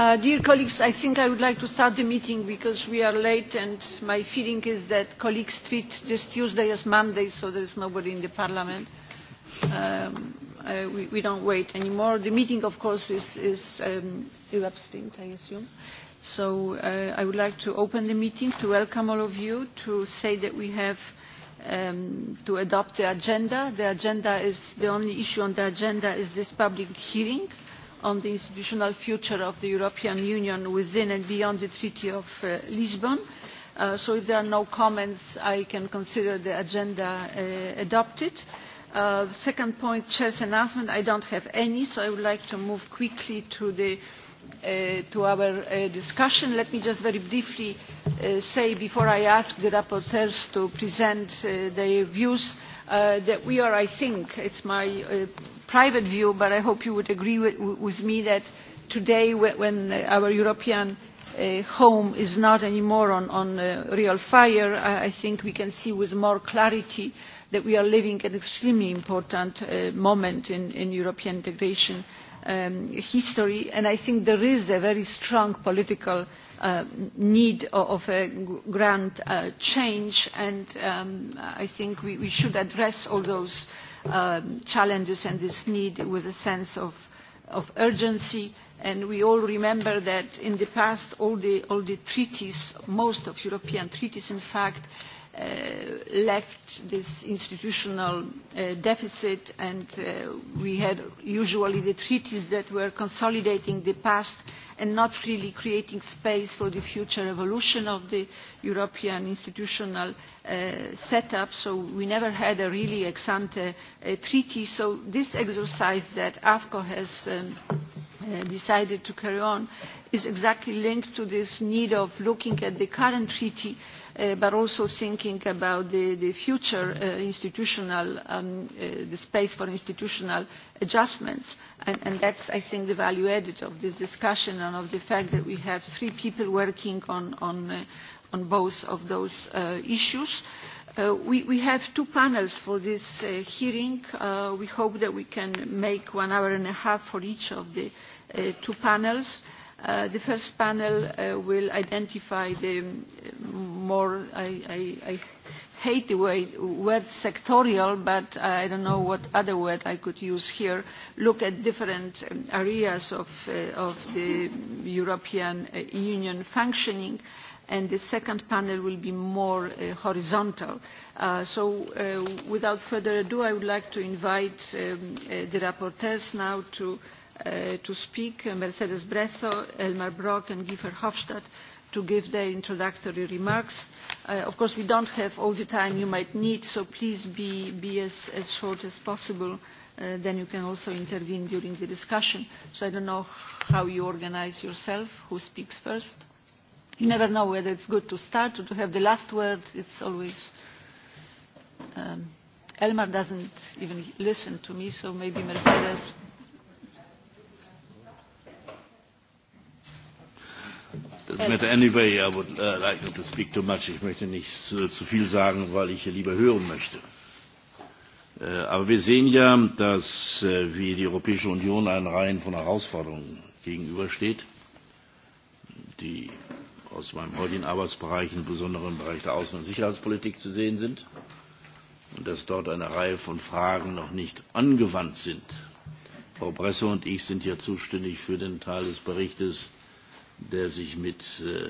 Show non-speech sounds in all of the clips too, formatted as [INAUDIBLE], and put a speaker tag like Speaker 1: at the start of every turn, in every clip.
Speaker 1: Uh, dear colleagues, I think I would like to start the meeting because we are late and my feeling is that colleagues treat this Tuesday as Monday so there is nobody in the Parliament. Um, uh, we, we don't wait anymore. The meeting, of course, is, is um, abstained, I assume. So uh, I would like to open the meeting to welcome all of you, to say that we have um, to adopt the agenda. The agenda is, the only issue on the agenda is this public hearing on the institutional future of the European Union within and beyond the Treaty of uh, Lisbon. Uh, so if there are no comments, I can consider the agenda uh, adopted. Uh, second point, Chair's announcement, I don't have any, so I would like to move quickly to, the, uh, to our uh, discussion. Let me just very briefly uh, say, before I ask the rapporteurs to present uh, their views, uh, that we are, I think, it's my uh, private view, but I hope you would agree with, with me that today when uh, our European uh, home is not anymore on, on uh, real fire, I think we can see with more clarity that we are living an extremely important uh, moment in, in European integration um, history, and I think there is a very strong political uh, need of, of a grand uh, change, and um, I think we, we should address all those uh, um, challenges and this need with a sense of, of urgency. And we all remember that in the past all the, all the treaties, most of European treaties in fact, Uh, left this institutional uh, deficit and uh, we had usually the treaties that were consolidating the past and not really creating space for the future evolution of the European institutional uh, setup. So we never had a really ex-ante uh, treaty. So this exercise that AFCO has um, uh, decided to carry on is exactly linked to this need of looking at the current treaty uh, Uh, but also thinking about the, the future uh, institutional, um, uh, the space for institutional adjustments. And, and that's, I think, the value added of this discussion and of the fact that we have three people working on, on, uh, on both of those uh, issues. Uh, we, we have two panels for this uh, hearing. Uh, we hope that we can make one hour and a half for each of the uh, two panels. Uh, the first panel uh, will identify the um, more, I, I, I hate the way, word sectorial, but I don't know what other word I could use here, look at different um, areas of, uh, of the European uh, Union functioning and the second panel will be more uh, horizontal. Uh, so uh, without further ado, I would like to invite um, uh, the rapporteurs now to uh, uh, to speak, Mercedes Bresso, Elmar Brock and Giefer Hofstadt to give their introductory remarks. Uh, of course, we don't have all the time you might need, so please be, be as, as short as possible. Uh, then you can also intervene during the discussion. So I don't know how you organize yourself, who speaks first. You never know whether it's good to start or to have the last word. It's always... Um, Elmar doesn't even listen to me, so maybe Mercedes
Speaker 2: Das matter anyway, I would uh, like not to speak too much. Ich möchte nicht zu, zu viel sagen, weil ich lieber hören möchte. Uh, aber wir sehen ja, dass uh, wie die Europäische Union einen Reihen von Herausforderungen gegenübersteht, die aus meinem heutigen Arbeitsbereich, im besonderen Bereich der Außen- und Sicherheitspolitik zu sehen sind und dass dort eine Reihe von Fragen noch nicht angewandt sind. Frau Bresse und ich sind ja zuständig für den Teil des Berichtes, der sich mit äh,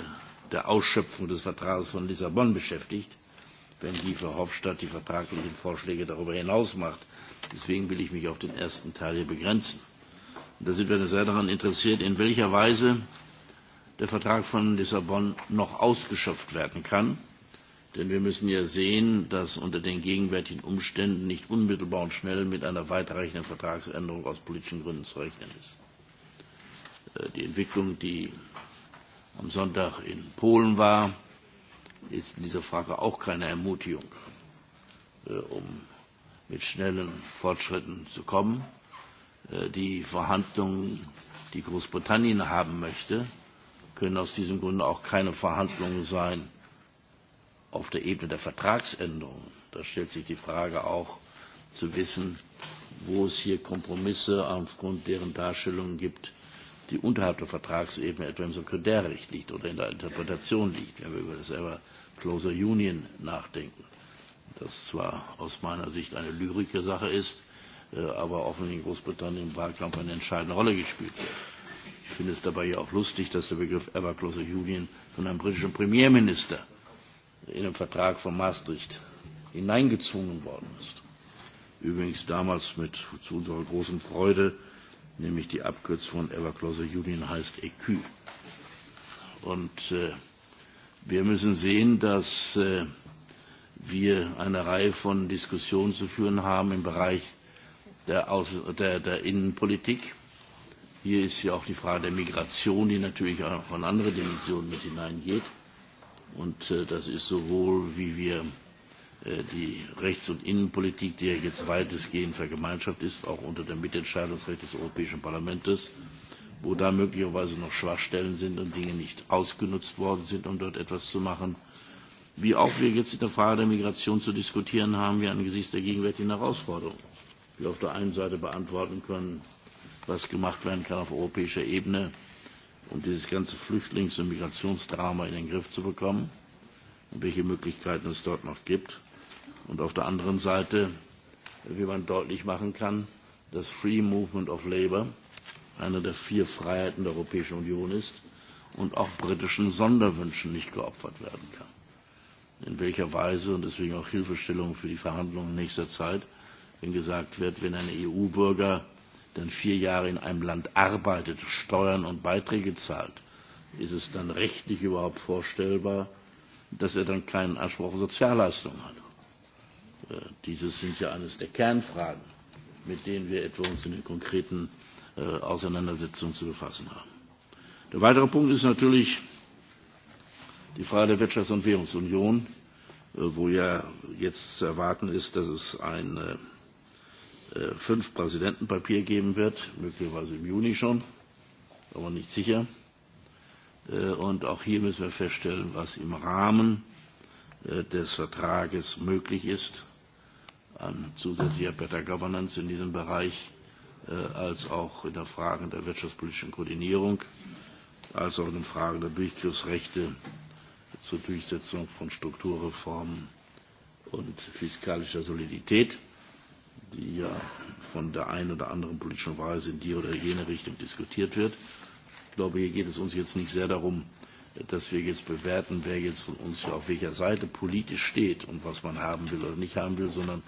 Speaker 2: der Ausschöpfung des Vertrags von Lissabon beschäftigt, wenn die Frau Hofstadt die vertraglichen Vorschläge darüber hinaus macht. Deswegen will ich mich auf den ersten Teil hier begrenzen. Und da sind wir sehr daran interessiert, in welcher Weise der Vertrag von Lissabon noch ausgeschöpft werden kann. Denn wir müssen ja sehen, dass unter den gegenwärtigen Umständen nicht unmittelbar und schnell mit einer weitreichenden Vertragsänderung aus politischen Gründen zu rechnen ist. Äh, die Entwicklung, die am Sonntag in Polen war, ist in dieser Frage auch keine Ermutigung, äh, um mit schnellen Fortschritten zu kommen. Äh, die Verhandlungen, die Großbritannien haben möchte, können aus diesem Grunde auch keine Verhandlungen sein auf der Ebene der Vertragsänderungen. Da stellt sich die Frage auch zu wissen, wo es hier Kompromisse aufgrund deren Darstellungen gibt, die unterhalb der Vertragsebene etwa im Sekundärrecht liegt oder in der Interpretation liegt, wenn wir über das selber Closer Union nachdenken. Das zwar aus meiner Sicht eine lyrische Sache ist, äh, aber auch in Großbritannien im Wahlkampf eine entscheidende Rolle gespielt wird. Ich finde es dabei ja auch lustig, dass der Begriff Ever Closer Union von einem britischen Premierminister in den Vertrag von Maastricht hineingezwungen worden ist. Übrigens damals mit zu unserer großen Freude nämlich die Abkürzung von Evercloser Union heißt EQ. Und äh, wir müssen sehen, dass äh, wir eine Reihe von Diskussionen zu führen haben im Bereich der, Aus der, der Innenpolitik. Hier ist ja auch die Frage der Migration, die natürlich auch von andere Dimensionen mit hineingeht. Und äh, das ist sowohl, wie wir Äh, die Rechts- und Innenpolitik, die ja jetzt weitestgehend vergemeinschaft ist, auch unter dem Mitentscheidungsrecht des Europäischen Parlaments, wo da möglicherweise noch Schwachstellen sind und Dinge nicht ausgenutzt worden sind, um dort etwas zu machen. Wie auch wir jetzt in der Frage der Migration zu diskutieren haben, wir angesichts der gegenwärtigen Herausforderungen, wir auf der einen Seite beantworten können, was gemacht werden kann auf europäischer Ebene, um dieses ganze Flüchtlings- und Migrationsdrama in den Griff zu bekommen und welche Möglichkeiten es dort noch gibt und auf der anderen Seite, wie man deutlich machen kann, dass Free Movement of Labour eine der vier Freiheiten der Europäischen Union ist und auch britischen Sonderwünschen nicht geopfert werden kann. In welcher Weise und deswegen auch Hilfestellung für die Verhandlungen in nächster Zeit, wenn gesagt wird, wenn ein EU-Bürger dann vier Jahre in einem Land arbeitet, Steuern und Beiträge zahlt, ist es dann rechtlich überhaupt vorstellbar, dass er dann keinen Anspruch auf Sozialleistungen hat. Äh, dieses sind ja eines der Kernfragen, mit denen wir etwa uns in den konkreten äh, Auseinandersetzungen zu befassen haben. Der weitere Punkt ist natürlich die Frage der Wirtschafts- und Währungsunion, äh, wo ja jetzt zu erwarten ist, dass es ein äh, fünf Präsidentenpapier geben wird, möglicherweise im Juni schon, aber nicht sicher. und auch hier müssen wir feststellen, was im Rahmen des Vertrages möglich ist an zusätzlicher Better Governance in diesem Bereich äh, als auch in der Frage der wirtschaftspolitischen Koordinierung, als auch in den Fragen der Durchgriffsrechte zur Durchsetzung von Strukturreformen und fiskalischer Solidität, die ja von der einen oder anderen politischen Weise in die oder jene Richtung diskutiert wird. Ich glaube, hier geht es uns jetzt nicht sehr darum, äh, dass wir jetzt bewerten, wer jetzt von uns auf welcher Seite politisch steht und was man haben will oder nicht haben will, sondern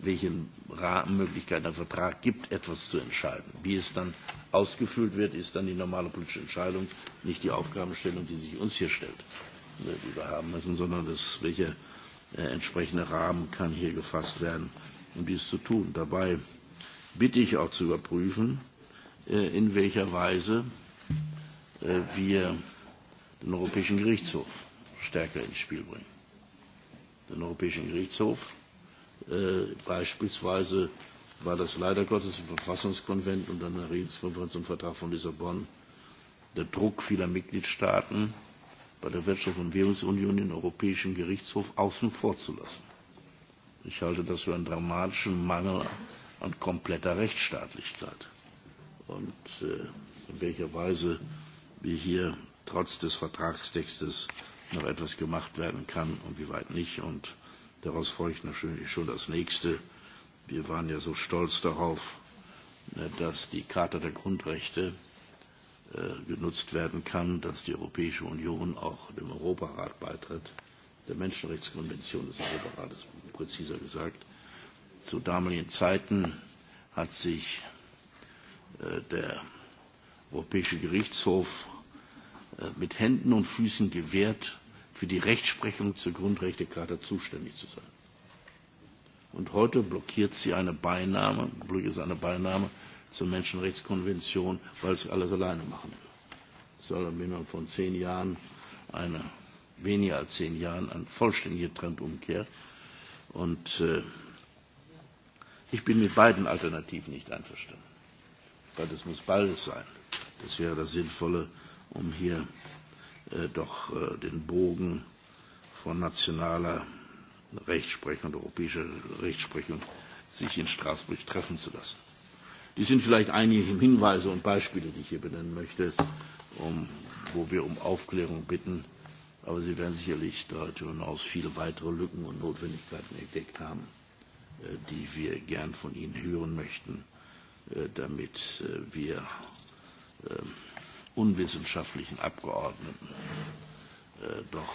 Speaker 2: welchen Rahmenmöglichkeiten der Vertrag gibt, etwas zu entscheiden. Wie es dann ausgefüllt wird, ist dann die normale politische Entscheidung, nicht die Aufgabenstellung, die sich uns hier stellt, die wir haben müssen, sondern das, welcher äh, entsprechende Rahmen kann hier gefasst werden, um dies zu tun. Dabei bitte ich auch zu überprüfen, äh, in welcher Weise äh, wir den Europäischen Gerichtshof stärker ins Spiel bringen. Den Europäischen Gerichtshof äh, beispielsweise war das leider Gottes im Verfassungskonvent und dann der Regierungskonferenz und Vertrag von Lissabon der Druck vieler Mitgliedstaaten, bei der Wirtschafts- und Währungsunion den Europäischen Gerichtshof außen vor zu lassen. Ich halte das für einen dramatischen Mangel an kompletter Rechtsstaatlichkeit. Und äh, in welcher Weise wir hier trotz des Vertragstextes noch etwas gemacht werden kann und wie weit nicht. Und daraus freue ich natürlich schon das nächste. Wir waren ja so stolz darauf, dass die Charta der Grundrechte äh, genutzt werden kann, dass die Europäische Union auch dem Europarat beitritt, der Menschenrechtskonvention des Europarates präziser gesagt. Zu damaligen Zeiten hat sich äh, der Europäische Gerichtshof Äh, mit Händen und Füßen gewährt, für die Rechtsprechung zur Grundrechtecharta zuständig zu sein. Und heute blockiert sie eine Beinahme, blockiert sie eine Beinahme zur Menschenrechtskonvention, weil sie alles alleine machen will. Es soll binnen von zehn Jahren, eine, weniger als zehn Jahren, ein vollständiger Trend umkehrt. Und äh, ich bin mit beiden Alternativen nicht einverstanden. Weil das muss beides sein. Das wäre das Sinnvolle um hier äh, doch äh, den Bogen von nationaler Rechtsprechung und europäischer Rechtsprechung sich in Straßburg treffen zu lassen. Dies sind vielleicht einige Hinweise und Beispiele, die ich hier benennen möchte, um, wo wir um Aufklärung bitten. Aber Sie werden sicherlich darüber hinaus viele weitere Lücken und Notwendigkeiten entdeckt haben, äh, die wir gern von Ihnen hören möchten, äh, damit äh, wir ähm, unwissenschaftlichen Abgeordneten äh, doch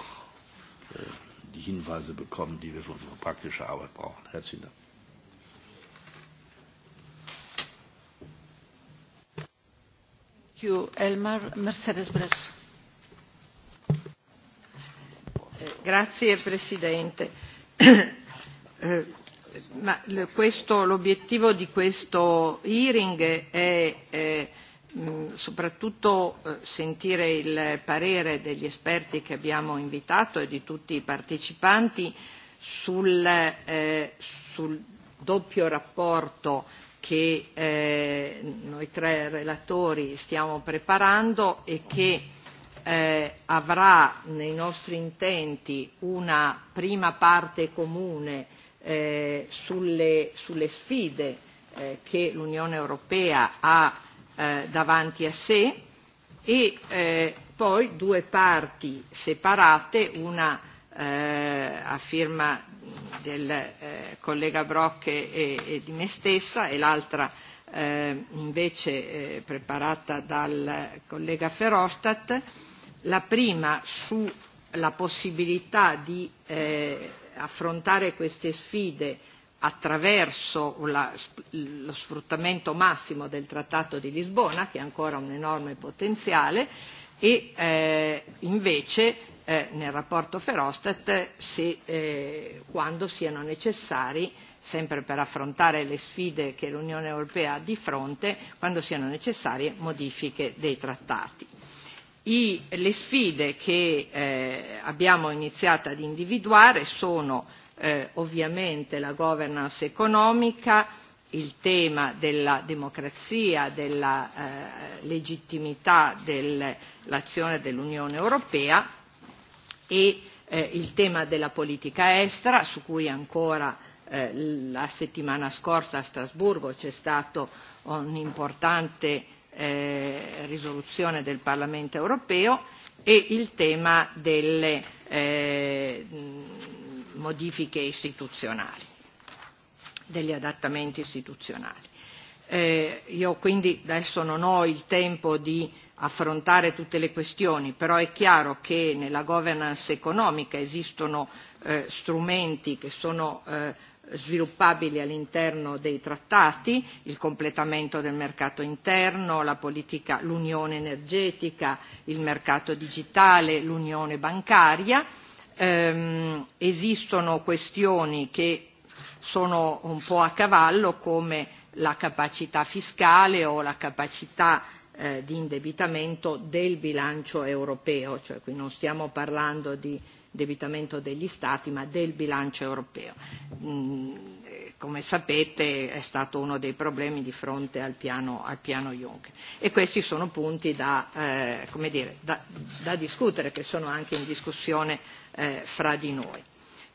Speaker 2: äh, die Hinweise bekommen, die wir für unsere praktische Arbeit brauchen. Herzlichen Dank.
Speaker 1: Elmar Mercedes -Bres.
Speaker 3: Grazie Presidente. eh, ma l'obiettivo di questo hearing è eh, Mm, soprattutto eh, sentire il parere degli esperti che abbiamo invitato e di tutti i partecipanti sul, eh, sul doppio rapporto che eh, noi tre relatori stiamo preparando e che eh, avrà nei nostri intenti una prima parte comune eh, sulle, sulle sfide eh, che l'Unione Europea ha Eh, davanti a sé e eh, poi due parti separate, una eh, a firma del eh, collega Brock e, e di me stessa e l'altra eh, invece eh, preparata dal collega Ferostat, la prima sulla possibilità di eh, affrontare queste sfide attraverso la, lo sfruttamento massimo del Trattato di Lisbona, che ha ancora un enorme potenziale, e eh, invece eh, nel rapporto Ferostat se, eh, quando siano necessari sempre per affrontare le sfide che l'Unione Europea ha di fronte, quando siano necessarie modifiche dei trattati. I, le sfide che eh, abbiamo iniziato ad individuare sono eh, ovviamente la governance economica, il tema della democrazia, della eh, legittimità dell'azione dell'Unione Europea e eh, il tema della politica estera, su cui ancora eh, la settimana scorsa a Strasburgo c'è stata un'importante eh, risoluzione del Parlamento europeo e il tema delle eh, modifiche istituzionali, degli adattamenti istituzionali. Eh, io quindi adesso non ho il tempo di affrontare tutte le questioni, però è chiaro che nella governance economica esistono eh, strumenti che sono eh, sviluppabili all'interno dei trattati, il completamento del mercato interno, la politica, l'unione energetica, il mercato digitale, l'unione bancaria ehm, esistono questioni che sono un po' a cavallo come la capacità fiscale o la capacità eh, di indebitamento del bilancio europeo, cioè qui non stiamo parlando di indebitamento degli Stati ma del bilancio europeo. Mm, come sapete è stato uno dei problemi di fronte al piano, al piano Juncker. E questi sono punti da, eh, come dire, da, da discutere, che sono anche in discussione eh, fra di noi.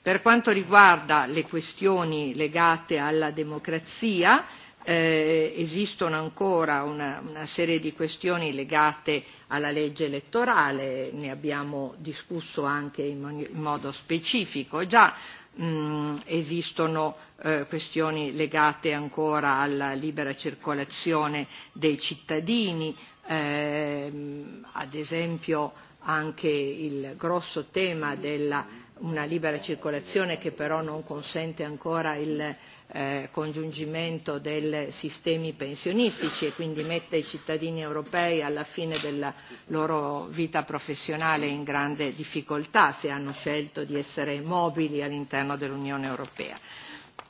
Speaker 3: Per quanto riguarda le questioni legate alla democrazia, eh, esistono ancora una, una serie di questioni legate alla legge elettorale, ne abbiamo discusso anche in, in modo specifico già, mh, mm, esistono eh, questioni legate ancora alla libera circolazione dei cittadini, eh, ad esempio anche il grosso tema della una libera circolazione che però non consente ancora il eh, congiungimento dei sistemi pensionistici e quindi mette i cittadini europei alla fine della loro vita professionale in grande difficoltà se hanno scelto di essere mobili all'interno dell'Unione Europea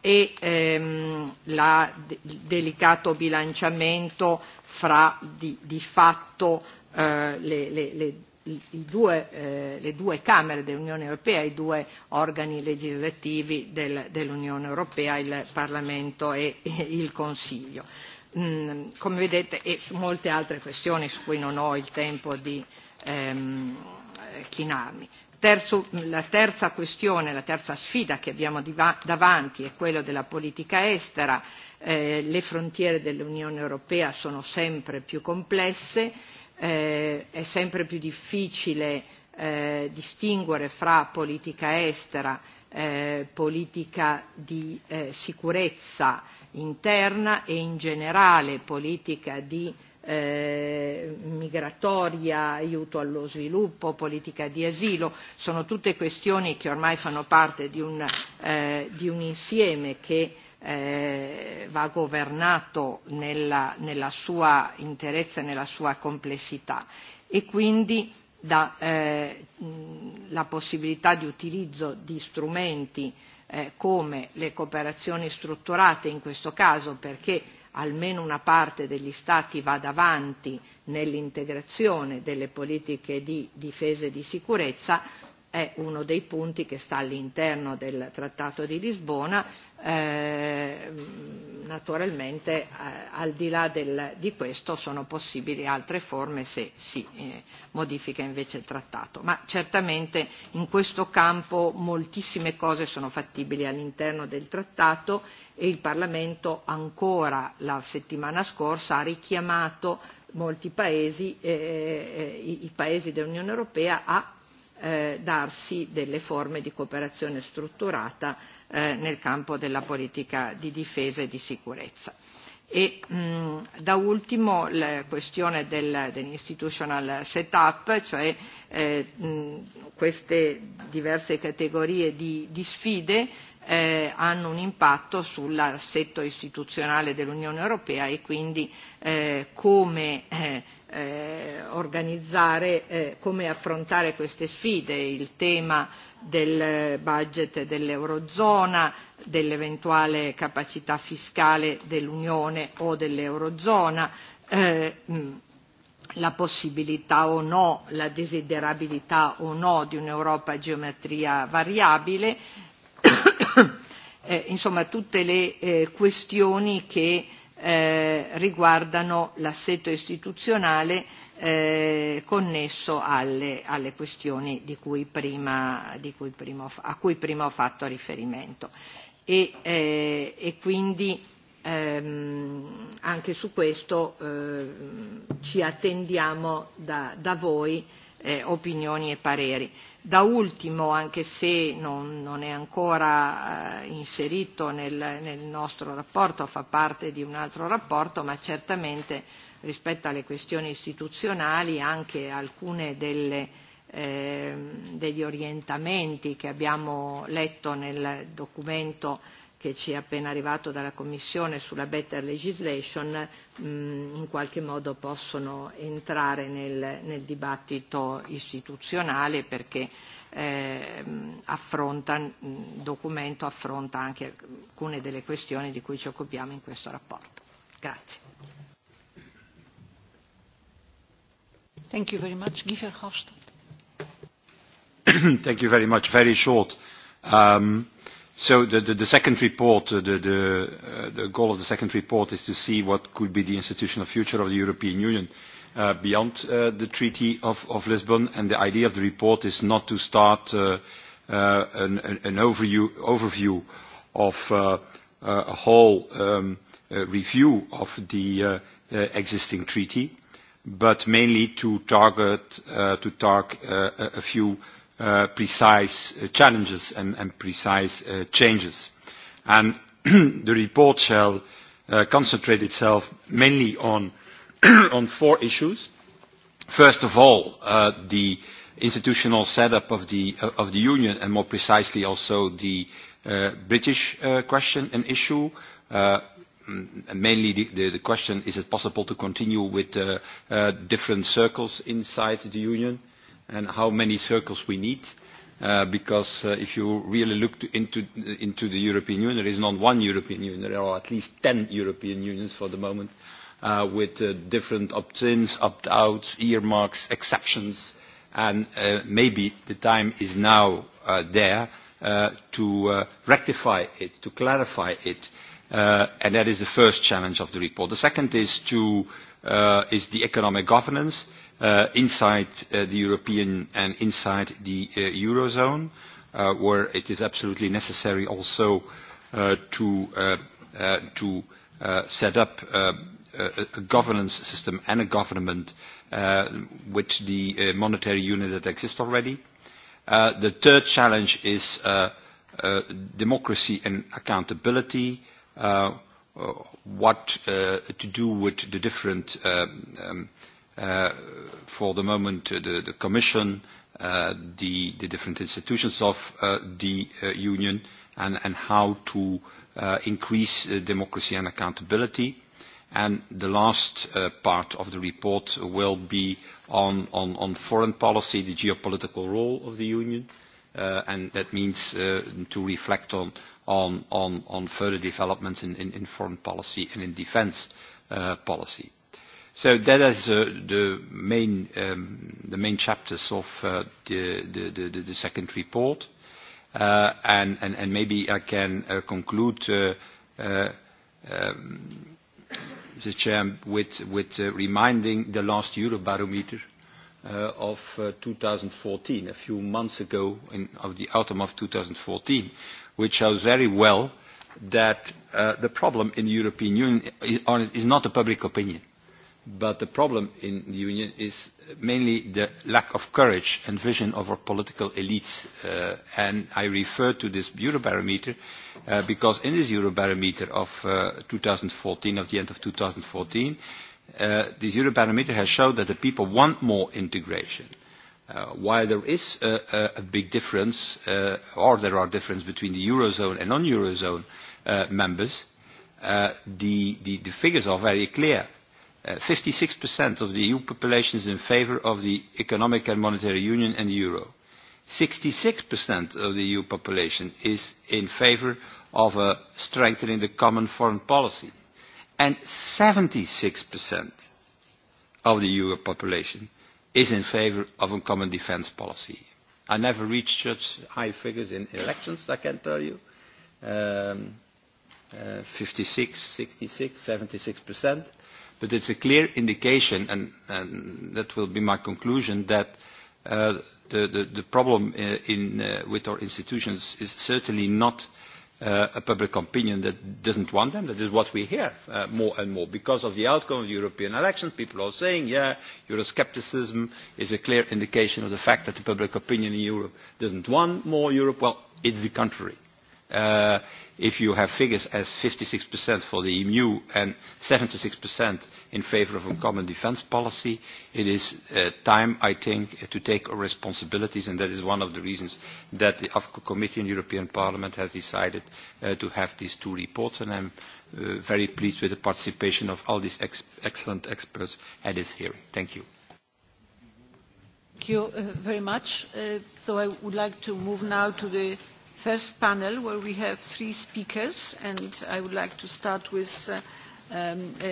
Speaker 3: e ehm, la, il delicato bilanciamento fra di, di fatto eh, le, le, le i due, eh, le due Camere dell'Unione Europea, i due organi legislativi del, dell'Unione Europea, il Parlamento e, e il Consiglio. Mm, come vedete, e molte altre questioni su cui non ho il tempo di ehm, chinarmi. Terzo, la terza questione, la terza sfida che abbiamo davanti è quella della politica estera. Eh, le frontiere dell'Unione Europea sono sempre più complesse eh, è sempre più difficile eh, distinguere fra politica estera, eh, politica di eh, sicurezza interna e in generale politica di eh, migratoria, aiuto allo sviluppo, politica di asilo, sono tutte questioni che ormai fanno parte di un, eh, di un insieme che eh, eh, va governato nella, nella sua interezza e nella sua complessità e quindi da, eh, la possibilità di utilizzo di strumenti eh, come le cooperazioni strutturate in questo caso perché almeno una parte degli Stati vada avanti nell'integrazione delle politiche di difesa e di sicurezza è uno dei punti che sta all'interno del Trattato di Lisbona, eh, naturalmente eh, al di là del, di questo sono possibili altre forme se si eh, modifica invece il Trattato, ma certamente in questo campo moltissime cose sono fattibili all'interno del Trattato e il Parlamento ancora la settimana scorsa ha richiamato molti paesi, eh, eh i, i paesi dell'Unione Europea a eh, darsi delle forme di cooperazione strutturata eh, nel campo della politica di difesa e di sicurezza. E mh, da ultimo la questione del, dell'institutional setup, cioè eh, mh, queste diverse categorie di, di sfide eh, hanno un impatto sull'assetto istituzionale dell'Unione Europea e quindi eh, come eh, eh, organizzare eh, come affrontare queste sfide, il tema del budget dell'Eurozona, dell'eventuale capacità fiscale dell'Unione o dell'Eurozona, eh, mm, la possibilità o no, la desiderabilità o no di un'Europa a geometria variabile, [COUGHS] eh, insomma tutte le eh, questioni che Eh, riguardano l'assetto istituzionale eh, connesso alle, alle questioni di cui prima, di cui prima, a cui prima ho fatto riferimento. E, eh, e quindi ehm, anche su questo eh, ci attendiamo da, da voi eh, opinioni e pareri. Da ultimo, anche se non, non è ancora eh, inserito nel, nel nostro rapporto, fa parte di un altro rapporto, ma certamente rispetto alle questioni istituzionali anche alcune delle, eh, degli orientamenti che abbiamo letto nel documento che ci è appena arrivato dalla Commissione sulla better legislation mh, mm, in qualche modo possono entrare nel, nel dibattito istituzionale perché eh, affronta, il mm, documento affronta anche alcune delle questioni di cui ci occupiamo in questo rapporto. Grazie.
Speaker 1: Thank you very much. Giefer [COUGHS]
Speaker 4: Thank you very much. Very short. Um, So the, the, the second report, uh, the, the, uh, the goal of the second report is to see what could be the institutional future of the European Union uh, beyond uh, the Treaty of, of Lisbon. And the idea of the report is not to start uh, uh, an, an overview, overview of uh, uh, a whole um, uh, review of the uh, uh, existing treaty, but mainly to target, uh, to target uh, a, a few Uh, precise uh, challenges and, and precise uh, changes. And [CLEARS THROAT] the report shall uh, concentrate itself mainly on, [CLEARS THROAT] on four issues. First of all, uh, the institutional setup of the, uh, of the Union and more precisely also the uh, British uh, question and issue. Uh, mainly the, the, the question, is it possible to continue with uh, uh, different circles inside the Union? and how many circles we need. Uh, because uh, if you really look to, into, into the European Union, there is not one European Union, there are at least 10 European Unions for the moment, uh, with uh, different opt-ins, opt-outs, earmarks, exceptions, and uh, maybe the time is now uh, there uh, to uh, rectify it, to clarify it, uh, and that is the first challenge of the report. The second is, to, uh, is the economic governance. Uh, uh, inside uh, the European and inside the uh, Eurozone, uh, where it is absolutely necessary also uh, to, uh, uh, to uh, set up uh, a, governance system and a government uh, with the uh, monetary unit that exists already. Uh, the third challenge is uh, uh, democracy and accountability, uh, uh, what uh, to do with the different um, um, Uh, for the moment uh, the, the Commission, uh, the, the different institutions of uh, the uh, Union, and, and how to uh, increase uh, democracy and accountability. And the last uh, part of the report will be on, on, on foreign policy, the geopolitical role of the Union, uh, and that means uh, to reflect on, on, on, on further developments in, in, in foreign policy and in defense uh, policy. So that is uh, the main um, the main chapters of uh, the, the, the, the second report, uh, and, and and maybe I can uh, conclude, uh, uh, um, the Chair, with with uh, reminding the last Eurobarometer uh, of uh, 2014, a few months ago, in, of the autumn of 2014, which shows very well that uh, the problem in the European Union is, is not the public opinion But the problem in the Union is mainly the lack of courage and vision of our political elites. Uh, and I refer to this Eurobarometer uh, because in this Eurobarometer of uh, 2014, of the end of 2014, uh, this Eurobarometer has shown that the people want more integration. Uh, while there is a, a, a big difference, uh, or there are differences between the Eurozone and non-Eurozone uh, members, uh, the, the, the figures are very clear 56% uh, of the EU population is in favor of the Economic and Monetary Union and the Euro. 66% of the EU population is in favor of uh, strengthening the common foreign policy. And 76% of the EU population is in favor of a common defense policy. I never reached such high figures in elections, I can tell you. Um, uh, 56, 66, 76 percent. But it's a clear indication, and, and that will be my conclusion, that uh, the, the, the problem uh, in, uh, with our institutions is certainly not uh, a public opinion that doesn't want them. That is what we hear uh, more and more. Because of the outcome of the European elections, people are saying, yeah, Euroscepticism is a clear indication of the fact that the public opinion in Europe doesn't want more Europe. Well, it's the contrary Uh, if you have figures as 56% for the EMU and 76% in favor of a common defense policy, it is uh, time, I think, to take our responsibilities, and that is one of the reasons that the AFCO Committee in European Parliament has decided uh, to have these two reports, and I'm uh, very pleased with the participation of all these ex excellent experts at this hearing. Thank you.
Speaker 1: Thank you uh, very much. Uh, so I would like to move now to the first panel where we have three speakers and I would like to start with uh, um, uh,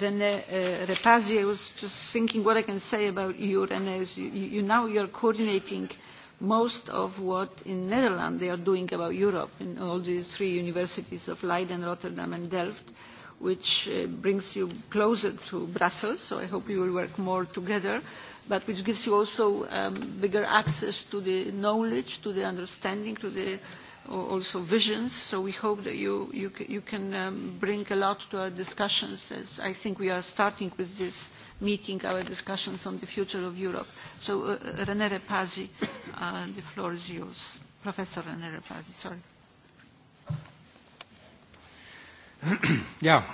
Speaker 1: René uh, Repazi. I was just thinking what I can say about you, René. Is you, you now you're coordinating most of what in Netherlands they are doing about Europe in all these three universities of Leiden, Rotterdam and Delft, which uh, brings you closer to Brussels, so I hope you will work more together but which gives you also um, bigger access to the knowledge, to the understanding, to the also visions. So we hope that you, you, you can um, bring a lot to our discussions, as I think we are starting with this meeting, our discussions on the future of Europe. So uh, uh René Repazi, uh, the floor is yours. Professor René Repazi, sorry.
Speaker 5: [COUGHS] yeah.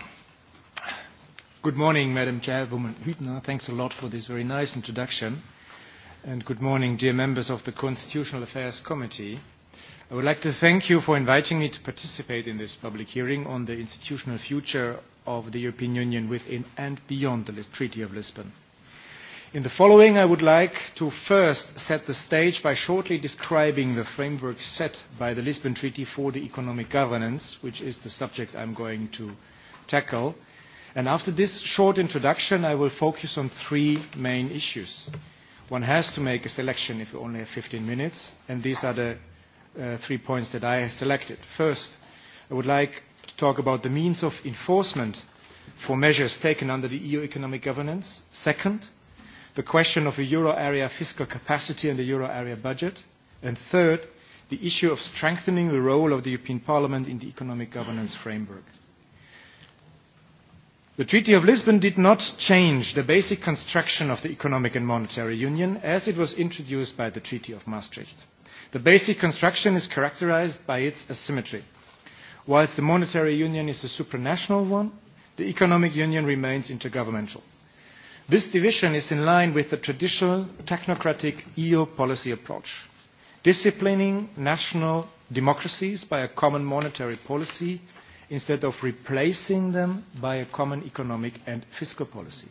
Speaker 5: Good morning, Madam Chairwoman Hübner. Thanks a lot for this very nice introduction. And good morning, dear members of the Constitutional Affairs Committee. I would like to thank you for inviting me to participate in this public hearing on the institutional future of the European Union within and beyond the Treaty of Lisbon. In the following, I would like to first set the stage by shortly describing the framework set by the Lisbon Treaty for the economic governance, which is the subject I'm going to tackle, And after this short introduction, I will focus on three main issues. One has to make a selection if you only have 15 minutes, and these are the uh, three points that I have selected. First, I would like to talk about the means of enforcement for measures taken under the EU economic governance. Second, the question of a euro area fiscal capacity and the euro area budget. And third, the issue of strengthening the role of the European Parliament in the economic governance framework. The Treaty of Lisbon did not change the basic construction of the Economic and Monetary Union as it was introduced by the Treaty of Maastricht. The basic construction is characterized by its asymmetry. Whilst the monetary union is a supranational one, the economic union remains intergovernmental. This division is in line with the traditional technocratic EU policy approach, disciplining national democracies by a common monetary policy instead of replacing them by a common economic and fiscal policy.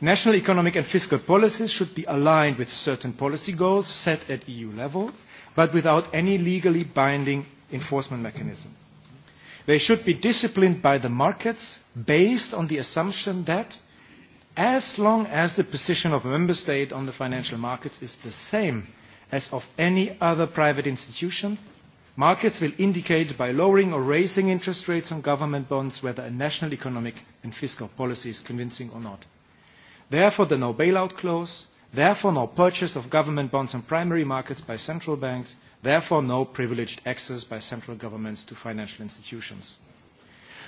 Speaker 5: National economic and fiscal policies should be aligned with certain policy goals set at EU level, but without any legally binding enforcement mechanism. They should be disciplined by the markets based on the assumption that as long as the position of a member state on the financial markets is the same as of any other private institutions, Markets will indicate by lowering or raising interest rates on government bonds whether a national economic and fiscal policy is convincing or not. Therefore, the no bailout clause, therefore no purchase of government bonds on primary markets by central banks, therefore no privileged access by central governments to financial institutions.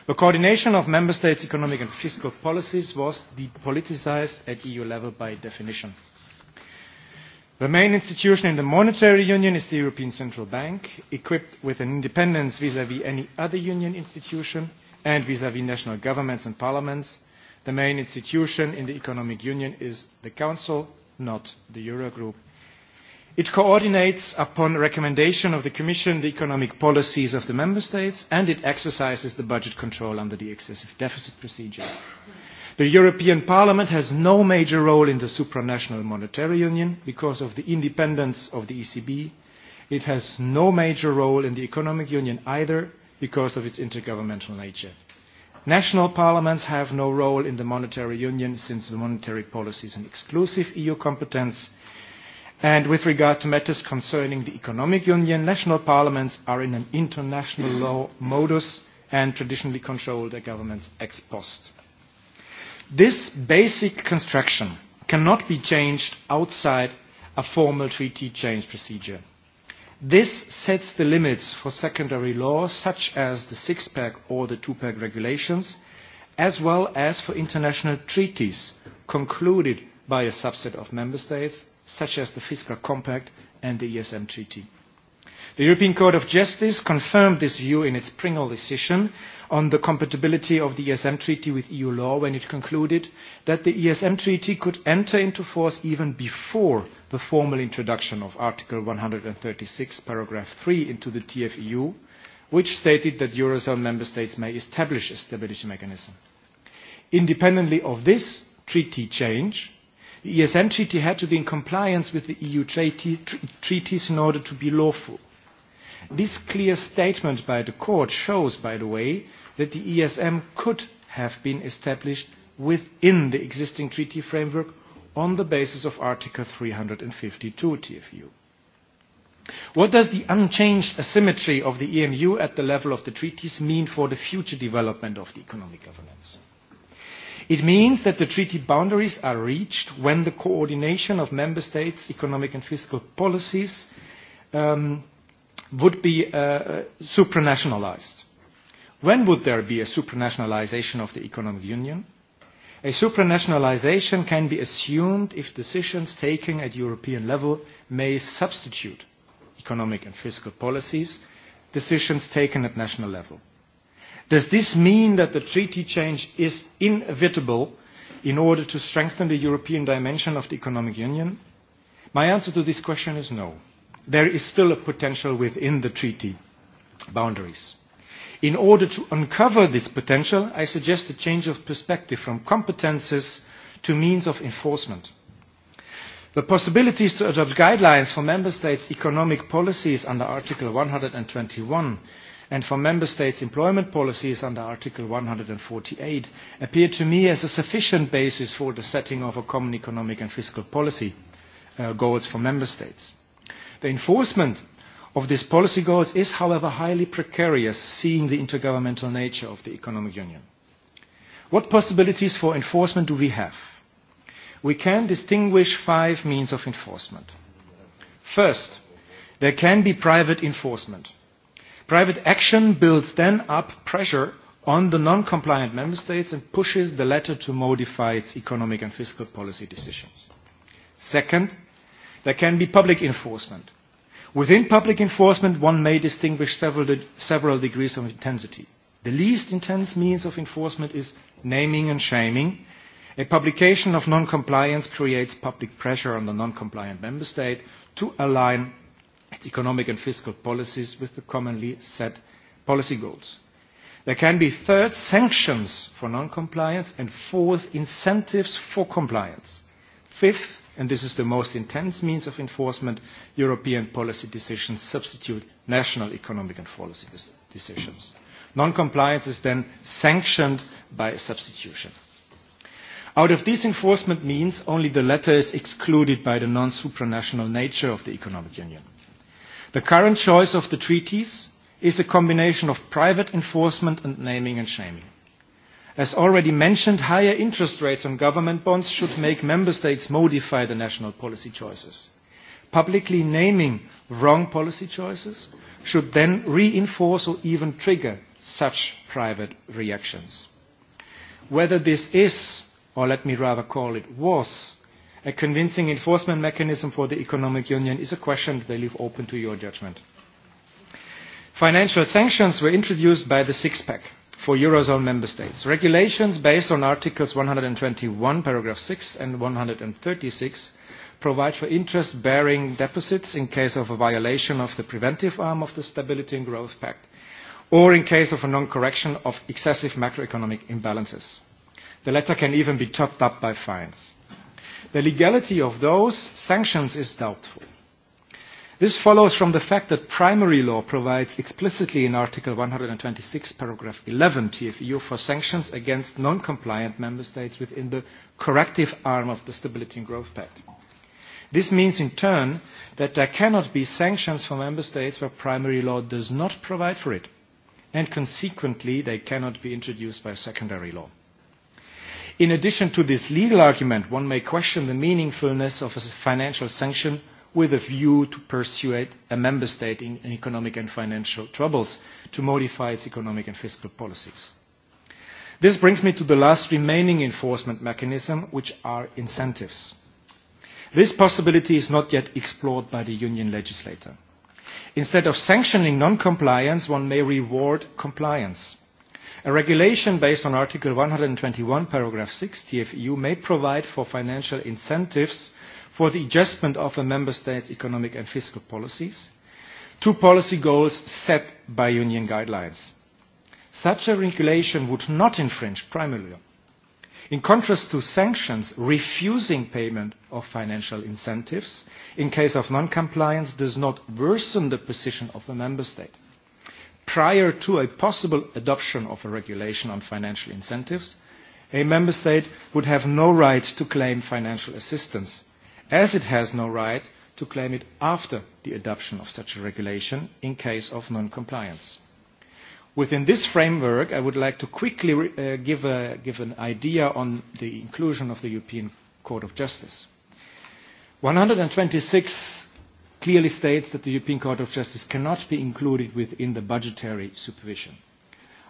Speaker 5: The coordination of member states' economic and fiscal policies was depoliticized at EU level by definition. The main institution in the monetary union is the European Central Bank, equipped with an independence vis-à-vis -vis any other union institution and vis-à-vis -vis national governments and parliaments. The main institution in the economic union is the Council, not the Eurogroup. It coordinates, upon recommendation of the Commission, the economic policies of the Member States, and it exercises the budget control under the excessive deficit procedure. The European Parliament has no major role in the supranational monetary union because of the independence of the ECB. It has no major role in the economic union either because of its intergovernmental nature. National parliaments have no role in the monetary union since the monetary policy is an exclusive EU competence. And with regard to matters concerning the economic union, national parliaments are in an international law modus and traditionally control their governments ex post. This basic construction cannot be changed outside a formal treaty change procedure. This sets the limits for secondary law such as the six-pack or the two-pack regulations, as well as for international treaties concluded by a subset of member states, such as the Fiscal Compact and the ESM Treaty. The European Court of Justice confirmed this view in its Pringle decision, on the compatibility of the ESM treaty with EU law when it concluded that the ESM treaty could enter into force even before the formal introduction of Article 136, paragraph 3 into the TFEU, which stated that Eurozone member states may establish a stability mechanism. Independently of this treaty change, the ESM treaty had to be in compliance with the EU treaty, tr treaties in order to be lawful. This clear statement by the court shows, by the way, that the ESM could have been established within the existing treaty framework on the basis of Article 352 TFU. What does the unchanged asymmetry of the EMU at the level of the treaties mean for the future development of the economic governance? It means that the treaty boundaries are reached when the coordination of member states' economic and fiscal policies um, would be uh, uh supranationalized. When would there be a supranationalization of the economic union? A supranationalization can be assumed if decisions taken at European level may substitute economic and fiscal policies, decisions taken at national level. Does this mean that the treaty change is inevitable in order to strengthen the European dimension of the economic union? My answer to this question is no. There is still a potential within the treaty boundaries. In order to uncover this potential, I suggest a change of perspective from competences to means of enforcement. The possibilities to adopt guidelines for Member States' economic policies under Article 121 and for Member States' employment policies under Article 148 appear to me as a sufficient basis for the setting of a common economic and fiscal policy uh, goals for Member States. The enforcement of these policy goals is, however, highly precarious, seeing the intergovernmental nature of the economic union. What possibilities for enforcement do we have? We can distinguish five means of enforcement. First, there can be private enforcement. Private action builds then up pressure on the non-compliant member states and pushes the latter to modify its economic and fiscal policy decisions. Second, there can be public enforcement. Within public enforcement, one may distinguish several, de several degrees of intensity. The least intense means of enforcement is naming and shaming. A publication of non-compliance creates public pressure on the non-compliant member state to align its economic and fiscal policies with the commonly set policy goals. There can be third sanctions for non-compliance and fourth incentives for compliance. Fifth, and this is the most intense means of enforcement, European policy decisions substitute national economic and policy decisions. Non-compliance is then sanctioned by a substitution. Out of these enforcement means, only the latter is excluded by the non-supranational nature of the economic union. The current choice of the treaties is a combination of private enforcement and naming and shaming. As already mentioned, higher interest rates on government bonds should make member states modify the national policy choices. Publicly naming wrong policy choices should then reinforce or even trigger such private reactions. Whether this is, or let me rather call it was, a convincing enforcement mechanism for the economic union is a question that they leave open to your judgment. Financial sanctions were introduced by the six-pack for Eurozone member states. Regulations based on Articles 121, paragraph 6 and 136 provide for interest-bearing deposits in case of a violation of the preventive arm of the Stability and Growth Pact or in case of a non-correction of excessive macroeconomic imbalances. The latter can even be topped up by fines. The legality of those sanctions is doubtful. This follows from the fact that primary law provides explicitly in Article 126, paragraph 11 TFEU for sanctions against non-compliant member states within the corrective arm of the Stability and Growth Pact. This means in turn that there cannot be sanctions for member states where primary law does not provide for it, and consequently they cannot be introduced by secondary law. In addition to this legal argument, one may question the meaningfulness of a financial sanction with a view to persuade a member state in, economic and financial troubles to modify its economic and fiscal policies. This brings me to the last remaining enforcement mechanism, which are incentives. This possibility is not yet explored by the union legislator. Instead of sanctioning non-compliance, one may reward compliance. A regulation based on Article 121, paragraph 6 TFEU may provide for financial incentives for the adjustment of a member state's economic and fiscal policies to policy goals set by union guidelines. Such a regulation would not infringe primarily. In contrast to sanctions, refusing payment of financial incentives in case of non-compliance does not worsen the position of a member state. Prior to a possible adoption of a regulation on financial incentives, a member state would have no right to claim financial assistance as it has no right to claim it after the adoption of such a regulation in case of non-compliance. Within this framework, I would like to quickly uh, give, a, give an idea on the inclusion of the European Court of Justice. 126 clearly states that the European Court of Justice cannot be included within the budgetary supervision.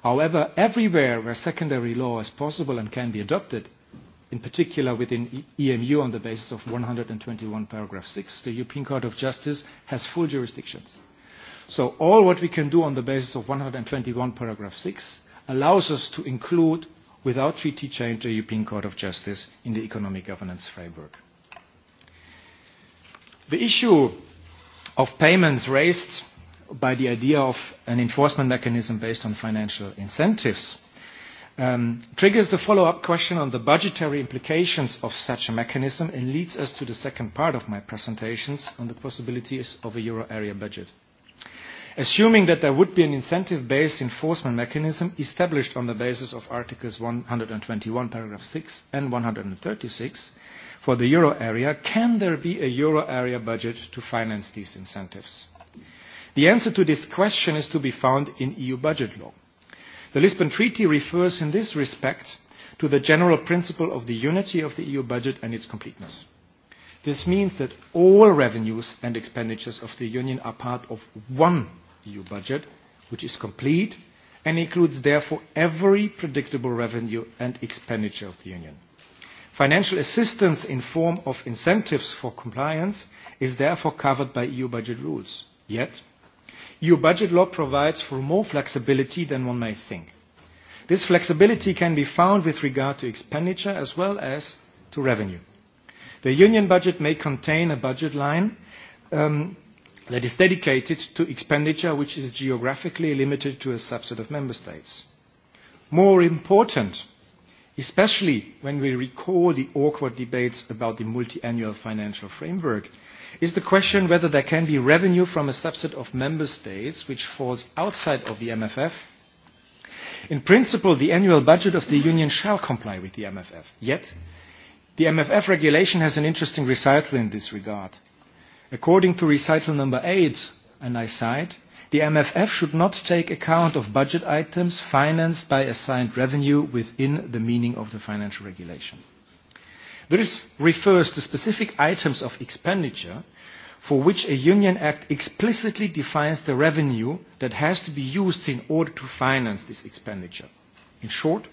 Speaker 5: However, everywhere where secondary law is possible and can be adopted, in particular within EMU e on the basis of 121 paragraph 6, the European Court of Justice has full jurisdictions. So all what we can do on the basis of 121 paragraph 6 allows us to include without treaty change the European Court of Justice in the economic governance framework. The issue of payments raised by the idea of an enforcement mechanism based on financial incentives um, triggers the follow-up question on the budgetary implications of such a mechanism and leads us to the second part of my presentations on the possibilities of a euro area budget. Assuming that there would be an incentive-based enforcement mechanism established on the basis of Articles 121, paragraph 6 and 136 for the euro area, can there be a euro area budget to finance these incentives? The answer to this question is to be found in EU budget law. The Lisbon Treaty refers in this respect to the general principle of the unity of the EU budget and its completeness. This means that all revenues and expenditures of the Union are part of one EU budget, which is complete and includes therefore every predictable revenue and expenditure of the Union. Financial assistance in form of incentives for compliance is therefore covered by EU budget rules. Yet, EU budget law provides for more flexibility than one may think. This flexibility can be found with regard to expenditure as well as to revenue. The union budget may contain a budget line um, that is dedicated to expenditure which is geographically limited to a subset of member states. More important, especially when we recall the awkward debates about the multiannual financial framework, is the question whether there can be revenue from a subset of member states which falls outside of the MFF. In principle, the annual budget of the Union shall comply with the MFF. Yet, the MFF regulation has an interesting recital in this regard. According to recital number 8, and I cite, the MFF should not take account of budget items financed by assigned revenue within the meaning of the financial regulation. This refers to specific items of expenditure for which a Union Act explicitly defines the revenue that has to be used in order to finance this expenditure. In short,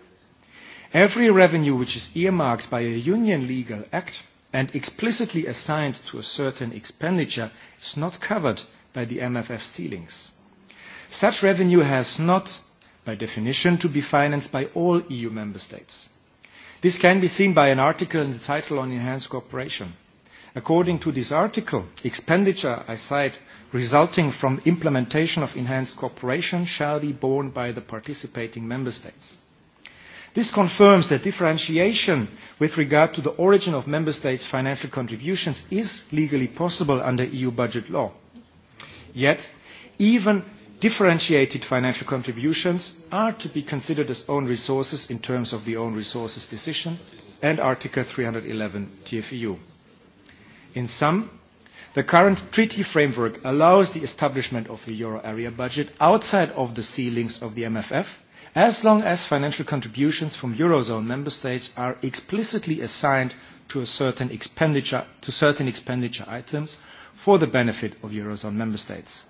Speaker 5: every revenue which is earmarked by a Union legal act and explicitly assigned to a certain expenditure is not covered by the MFF ceilings. Such revenue has not, by definition, to be financed by all EU member states. This can be seen by an article in the title on enhanced cooperation. According to this article, expenditure I cite, resulting from implementation of enhanced cooperation shall be borne by the participating member states. This confirms that differentiation with regard to the origin of member states' financial contributions is legally possible under EU budget law. Yet, even Differentiated financial contributions are to be considered as own resources in terms of the own resources decision and Article 311 TFEU. In sum, the current treaty framework allows the establishment of a euro area budget outside of the ceilings of the MFF as long as financial contributions from eurozone member states are explicitly assigned to a certain expenditure to certain expenditure items for the benefit of eurozone member states.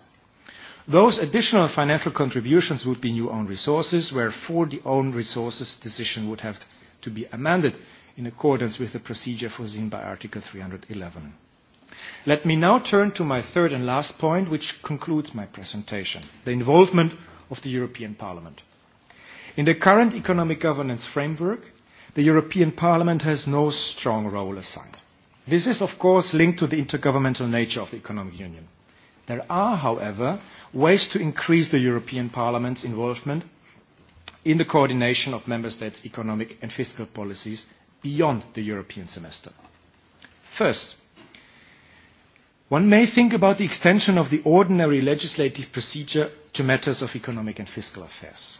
Speaker 5: Those additional financial contributions would be new own resources, where for the own resources decision would have to be amended in accordance with the procedure foreseen by Article 311. Let me now turn to my third and last point, which concludes my presentation, the involvement of the European Parliament. In the current economic governance framework, the European Parliament has no strong role assigned. This is, of course, linked to the intergovernmental nature of the economic union. There are, however, ways to increase the European Parliament's involvement in the coordination of Member States' economic and fiscal policies beyond the European semester. First, one may think about the extension of the ordinary legislative procedure to matters of economic and fiscal affairs.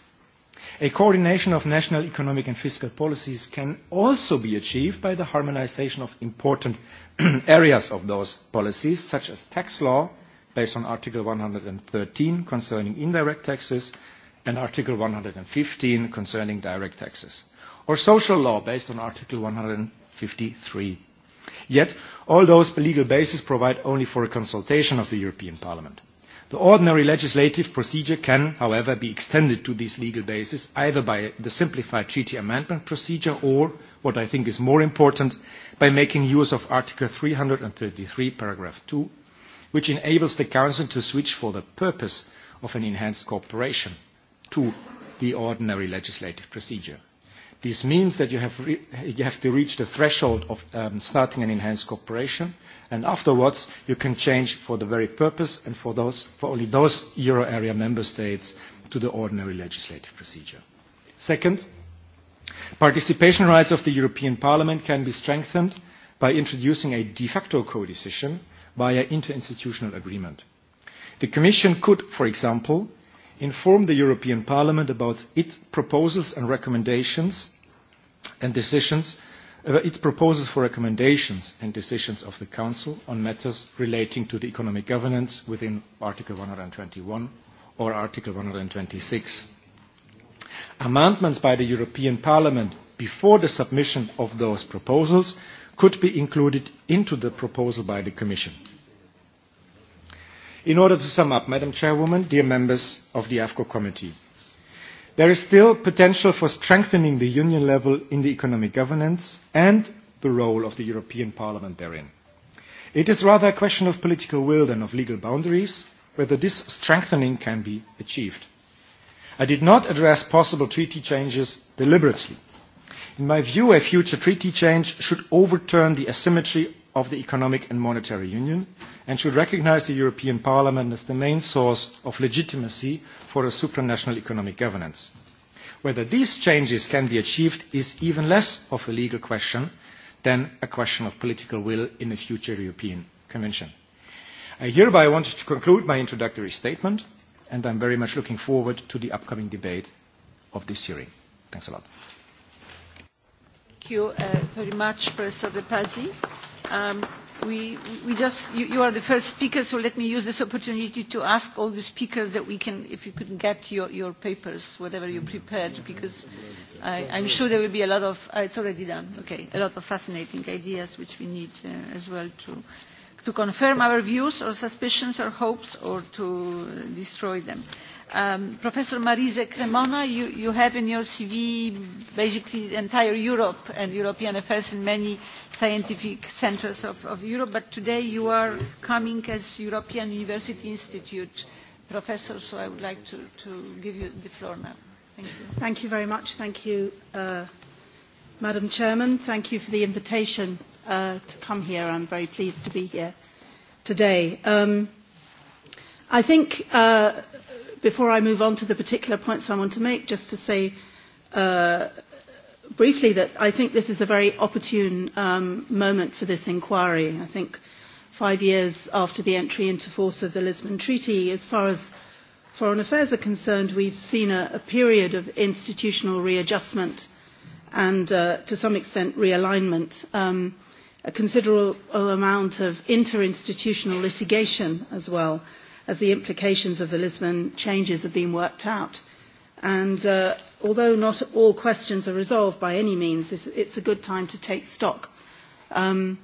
Speaker 5: A coordination of national economic and fiscal policies can also be achieved by the harmonization of important [CLEARS THROAT] areas of those policies, such as tax law, based on Article 113 concerning indirect taxes and Article 115 concerning direct taxes, or social law based on Article 153. Yet, all those legal bases provide only for a consultation of the European Parliament. The ordinary legislative procedure can, however, be extended to these legal bases either by the simplified treaty amendment procedure or, what I think is more important, by making use of Article 333, paragraph 2 which enables the Council to switch for the purpose of an enhanced cooperation to the ordinary legislative procedure. This means that you have, re you have to reach the threshold of um, starting an enhanced cooperation, and afterwards you can change for the very purpose and for, those, for only those euro area member states to the ordinary legislative procedure. Second, participation rights of the European Parliament can be strengthened by introducing a de facto codecision via interinstitutional agreement. The Commission could, for example, inform the European Parliament about its proposals and recommendations and decisions, uh, its proposals for recommendations and decisions of the Council on matters relating to the economic governance within Article 121 or Article 126. Amendments by the European Parliament before the submission of those proposals could be included into the proposal by the Commission. In order to sum up, Madam Chairwoman, dear members of the AFCO committee, there is still potential for strengthening the union level in the economic governance and the role of the European Parliament therein. It is rather a question of political will than of legal boundaries whether this strengthening can be achieved. I did not address possible treaty changes deliberately. In my view, a future treaty change should overturn the asymmetry of the economic and monetary union and should recognize the European Parliament as the main source of legitimacy for a supranational economic governance. Whether these changes can be achieved is even less of a legal question than a question of political will in a future European Convention. I hereby want to conclude my introductory statement and I'm very much looking forward to the upcoming debate of this hearing. Thanks a lot.
Speaker 1: Thank you uh, very much, Professor De Pazzi. Um, we, we just, you, you are the first speaker, so let me use this opportunity to ask all the speakers that we can, if you could get your, your papers, whatever you prepared, because I, I'm sure there will be a lot of, uh, it's already done, okay, a lot of fascinating ideas which we need uh, as well to, to confirm our views or suspicions or hopes or to destroy them. Um, Professor Marise Cremona, you, you have in your CV basically entire Europe and European affairs in many scientific centers of, of Europe, but today you are coming as European University Institute Professor, so I would like to, to give you the floor now.
Speaker 6: Thank you. Thank you very much. Thank you, uh, Madam Chairman. Thank you for the invitation uh, to come here. I'm very pleased to be here today. Um, I think uh, before I move on to the particular points I want to make, just to say uh, briefly that I think this is a very opportune um, moment for this inquiry. I think five years after the entry into force of the Lisbon Treaty, as far as foreign affairs are concerned, we've seen a, a period of institutional readjustment and uh, to some extent realignment, um, a considerable amount of interinstitutional litigation as well as the implications of the Lisbon changes have been worked out. And uh, although not all questions are resolved by any means, it's, it's a good time to take stock. Um,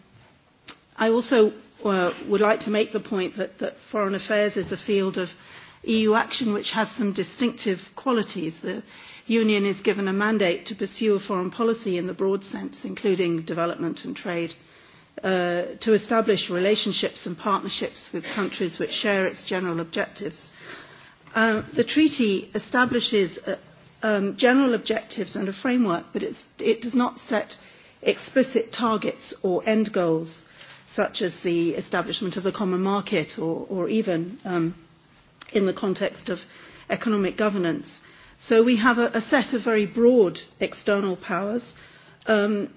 Speaker 6: I also uh, would like to make the point that, that foreign affairs is a field of EU action which has some distinctive qualities. The Union is given a mandate to pursue a foreign policy in the broad sense, including development and trade. Uh, uh, to establish relationships and partnerships with countries which share its general objectives. Uh, the treaty establishes uh, um, general objectives and a framework, but it's, it does not set explicit targets or end goals, such as the establishment of the common market or, or even um, in the context of economic governance. So we have a, a set of very broad external powers, um,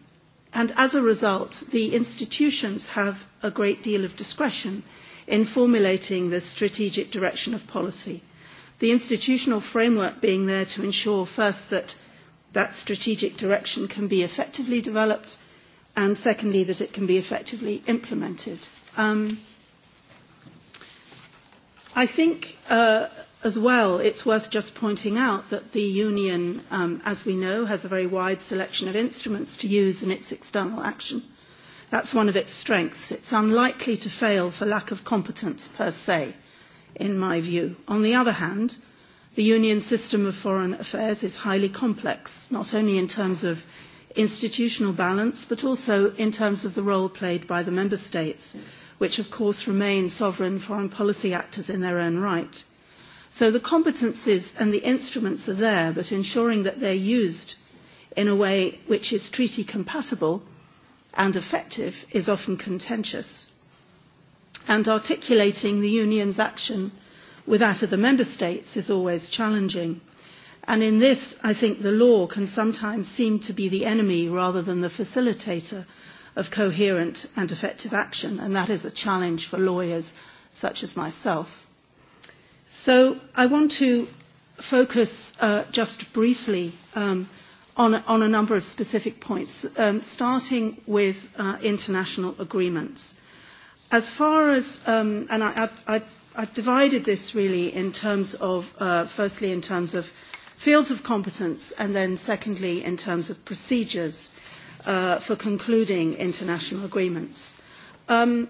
Speaker 6: And as a result, the institutions have a great deal of discretion in formulating the strategic direction of policy. The institutional framework being there to ensure first that that strategic direction can be effectively developed and secondly that it can be effectively implemented. Um, I think uh, As well, it's worth just pointing out that the Union, um, as we know, has a very wide selection of instruments to use in its external action. That's one of its strengths. It's unlikely to fail for lack of competence per se, in my view. On the other hand, the Union system of foreign affairs is highly complex, not only in terms of institutional balance, but also in terms of the role played by the Member States, which of course remain sovereign foreign policy actors in their own right. So the competences and the instruments are there, but ensuring that they're used in a way which is treaty compatible and effective is often contentious. And articulating the Union's action with that of the Member States is always challenging. And in this, I think the law can sometimes seem to be the enemy rather than the facilitator of coherent and effective action, and that is a challenge for lawyers such as myself. So I want to focus uh, just briefly um, on, a, on a number of specific points, um, starting with uh, international agreements. As far as, um, and I, I've, I've, I've divided this really in terms of, uh, firstly in terms of fields of competence, and then secondly in terms of procedures uh, for concluding international agreements. Um,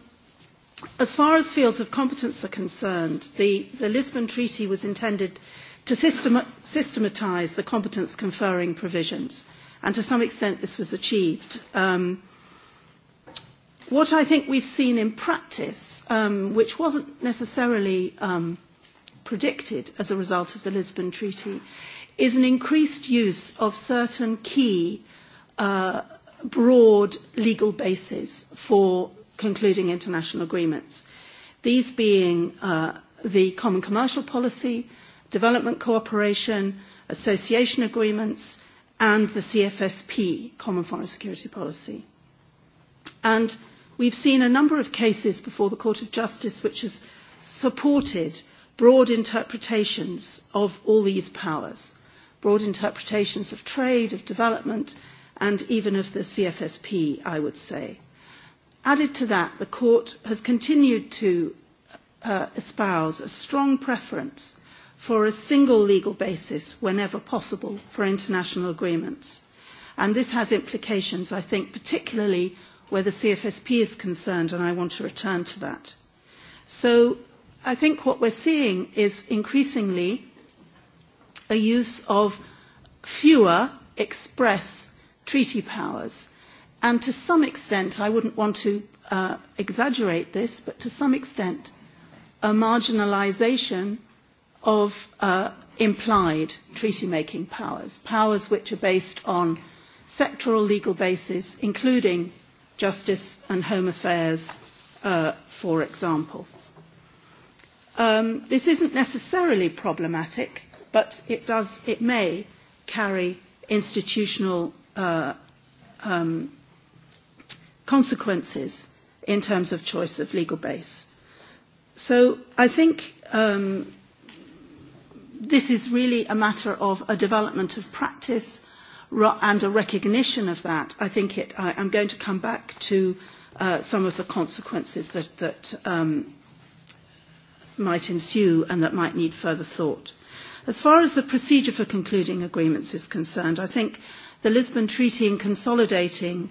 Speaker 6: As far as fields of competence are concerned, the, the Lisbon Treaty was intended to system, systematise the competence conferring provisions, and to some extent this was achieved. Um, what I think we've seen in practice, um, which wasn't necessarily um, predicted as a result of the Lisbon Treaty, is an increased use of certain key uh, broad legal bases for concluding international agreements. These being uh, the common commercial policy, development cooperation, association agreements, and the CFSP, common foreign security policy. And we've seen a number of cases before the Court of Justice which has supported broad interpretations of all these powers, broad interpretations of trade, of development, and even of the CFSP, I would say. Added to that, the Court has continued to uh, espouse a strong preference for a single legal basis whenever possible for international agreements. And this has implications, I think, particularly where the CFSP is concerned, and I want to return to that. So I think what we're seeing is increasingly a use of fewer express treaty powers And to some extent, I wouldn't want to uh, exaggerate this, but to some extent, a marginalization of uh, implied treaty-making powers, powers which are based on sectoral legal bases, including justice and home affairs, uh, for example. Um, this isn't necessarily problematic, but it, does, it may carry institutional uh, um, consequences in terms of choice of legal base. So I think um, this is really a matter of a development of practice and a recognition of that. I think it, I, I'm going to come back to uh, some of the consequences that, that um, might ensue and that might need further thought. As far as the procedure for concluding agreements is concerned, I think the Lisbon Treaty in consolidating uh,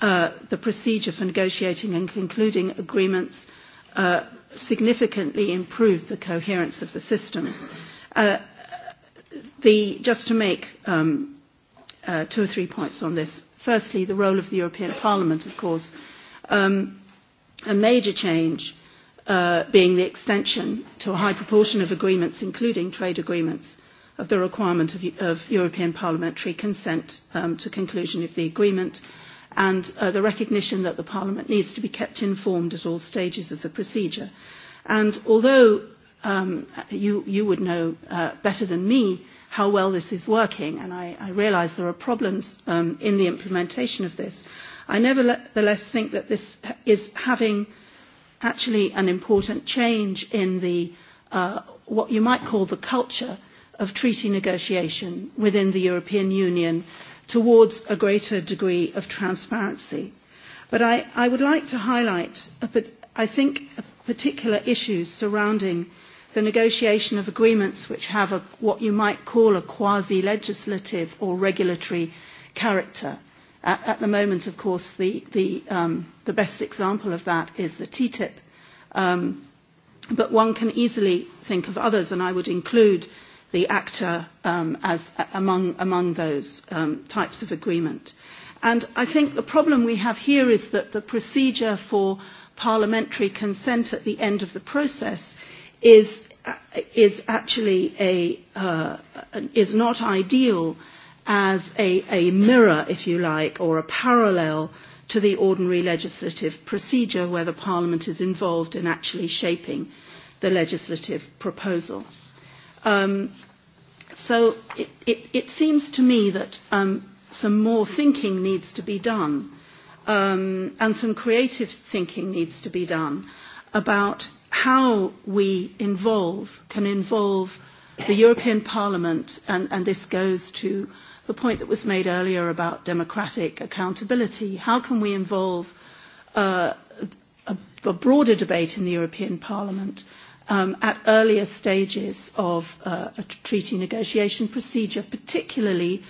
Speaker 6: uh, the procedure for negotiating and concluding agreements uh, significantly improved the coherence of the system. Uh, the, just to make um, uh, two or three points on this. Firstly, the role of the European Parliament, of course. Um, a major change uh, being the extension to a high proportion of agreements, including trade agreements, of the requirement of, of European parliamentary consent um, to conclusion of the agreement. Uh, and uh, the recognition that the Parliament needs to be kept informed at all stages of the procedure. And although um, you, you would know uh, better than me how well this is working, and I, I realise there are problems um, in the implementation of this, I nevertheless think that this is having actually an important change in the, uh, what you might call the culture of treaty negotiation within the European Union towards a greater degree of transparency. But I, I would like to highlight, a, I think, particular issues surrounding the negotiation of agreements which have a, what you might call a quasi-legislative or regulatory character. At, at the moment, of course, the, the, um, the best example of that is the TTIP. Um, but one can easily think of others, and I would include the actor um, as among, among those um, types of agreement. And I think the problem we have here is that the procedure for parliamentary consent at the end of the process is, uh, is actually a, uh, is not ideal as a, a mirror, if you like, or a parallel to the ordinary legislative procedure where the Parliament is involved in actually shaping the legislative proposal. Um, so it, it, it seems to me that um, some more thinking needs to be done um, and some creative thinking needs to be done about how we involve, can involve the European Parliament, and, and this goes to the point that was made earlier about democratic accountability. How can we involve uh, a, a broader debate in the European Parliament? um, at earlier stages of uh, a treaty negotiation procedure, particularly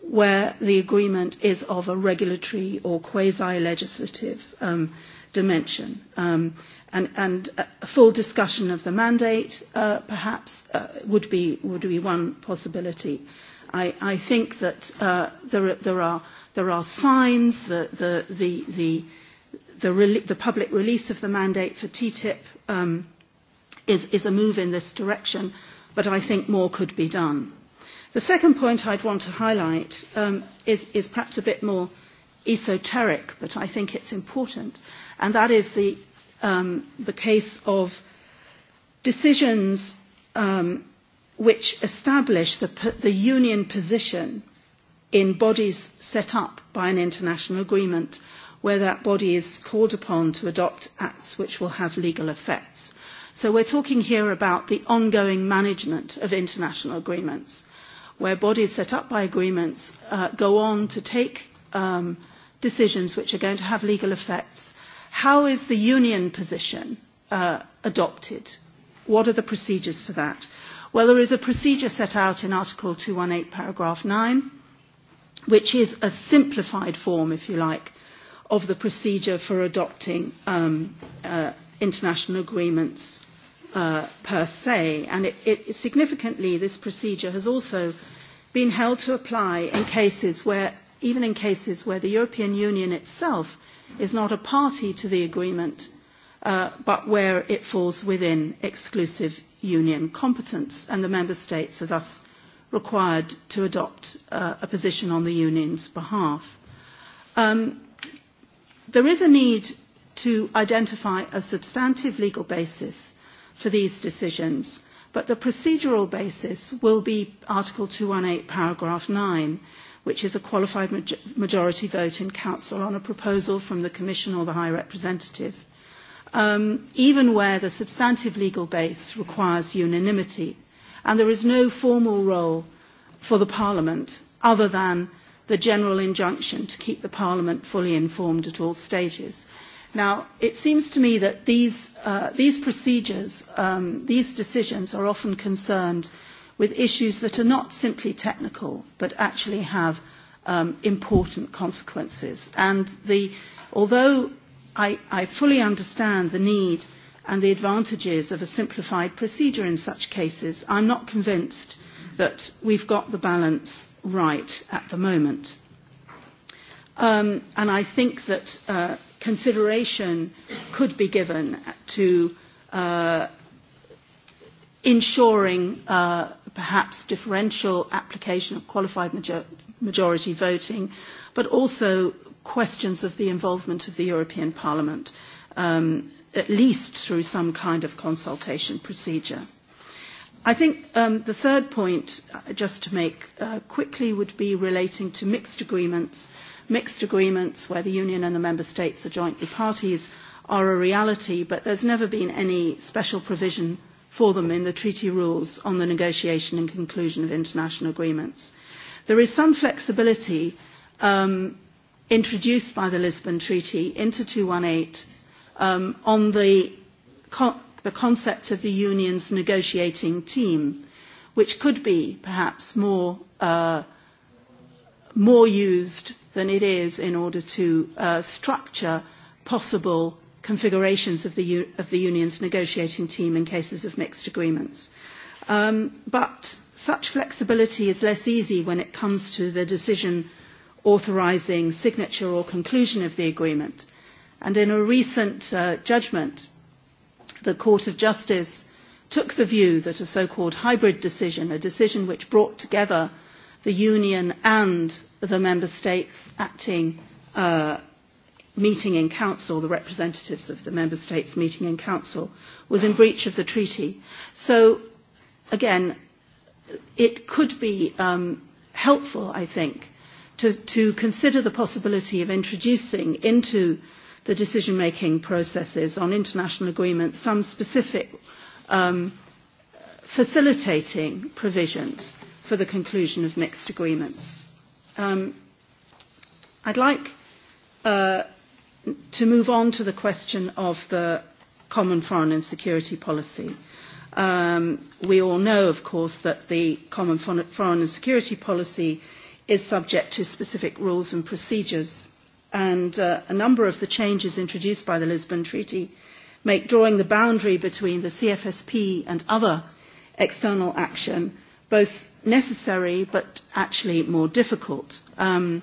Speaker 6: where the agreement is of a regulatory or quasi-legislative um, dimension. Um, and, and a full discussion of the mandate uh, perhaps uh, would, be, would be one possibility. I, I think that uh, there, are, there, are, there are signs that the, the, the, the, the, the public release of the mandate for TTIP um, is, is a move in this direction, but I think more could be done. The second point I'd want to highlight um, is, is perhaps a bit more esoteric, but I think it's important, and that is the, um, the case of decisions um, which establish the, the union position in bodies set up by an international agreement where that body is called upon to adopt acts which will have legal effects. So we're talking here about the ongoing management of international agreements, where bodies set up by agreements uh, go on to take um, decisions which are going to have legal effects. How is the union position uh, adopted? What are the procedures for that? Well, there is a procedure set out in Article 218, paragraph 9, which is a simplified form, if you like, of the procedure for adopting um, uh, international agreements uh, per se. And it, it, significantly, this procedure has also been held to apply in cases where, even in cases where the European Union itself is not a party to the agreement, uh, but where it falls within exclusive union competence, and the member states are thus required to adopt uh, a position on the union's behalf. Um, there is a need to identify a substantive legal basis for these decisions, but the procedural basis will be Article 218, paragraph 9, which is a qualified majority vote in Council on a proposal from the Commission or the High Representative, um, even where the substantive legal base requires unanimity. And there is no formal role for the Parliament other than the general injunction to keep the Parliament fully informed at all stages. Now, it seems to me that these, uh, these procedures, um, these decisions are often concerned with issues that are not simply technical, but actually have um, important consequences. And the, although I, I fully understand the need and the advantages of a simplified procedure in such cases, I'm not convinced that we've got the balance right at the moment. Um, and I think that uh, consideration could be given to uh, ensuring uh, perhaps differential application of qualified major majority voting, but also questions of the involvement of the European Parliament, um, at least through some kind of consultation procedure. I think um, the third point, uh, just to make uh, quickly, would be relating to mixed agreements mixed agreements where the Union and the Member States are jointly parties are a reality, but there's never been any special provision for them in the treaty rules on the negotiation and conclusion of international agreements. There is some flexibility um, introduced by the Lisbon Treaty into 218 um, on the, co the concept of the Union's negotiating team, which could be perhaps more, uh, more used than it is in order to uh, structure possible configurations of the, of the union's negotiating team in cases of mixed agreements. Um, but such flexibility is less easy when it comes to the decision authorising signature or conclusion of the agreement. And in a recent uh, judgment, the Court of Justice took the view that a so-called hybrid decision, a decision which brought together the Union and the Member States acting uh, meeting in Council, the representatives of the Member States meeting in Council, was in breach of the treaty. So, again, it could be um, helpful, I think, to, to consider the possibility of introducing into the decision-making processes on international agreements some specific um, facilitating provisions for the conclusion of mixed agreements. Um, I'd like uh, to move on to the question of the common foreign and security policy. Um, we all know, of course, that the common foreign and security policy is subject to specific rules and procedures, and uh, a number of the changes introduced by the Lisbon Treaty make drawing the boundary between the CFSP and other external action both necessary but actually more difficult. Um,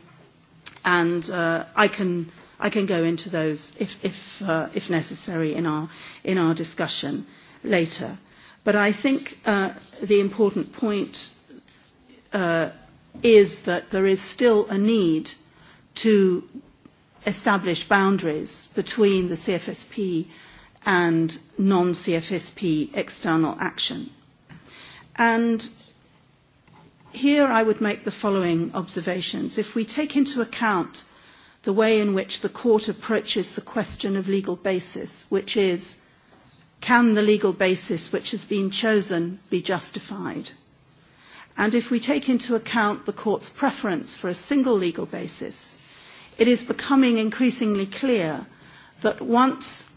Speaker 6: and uh, I can I can go into those if if uh, if necessary in our in our discussion later. But I think uh, the important point uh, is that there is still a need to establish boundaries between the CFSP and non-CFSP external action. And here I would make the following observations. If we take into account the way in which the court approaches the question of legal basis, which is, can the legal basis which has been chosen be justified? And if we take into account the court's preference for a single legal basis, it is becoming increasingly clear that once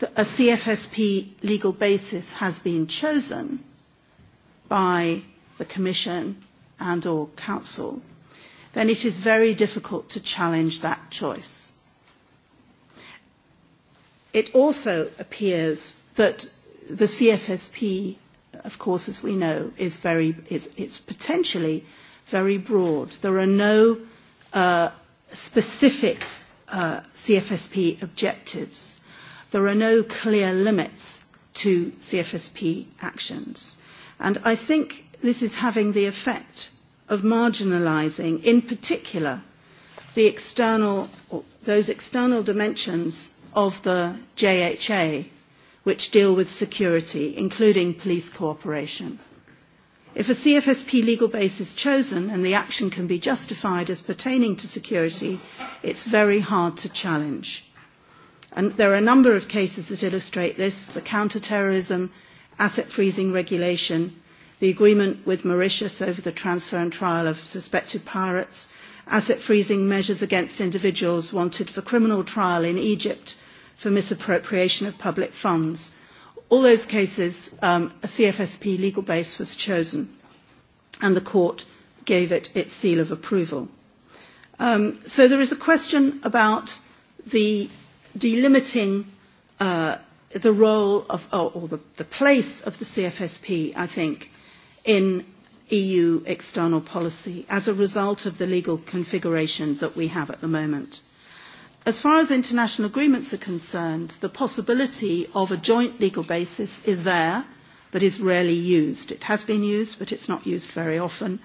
Speaker 6: a CFSP legal basis has been chosen by the Commission and or council, then it is very difficult to challenge that choice. It also appears that the CFSP, of course, as we know, is very, is, it's potentially very broad. There are no uh, specific uh, CFSP objectives. There are no clear limits to CFSP actions. And I think this is having the effect of marginalising, in particular, the external, those external dimensions of the JHA, which deal with security, including police cooperation. If a CFSP legal base is chosen and the action can be justified as pertaining to security, it's very hard to challenge. And there are a number of cases that illustrate this, the counterterrorism, asset freezing regulation, the agreement with Mauritius over the transfer and trial of suspected pirates, asset freezing measures against individuals wanted for criminal trial in Egypt for misappropriation of public funds. All those cases, um, a CFSP legal base was chosen, and the court gave it its seal of approval. Um, so there is a question about the delimiting uh, the role of, or, or the, the place of the CFSP, I think, in EU external policy as a result of the legal configuration that we have at the moment. As far as international agreements are concerned, the possibility of a joint legal basis is there, but is rarely used. It has been used, but it's not used very often.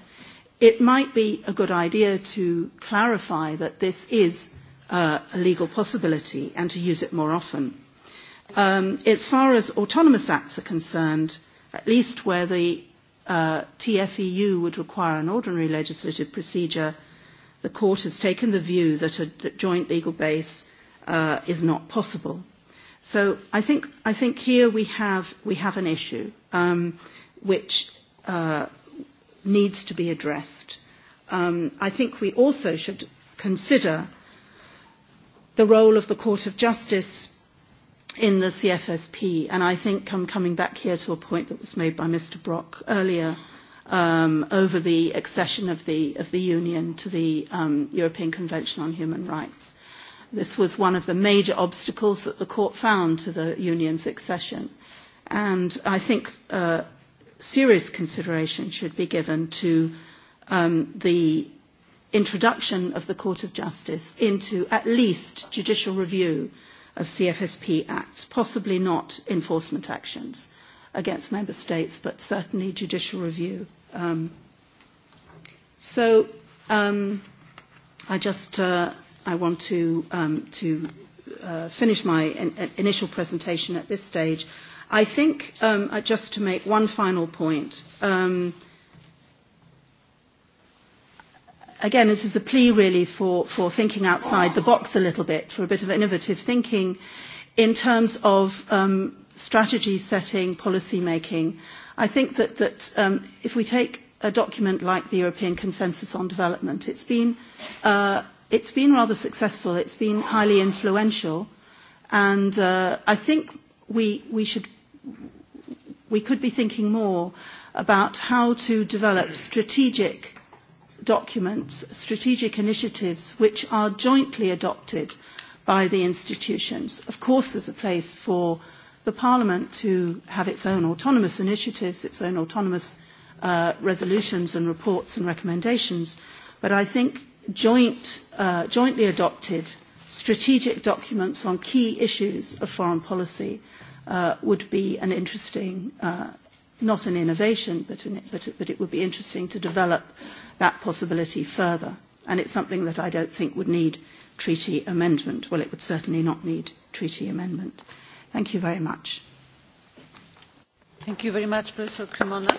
Speaker 6: It might be a good idea to clarify that this is uh, a legal possibility and to use it more often. Um, as far as autonomous acts are concerned, at least where the uh, TFEU would require an ordinary legislative procedure, the Court has taken the view that a joint legal base uh, is not possible. So I think, I think here we have, we have an issue um, which uh, needs to be addressed. Um, I think we also should consider the role of the Court of Justice in the CFSP. And I think I'm coming back here to a point that was made by Mr. Brock earlier um, over the accession of the, of the Union to the um, European Convention on Human Rights. This was one of the major obstacles that the court found to the Union's accession. And I think uh, serious consideration should be given to um, the introduction of the Court of Justice into at least judicial review of CFSP acts, possibly not enforcement actions against member states, but certainly judicial review. Um, so um, I just uh, I want to um, to uh, finish my in, in uh, initial presentation at this stage. I think um, uh, just to make one final point. Um, again, this is a plea really for, for thinking outside the box a little bit, for a bit of innovative thinking in terms of um, strategy setting, policy making. I think that, that um, if we take a document like the European Consensus on Development, it's been, uh, it's been rather successful, it's been highly influential, and uh, I think we, we, should, we could be thinking more about how to develop strategic documents, strategic initiatives which are jointly adopted by the institutions. Of course there's a place for the Parliament to have its own autonomous initiatives, its own autonomous uh, resolutions and reports and recommendations, but I think joint, uh, jointly adopted strategic documents on key issues of foreign policy uh, would be an interesting uh, not an innovation, but, an, but, but it would be interesting to develop that possibility further. And it's something that I don't think would need treaty amendment. Well, it would certainly not need treaty amendment. Thank you very much.
Speaker 1: Thank you very much, Professor Cremona.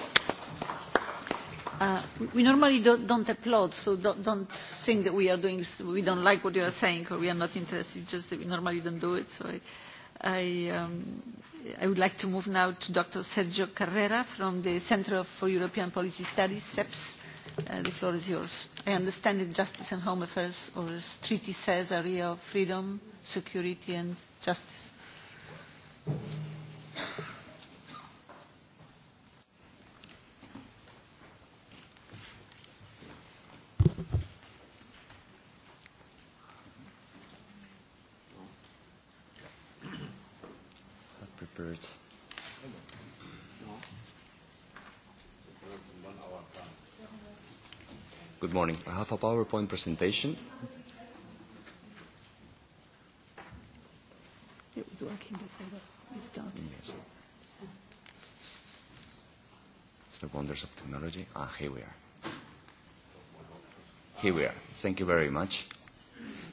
Speaker 1: Uh, we normally don't, don't applaud, so don't, don't think that we are doing, we don't like what you are saying or we are not interested, just that we normally don't do it. So I, I um, I would like to move now to Dr. Sergio Carrera from the Center for European Policy Studies, CEPS. Uh, the floor is yours. I understand that justice and home affairs, or as treaty says, area of freedom, security and justice.
Speaker 7: PowerPoint. I have a PowerPoint presentation.
Speaker 6: It was working before we started. Yes.
Speaker 7: It's the wonders of technology. Ah, here we are. Here we are. Thank you very much.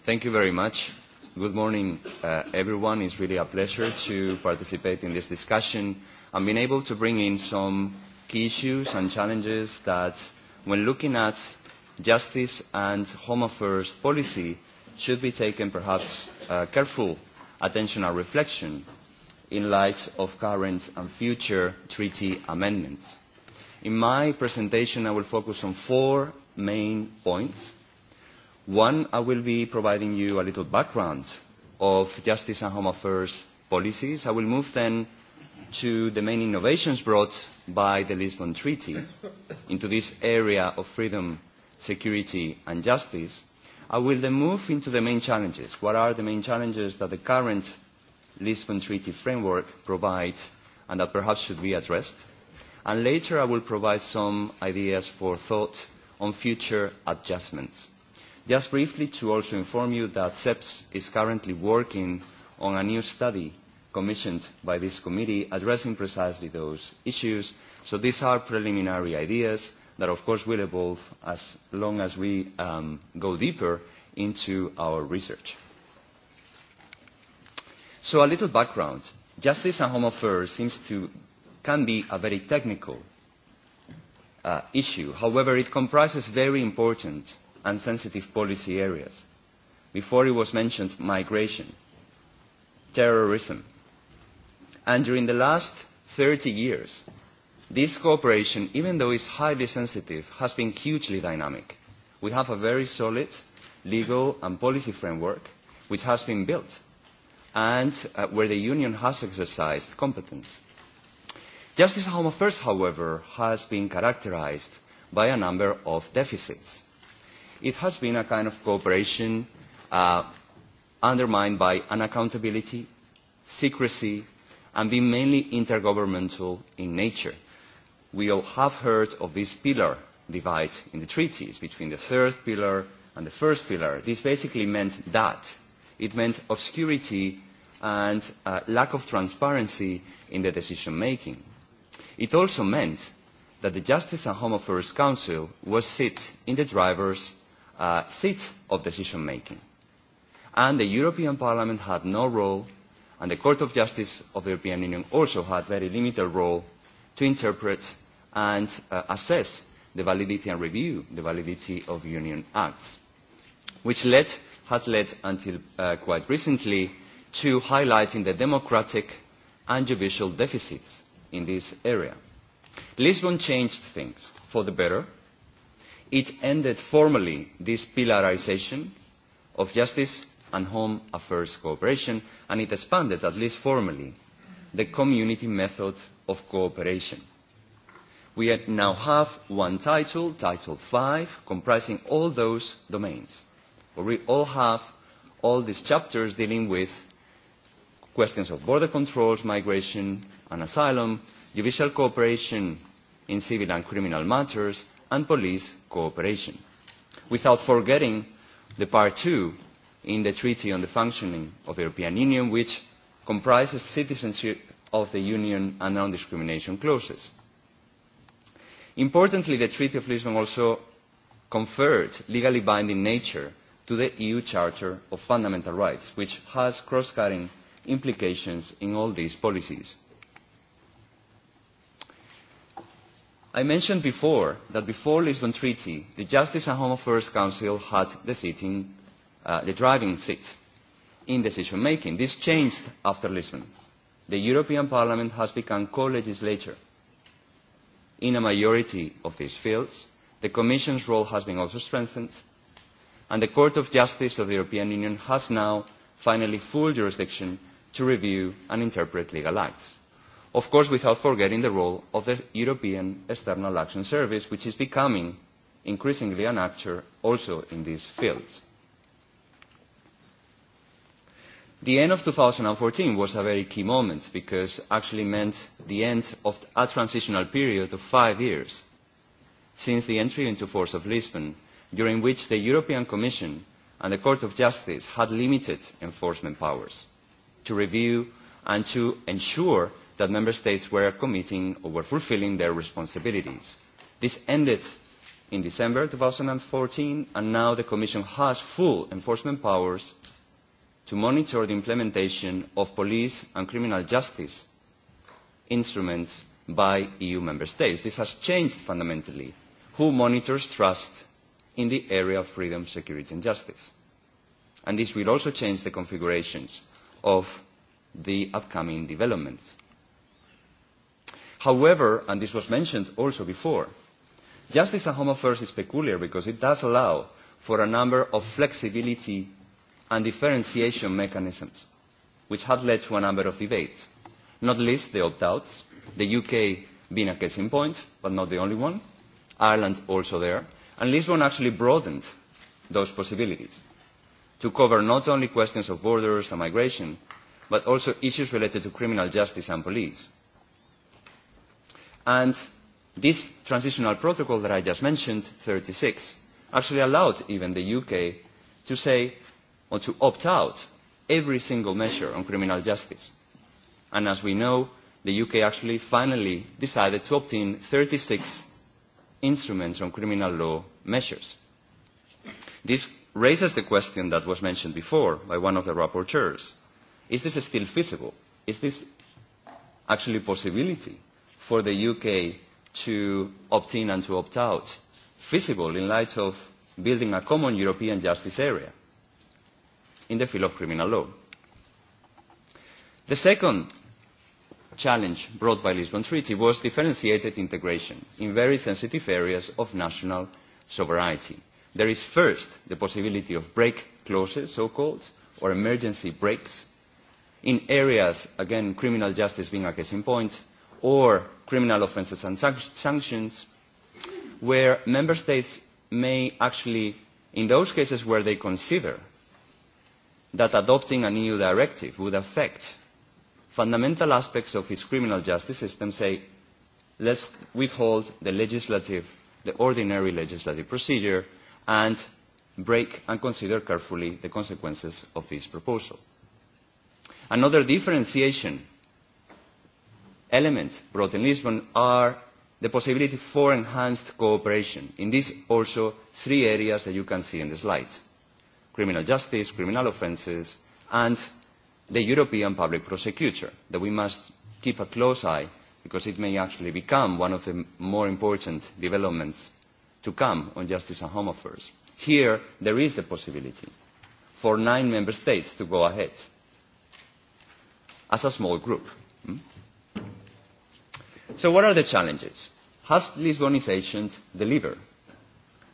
Speaker 7: Thank you very much. Good morning, uh, everyone. It's really a pleasure to participate in this discussion and being able to bring in some key issues and challenges that when looking at justice and home affairs policy should be taken perhaps uh, careful attention and reflection in light of current and future treaty amendments. In my presentation, I will focus on four main points. One, I will be providing you a little background of justice and home affairs policies. I will move then to the main innovations brought by the Lisbon Treaty into this area of freedom security and justice, I will then move into the main challenges. What are the main challenges that the current Lisbon Treaty framework provides and that perhaps should be addressed? And later I will provide some ideas for thought on future adjustments. Just briefly to also inform you that SEPS is currently working on a new study commissioned by this committee addressing precisely those issues. So these are preliminary ideas that of course will evolve as long as we um, go deeper into our research. So a little background. Justice and home affairs seems to, can be a very technical uh, issue. However, it comprises very important and sensitive policy areas. Before it was mentioned migration, terrorism. And during the last 30 years, This cooperation, even though it's highly sensitive, has been hugely dynamic. We have a very solid legal and policy framework which has been built and uh, where the Union has exercised competence. Justice Home Affairs, however, has been characterized by a number of deficits. It has been a kind of cooperation uh, undermined by unaccountability, secrecy, and being mainly intergovernmental in nature we all have heard of this pillar divide in the treaties between the third pillar and the first pillar. This basically meant that. It meant obscurity and uh, lack of transparency in the decision making. It also meant that the Justice and Home Affairs Council was sit in the driver's uh, seat of decision making. And the European Parliament had no role, and the Court of Justice of the European Union also had very limited role to interpret and uh, assess the validity and review the validity of union acts, which led, has led until uh, quite recently to highlighting the democratic and judicial deficits in this area. Lisbon changed things for the better. It ended formally this pillarization of justice and home affairs cooperation, and it expanded, at least formally, the community method of cooperation. We now have one title, Title 5, comprising all those domains. We all have all these chapters dealing with questions of border controls, migration and asylum, judicial cooperation in civil and criminal matters, and police cooperation. Without forgetting the Part 2 in the Treaty on the Functioning of the European Union, which comprises citizenship of the Union and non-discrimination clauses. Importantly, the Treaty of Lisbon also conferred legally binding nature to the EU Charter of Fundamental Rights, which has cross-cutting implications in all these policies. I mentioned before that before Lisbon Treaty, the Justice and Home Affairs Council had the, sitting, uh, the driving seat in decision-making. This changed after Lisbon. The European Parliament has become co-legislature in a majority of these fields, the Commission's role has been also strengthened, and the Court of Justice of the European Union has now finally full jurisdiction to review and interpret legal acts. Of course, without forgetting the role of the European External Action Service, which is becoming increasingly an actor also in these fields. The end of 2014 was a very key moment because actually meant the end of a transitional period of five years since the entry into force of Lisbon, during which the European Commission and the Court of Justice had limited enforcement powers to review and to ensure that member states were committing or were fulfilling their responsibilities. This ended in December 2014 and now the Commission has full enforcement powers to monitor the implementation of police and criminal justice instruments by EU member states. This has changed fundamentally who monitors trust in the area of freedom, security and justice. And this will also change the configurations of the upcoming developments. However, and this was mentioned also before, justice and home affairs is peculiar because it does allow for a number of flexibility and differentiation mechanisms, which had led to a number of debates, not least the opt-outs, the UK being a case in point, but not the only one, Ireland also there, and Lisbon actually broadened those possibilities to cover not only questions of borders and migration, but also issues related to criminal justice and police. And this transitional protocol that I just mentioned, 36, actually allowed even the UK to say or to opt out every single measure on criminal justice. And as we know, the UK actually finally decided to opt in 36 instruments on criminal law measures. This raises the question that was mentioned before by one of the rapporteurs. Is this still feasible? Is this actually a possibility for the UK to opt in and to opt out feasible in light of building a common European justice area? in the field of criminal law. The second challenge brought by the Lisbon Treaty was differentiated integration in very sensitive areas of national sovereignty. There is first the possibility of break clauses, so-called, or emergency breaks in areas, again, criminal justice being a case in point, or criminal offences and sanctions, where member states may actually, in those cases where they consider that adopting an EU directive would affect fundamental aspects of his criminal justice system, say, let's withhold the legislative, the ordinary legislative procedure, and break and consider carefully the consequences of his proposal. Another differentiation element brought in Lisbon are the possibility for enhanced cooperation. In these also three areas that you can see in the slide criminal justice, criminal offences, and the European public prosecutor, that we must keep a close eye because it may actually become one of the more important developments to come on justice and home affairs. Here, there is the possibility for nine member states to go ahead as a small group. Hmm? So what are the challenges? Has Lisbonization delivered?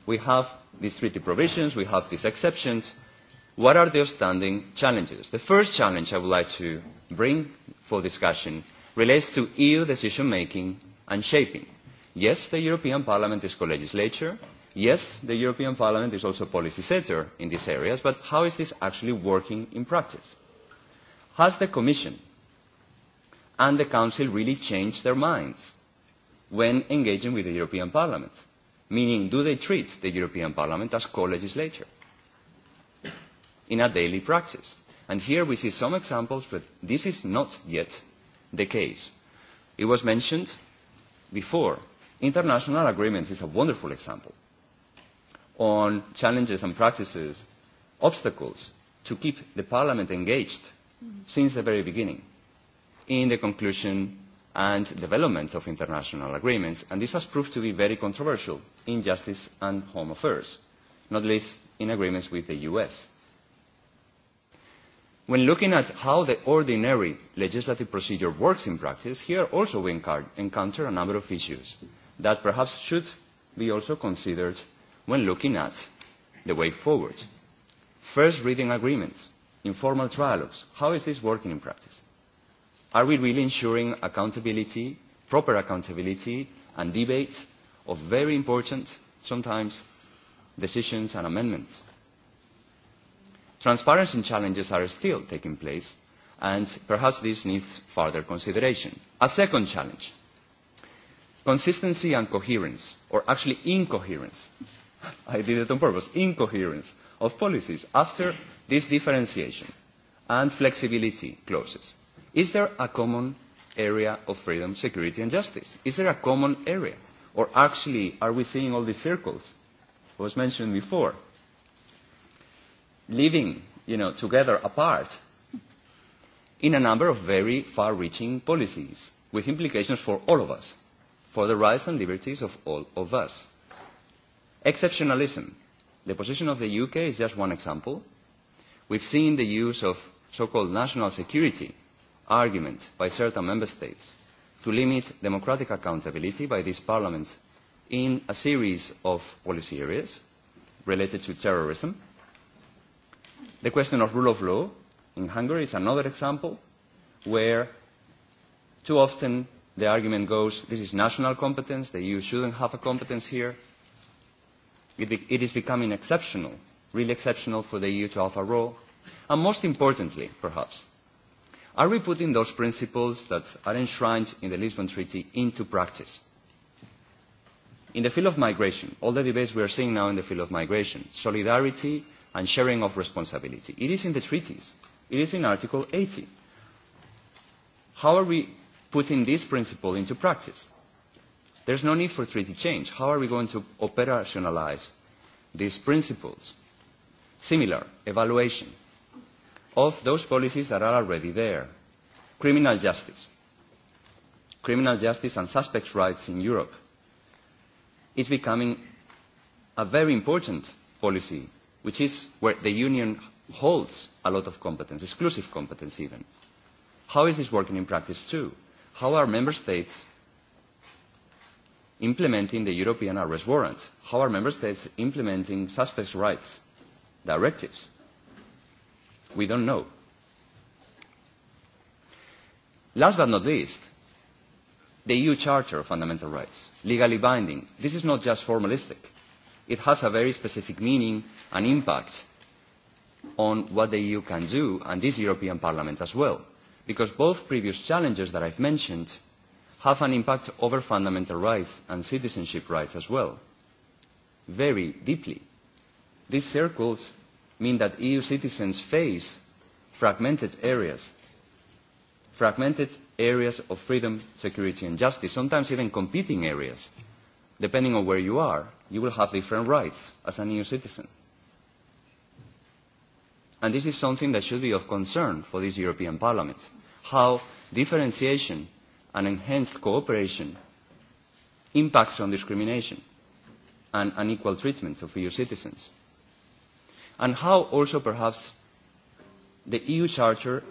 Speaker 7: We have these treaty provisions, we have these exceptions. What are the outstanding challenges? The first challenge I would like to bring for discussion relates to EU decision-making and shaping. Yes, the European Parliament is co-legislature. Yes, the European Parliament is also policy setter in these areas, but how is this actually working in practice? Has the Commission and the Council really changed their minds when engaging with the European Parliament? Meaning, do they treat the European Parliament as co-legislature in a daily practice? And here we see some examples, but this is not yet the case. It was mentioned before. International agreements is a wonderful example on challenges and practices, obstacles to keep the Parliament engaged mm -hmm. since the very beginning in the conclusion and development of international agreements, and this has proved to be very controversial in justice and home affairs, not least in agreements with the US. When looking at how the ordinary legislative procedure works in practice, here also we encounter a number of issues that perhaps should be also considered when looking at the way forward. First reading agreements, informal trialogues, how is this working in practice? Are we really ensuring accountability, proper accountability and debate of very important, sometimes, decisions and amendments? Transparency challenges are still taking place and perhaps this needs further consideration. A second challenge, consistency and coherence, or actually incoherence. [LAUGHS] I did it on purpose, incoherence of policies after this differentiation and flexibility clauses. Is there a common area of freedom, security and justice? Is there a common area? Or actually, are we seeing all these circles? It was mentioned before. Living, you know, together apart in a number of very far-reaching policies with implications for all of us, for the rights and liberties of all of us. Exceptionalism. The position of the UK is just one example. We've seen the use of so-called national security argument by certain member states to limit democratic accountability by this parliament in a series of policy areas related to terrorism. The question of rule of law in Hungary is another example where too often the argument goes, this is national competence, the EU shouldn't have a competence here. It, be it is becoming exceptional, really exceptional for the EU to have a role. And most importantly, perhaps, Are we putting those principles that are enshrined in the Lisbon Treaty into practice? In the field of migration, all the debates we are seeing now in the field of migration, solidarity and sharing of responsibility, it is in the treaties. It is in Article 80. How are we putting this principle into practice? There's no need for treaty change. How are we going to operationalize these principles? Similar, evaluation of those policies that are already there. Criminal justice. Criminal justice and suspects' rights in Europe is becoming a very important policy, which is where the Union holds a lot of competence, exclusive competence even. How is this working in practice too? How are member states implementing the European arrest warrant? How are member states implementing suspect's rights directives? we don't know. Last but not least, the EU Charter of Fundamental Rights, legally binding. This is not just formalistic. It has a very specific meaning and impact on what the EU can do and this European Parliament as well. Because both previous challenges that I've mentioned have an impact over fundamental rights and citizenship rights as well, very deeply. These circles mean that EU citizens face fragmented areas, fragmented areas of freedom, security and justice, sometimes even competing areas. Depending on where you are, you will have different rights as an EU citizen. And this is something that should be of concern for this European Parliament, how differentiation and enhanced cooperation impacts on discrimination and unequal treatment of EU citizens and how also perhaps the EU Charter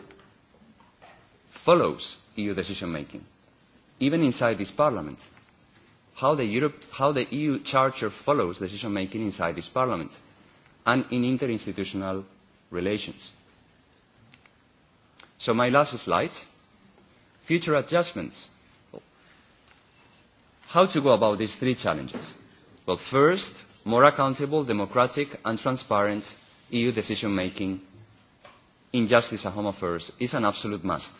Speaker 7: follows EU decision-making, even inside this Parliament, how the, Europe, how the EU Charter follows decision-making inside this Parliament and in interinstitutional relations. So my last slide, future adjustments. How to go about these three challenges? Well, first, more accountable, democratic and transparent EU decision-making in justice and home affairs is an absolute must.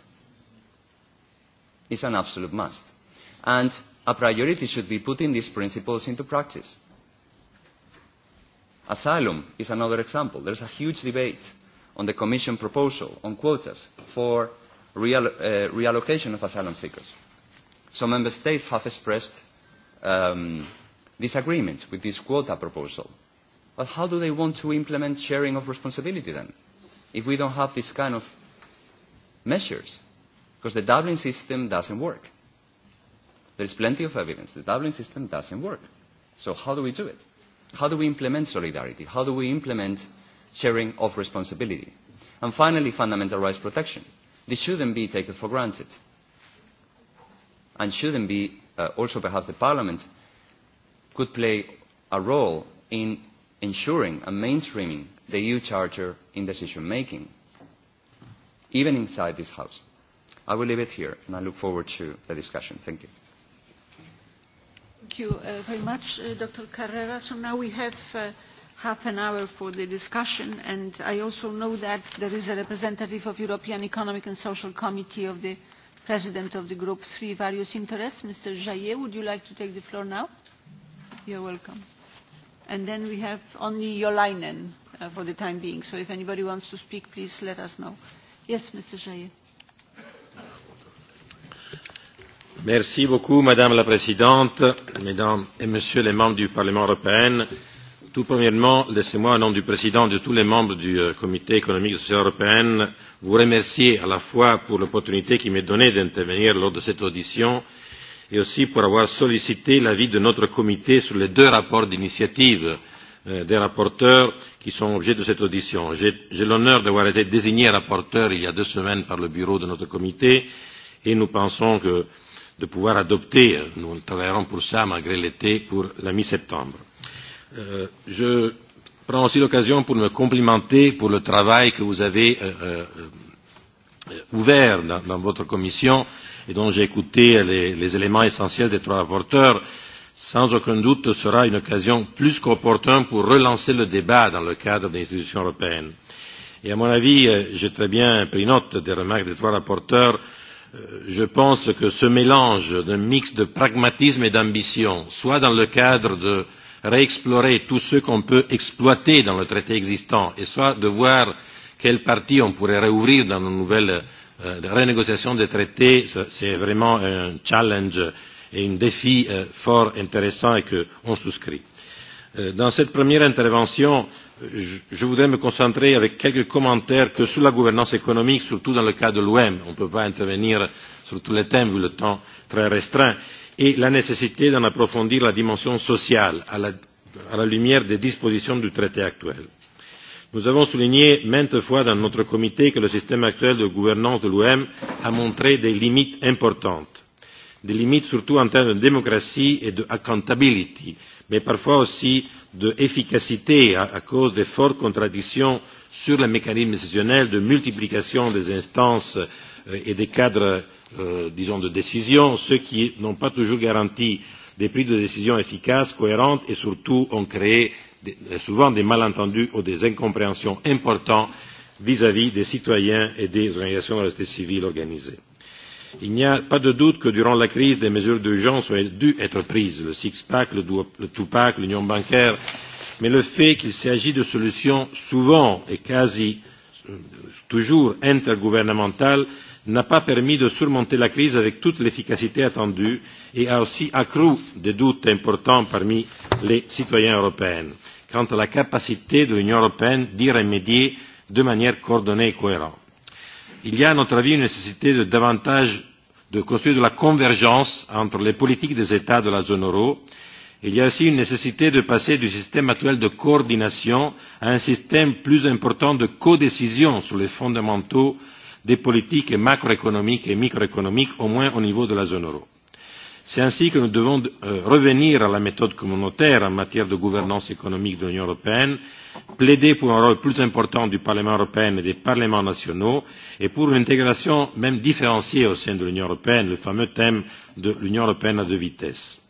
Speaker 7: It's an absolute must. And a priority should be putting these principles into practice. Asylum is another example. There's a huge debate on the Commission proposal on quotas for real, uh, reallocation of asylum seekers. Some member states have expressed um, disagreement with this quota proposal. But how do they want to implement sharing of responsibility then, if we don't have this kind of measures? Because the Dublin system doesn't work. There's plenty of evidence. The Dublin system doesn't work. So how do we do it? How do we implement solidarity? How do we implement sharing of responsibility? And finally, fundamental rights protection. This shouldn't be taken for granted. And shouldn't be uh, also perhaps the Parliament could play a role in ensuring and mainstreaming the EU Charter in decision-making, even inside this House. I will leave it here, and I look forward to the discussion. Thank you.
Speaker 1: Thank you uh, very much, uh, Dr. Carrera. So now we have uh, half an hour for the discussion, and I also know that there is a representative of European Economic and Social Committee of the President of the Group Three Various Interests, Mr. Jaillet. Would you like to take the floor now? You're welcome. And then we have only Jolainen uh, for the time being. So if anybody wants to speak, please let us know. Yes, Mr. Jaye.
Speaker 8: Merci beaucoup, Madame la Présidente, Mesdames et Messieurs les membres du Parlement européen. Tout premièrement, laissez-moi, au nom du Président et de tous les membres du euh, Comité économique et social européen, vous remercier à la fois pour l'opportunité qui m'est donnée d'intervenir lors de cette audition et aussi pour avoir sollicité l'avis de notre comité sur les deux rapports d'initiative euh, des rapporteurs qui sont objets de cette audition. J'ai l'honneur d'avoir été désigné rapporteur il y a deux semaines par le bureau de notre comité et nous pensons que de pouvoir adopter, nous travaillerons pour ça malgré l'été, pour la mi-septembre. Euh, je prends aussi l'occasion pour me complimenter pour le travail que vous avez euh, euh, euh ouvert dans, dans votre commission et dont j'ai écouté les, les éléments essentiels des trois rapporteurs, sans aucun doute sera une occasion plus qu'opportune pour relancer le débat dans le cadre des institutions européennes. Et à mon avis, euh, j'ai très bien pris note des remarques des trois rapporteurs. Euh, je pense que ce mélange d'un mix de pragmatisme et d'ambition, soit dans le cadre de réexplorer tout ce qu'on peut exploiter dans le traité existant, et soit de voir quelle partie on pourrait réouvrir dans nos nouvelles Euh, la renégociation des traités, c'est vraiment un challenge et un défi euh, fort intéressant et qu'on souscrit. Euh, dans cette première intervention, je, je voudrais me concentrer avec quelques commentaires que sur la gouvernance économique, surtout dans le cas de l'OM. On ne peut pas intervenir sur tous les thèmes vu le temps très restreint et la nécessité d'en approfondir la dimension sociale à la, à la lumière des dispositions du traité actuel. Nous avons souligné maintes fois dans notre comité que le système actuel de gouvernance de l'OM a montré des limites importantes, des limites surtout en termes de démocratie et de accountability, mais parfois aussi d'efficacité à, à cause des fortes contradictions sur les mécanismes décisionnels de multiplication des instances euh, et des cadres, euh, disons, de décision, ceux qui n'ont pas toujours garanti des prises de décision efficaces, cohérentes et surtout ont créé Euh, souvent des malentendus ou des incompréhensions importantes vis-à-vis -vis des citoyens et des organisations de la société civile organisées. Il n'y a pas de doute que durant la crise, des mesures d'urgence ont dû être prises, le six-pack, le, le two-pack, l'union bancaire, mais le fait qu'il s'agit de solutions souvent et quasi euh, toujours intergouvernementales n'a pas permis de surmonter la crise avec toute l'efficacité attendue et a aussi accru des doutes importants parmi les citoyens européens quant à la capacité de l'Union européenne d'y remédier de manière coordonnée et cohérente. Il y a, à notre avis, une nécessité de davantage de construire de la convergence entre les politiques des États de la zone euro. Il y a aussi une nécessité de passer du système actuel de coordination à un système plus important de codécision sur les fondamentaux des politiques macroéconomiques et microéconomiques, au moins au niveau de la zone euro. C'est ainsi que nous devons euh, revenir à la méthode communautaire en matière de gouvernance économique de l'Union européenne, plaider pour un rôle plus important du Parlement européen et des parlements nationaux et pour une intégration même différenciée au sein de l'Union européenne, le fameux thème de l'Union européenne à deux vitesses.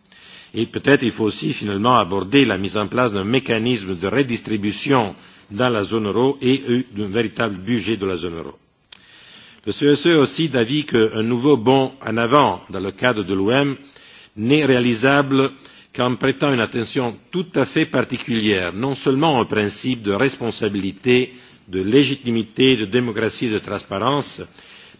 Speaker 8: Et peut-être il faut aussi finalement aborder la mise en place d'un mécanisme de redistribution dans la zone euro et euh, d'un véritable budget de la zone euro. Le CESE est aussi d'avis qu'un nouveau bond en avant dans le cadre de l'OM n'est réalisable qu'en prêtant une attention tout à fait particulière, non seulement au principe de responsabilité, de légitimité, de démocratie et de transparence,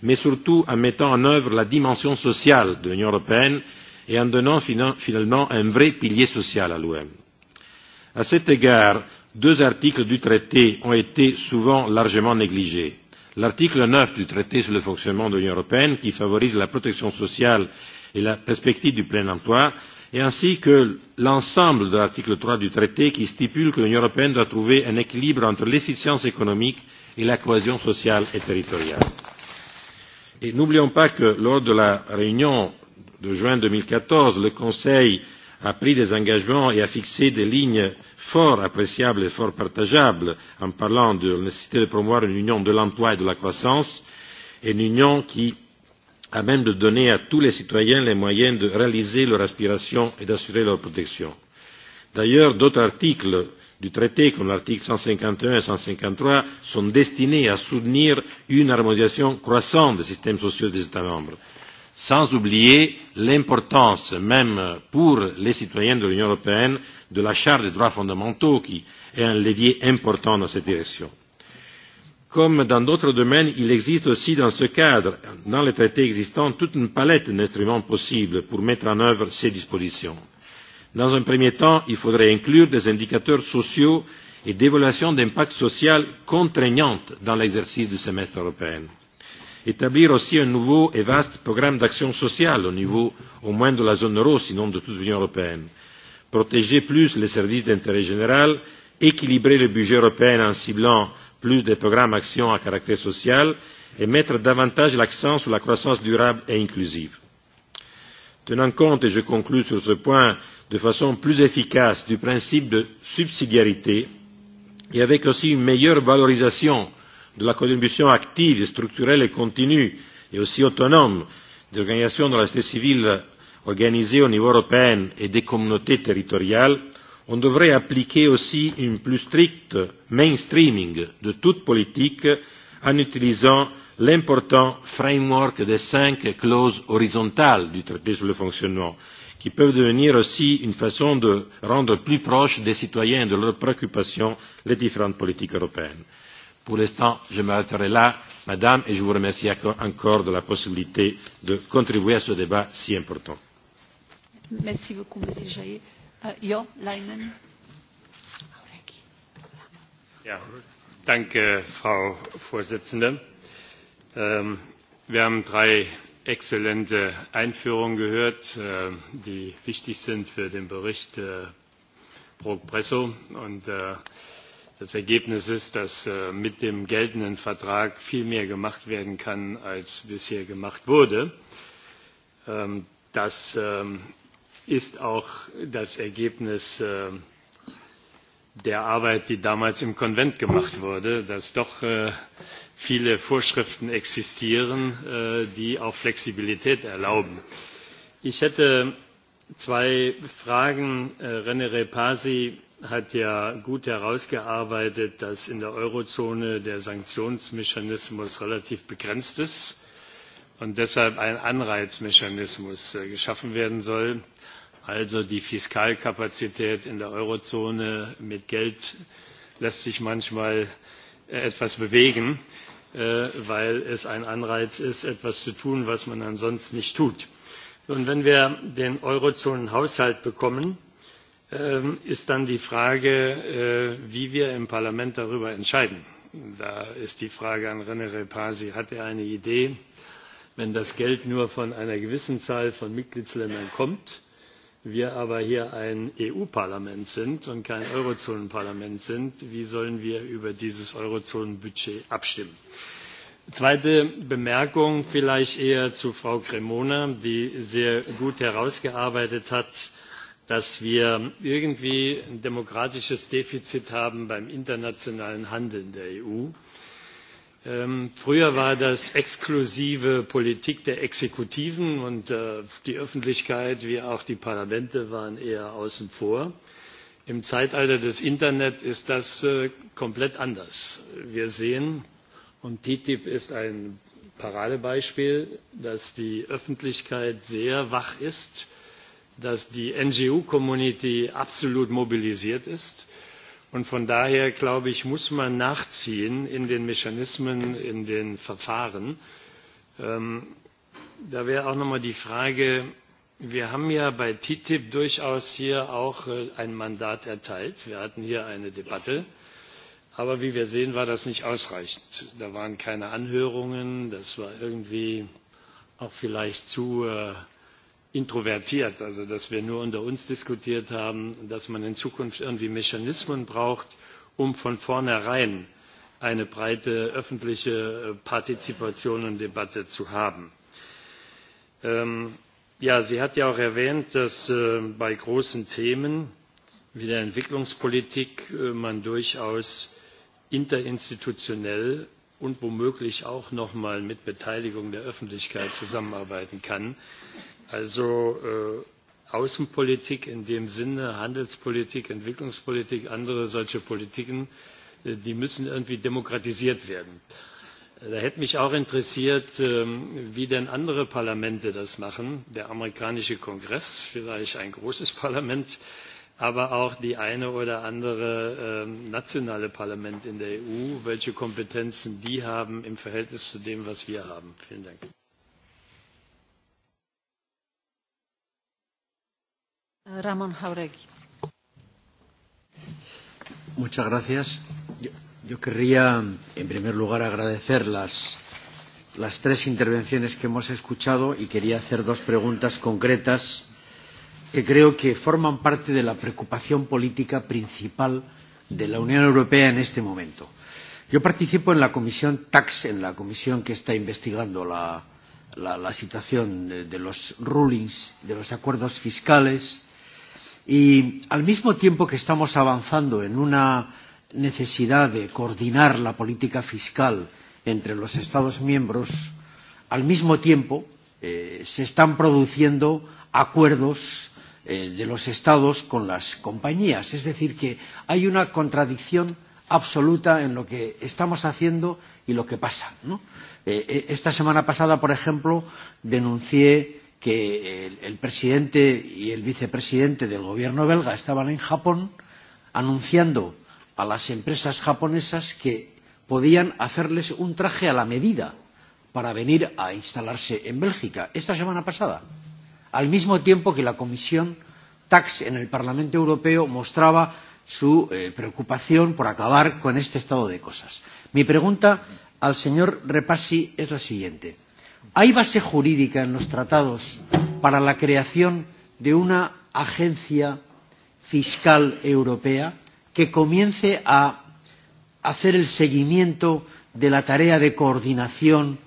Speaker 8: mais surtout en mettant en œuvre la dimension sociale de l'Union européenne et en donnant finalement un vrai pilier social à l'OM. À cet égard, deux articles du traité ont été souvent largement négligés l'article 9 du traité sur le fonctionnement de l'Union européenne qui favorise la protection sociale et la perspective du plein emploi, et ainsi que l'ensemble de l'article 3 du traité qui stipule que l'Union européenne doit trouver un équilibre entre l'efficience économique et la cohésion sociale et territoriale. Et n'oublions pas que lors de la réunion de juin 2014, le Conseil a pris des engagements et a fixé des lignes fort appréciable et fort partageable en parlant de la nécessité de promouvoir une union de l'emploi et de la croissance, et une union qui à même de donner à tous les citoyens les moyens de réaliser leur aspiration et d'assurer leur protection. D'ailleurs, d'autres articles du traité, comme l'article 151 et 153, sont destinés à soutenir une harmonisation croissante des systèmes sociaux des États membres sans oublier l'importance, même pour les citoyens de l'Union européenne, de la Charte des droits fondamentaux, qui est un levier important dans cette direction. Comme dans d'autres domaines, il existe aussi dans ce cadre, dans les traités existants, toute une palette d'instruments possibles pour mettre en œuvre ces dispositions. Dans un premier temps, il faudrait inclure des indicateurs sociaux et d'évaluation d'impact social contraignantes dans l'exercice du semestre européen établir aussi un nouveau et vaste programme d'action sociale au niveau au moins de la zone euro, sinon de toute l'Union européenne, protéger plus les services d'intérêt général, équilibrer le budget européen en ciblant plus de programmes d'action à caractère social et mettre davantage l'accent sur la croissance durable et inclusive. Tenant compte, et je conclue sur ce point, de façon plus efficace du principe de subsidiarité et avec aussi une meilleure valorisation de la contribution active, structurelle et continue et aussi autonome des organisations de la société civile organisées au niveau européen et des communautés territoriales, on devrait appliquer aussi une plus stricte mainstreaming de toute politique en utilisant l'important framework des cinq clauses horizontales du traité sur le fonctionnement, qui peuvent devenir aussi une façon de rendre plus proches des citoyens et de leurs préoccupations les différentes politiques européennes. Pour l'instant, je m'arrêterai là, Madame, et je vous remercie encore de la possibilité de contribuer à ce débat si important.
Speaker 1: Merci beaucoup, Monsieur Jaillet. Uh, jo, Leinen.
Speaker 9: Ja, danke, Frau Vorsitzende. Ähm, wir haben drei exzellente Einführungen gehört, äh, die wichtig sind für den Bericht äh, Brok-Bresso. Und äh, Das Ergebnis ist, dass äh, mit dem geltenden Vertrag viel mehr gemacht werden kann, als bisher gemacht wurde. Ähm, das ähm, ist auch das Ergebnis äh, der Arbeit, die damals im Konvent gemacht wurde, dass doch äh, viele Vorschriften existieren, die auch Flexibilität erlauben. Ich hätte zwei Fragen. René Repasi hat ja gut herausgearbeitet, dass in der Eurozone der Sanktionsmechanismus relativ begrenzt ist und deshalb ein Anreizmechanismus äh, geschaffen werden soll, also die Fiskalkapazität in der Eurozone mit Geld lässt sich manchmal äh, etwas bewegen, äh, weil es ein Anreiz ist, etwas zu tun, was man ansonsten nicht tut. Und wenn wir den Eurozonenhaushalt bekommen, Ähm, ist dann die Frage, äh, wie wir im Parlament darüber entscheiden. Da ist die Frage an René Repasi, hat er eine Idee, wenn das Geld nur von einer gewissen Zahl von Mitgliedsländern kommt, wir aber hier ein EU-Parlament sind und kein Eurozonen-Parlament sind, wie sollen wir über dieses Eurozonenbudget abstimmen? Zweite Bemerkung vielleicht eher zu Frau Cremona, die sehr gut herausgearbeitet hat, dass wir irgendwie ein demokratisches Defizit haben beim internationalen Handeln der EU. Ähm, früher war das exklusive Politik der Exekutiven und äh, die Öffentlichkeit wie auch die Parlamente waren eher außen vor. Im Zeitalter des Internet ist das äh, komplett anders. Wir sehen, und TTIP ist ein Paradebeispiel, dass die Öffentlichkeit sehr wach ist dass die NGO-Community absolut mobilisiert ist. Und von daher, glaube ich, muss man nachziehen in den Mechanismen, in den Verfahren. Ähm, da wäre auch nochmal die Frage, wir haben ja bei TTIP durchaus hier auch äh, ein Mandat erteilt. Wir hatten hier eine Debatte. Aber wie wir sehen, war das nicht ausreichend. Da waren keine Anhörungen. Das war irgendwie auch vielleicht zu äh, introvertiert, also dass wir nur unter uns diskutiert haben, dass man in Zukunft irgendwie Mechanismen braucht, um von vornherein eine breite öffentliche äh, Partizipation und Debatte zu haben. Ähm, ja, sie hat ja auch erwähnt, dass äh, bei großen Themen wie der Entwicklungspolitik äh, man durchaus interinstitutionell und womöglich auch nochmal mit Beteiligung der Öffentlichkeit zusammenarbeiten kann. Also äh, Außenpolitik in dem Sinne, Handelspolitik, Entwicklungspolitik, andere solche Politiken, äh, die müssen irgendwie demokratisiert werden. Da hätte mich auch interessiert, ähm, wie denn andere Parlamente das machen. Der amerikanische Kongress, vielleicht ein großes [LAUGHS] Parlament, aber auch die eine oder andere ähm, nationale Parlament in der EU, welche Kompetenzen die haben im Verhältnis zu dem, was wir haben. Vielen Dank.
Speaker 1: Ramon Jauregui.
Speaker 10: Muchas gracias. Yo, yo querría, en primer lugar, agradecer las, las tres intervenciones que hemos escuchado y quería hacer dos preguntas concretas que creo que forman parte de la preocupación política principal de la Unión Europea en este momento. Yo participo en la comisión TAX, en la comisión que está investigando la, la, la situación de, de los rulings, de los acuerdos fiscales Y al mismo tiempo que estamos avanzando en una necesidad de coordinar la política fiscal entre los Estados miembros, al mismo tiempo eh, se están produciendo acuerdos eh, de los Estados con las compañías. Es decir, que hay una contradicción absoluta en lo que estamos haciendo y lo que pasa. ¿no? Eh, eh esta semana pasada, por ejemplo, denuncié que el, el presidente y el vicepresidente del gobierno belga estaban en Japón anunciando a las empresas japonesas que podían hacerles un traje a la medida para venir a instalarse en Bélgica esta semana pasada, al mismo tiempo que la Comisión Tax en el Parlamento Europeo mostraba su eh, preocupación por acabar con este estado de cosas. Mi pregunta al señor Repassi es la siguiente. ¿Hay base jurídica en los tratados para la creación de una agencia fiscal europea que comience a hacer el seguimiento de la tarea de coordinación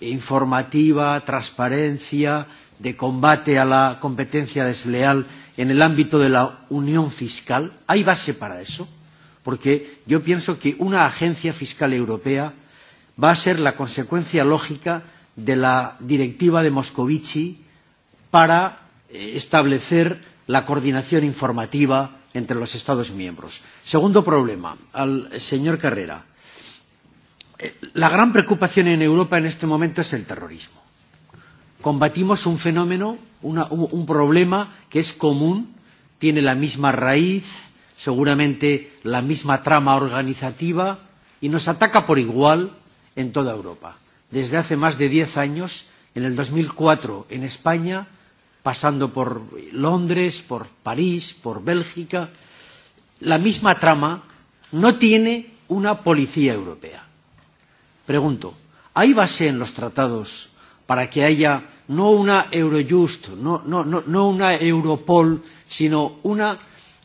Speaker 10: informativa, transparencia, de combate a la competencia desleal en el ámbito de la unión fiscal? ¿Hay base para eso? Porque yo pienso que una agencia fiscal europea va a ser la consecuencia lógica de la directiva de Moscovici para eh, establecer la coordinación informativa entre los Estados miembros. Segundo problema, al señor Carrera. Eh, la gran preocupación en Europa en este momento es el terrorismo. Combatimos un fenómeno, una, un problema que es común, tiene la misma raíz, seguramente la misma trama organizativa y nos ataca por igual en toda Europa desde hace más de 10 años, en el 2004 en España, pasando por Londres, por París, por Bélgica, la misma trama no tiene una policía europea. Pregunto, ¿hay base en los tratados para que haya no una Eurojust, no, no, no, no una Europol, sino una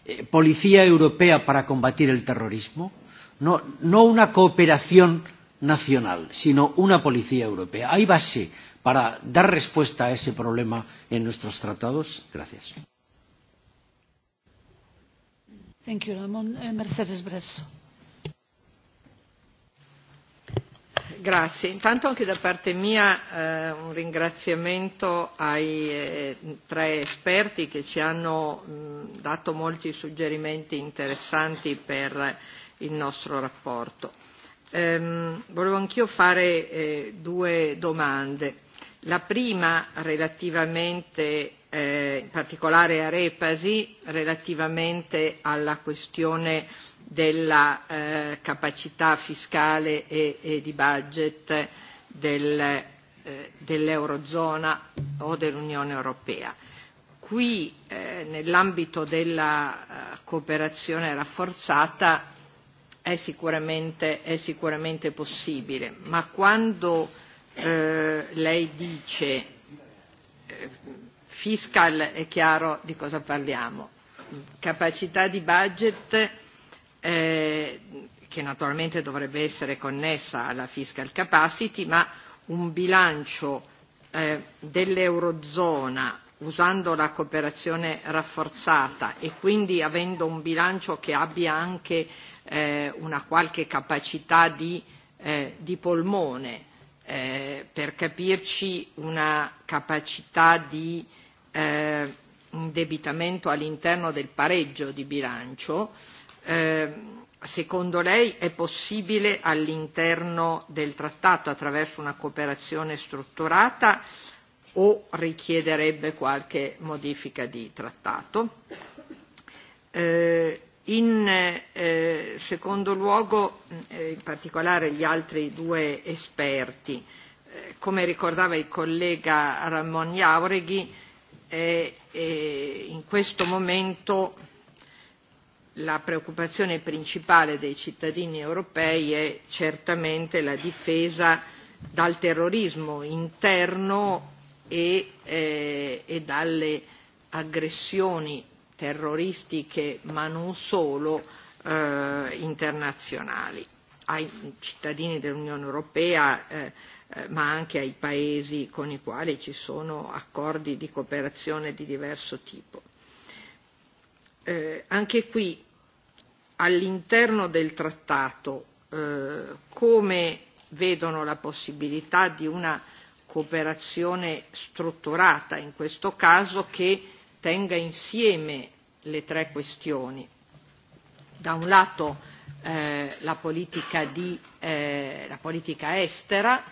Speaker 10: eh, policía europea para combatir el terrorismo? No, no una cooperación nacional, sino una policía europea. ¿Hay base para dar respuesta a ese problema en nuestros tratados? Gracias.
Speaker 1: Thank you, Ramón. Eh, Mercedes Bresso.
Speaker 3: Grazie. Intanto anche da parte mia eh, un ringraziamento ai eh, tre esperti che ci hanno mh, dato molti suggerimenti interessanti per il nostro rapporto. Um, volevo anch'io fare eh, due domande. La prima relativamente, eh, in particolare a Repasi, relativamente alla questione della eh, capacità fiscale e, e di budget del, eh, dell'Eurozona o dell'Unione Europea. Qui eh, nell'ambito della eh, cooperazione rafforzata è sicuramente, è sicuramente possibile, ma quando eh, lei dice eh, fiscal è chiaro di cosa parliamo, capacità di budget eh, che naturalmente dovrebbe essere connessa alla fiscal capacity, ma un bilancio eh, dell'Eurozona usando la cooperazione rafforzata e quindi avendo un bilancio che abbia anche eh, eh, una qualche capacità di, eh, di polmone, eh, per capirci una capacità di eh, indebitamento all'interno del pareggio di bilancio, eh, secondo lei è possibile all'interno del trattato attraverso una cooperazione strutturata o richiederebbe qualche modifica di trattato? Eh, In eh, secondo luogo, eh, in particolare gli altri due esperti, eh, come ricordava il collega Ramon Iaureghi, eh, eh, in questo momento la preoccupazione principale dei cittadini europei è certamente la difesa dal terrorismo interno e, eh, e dalle aggressioni terroristiche ma non solo eh, internazionali ai cittadini dell'Unione Europea eh, eh, ma anche ai paesi con i quali ci sono accordi di cooperazione di diverso tipo. Eh, anche qui all'interno del trattato eh, come vedono la possibilità di una cooperazione strutturata in questo caso che tenga insieme le tre questioni. Da un lato eh, la, politica di, eh, la politica estera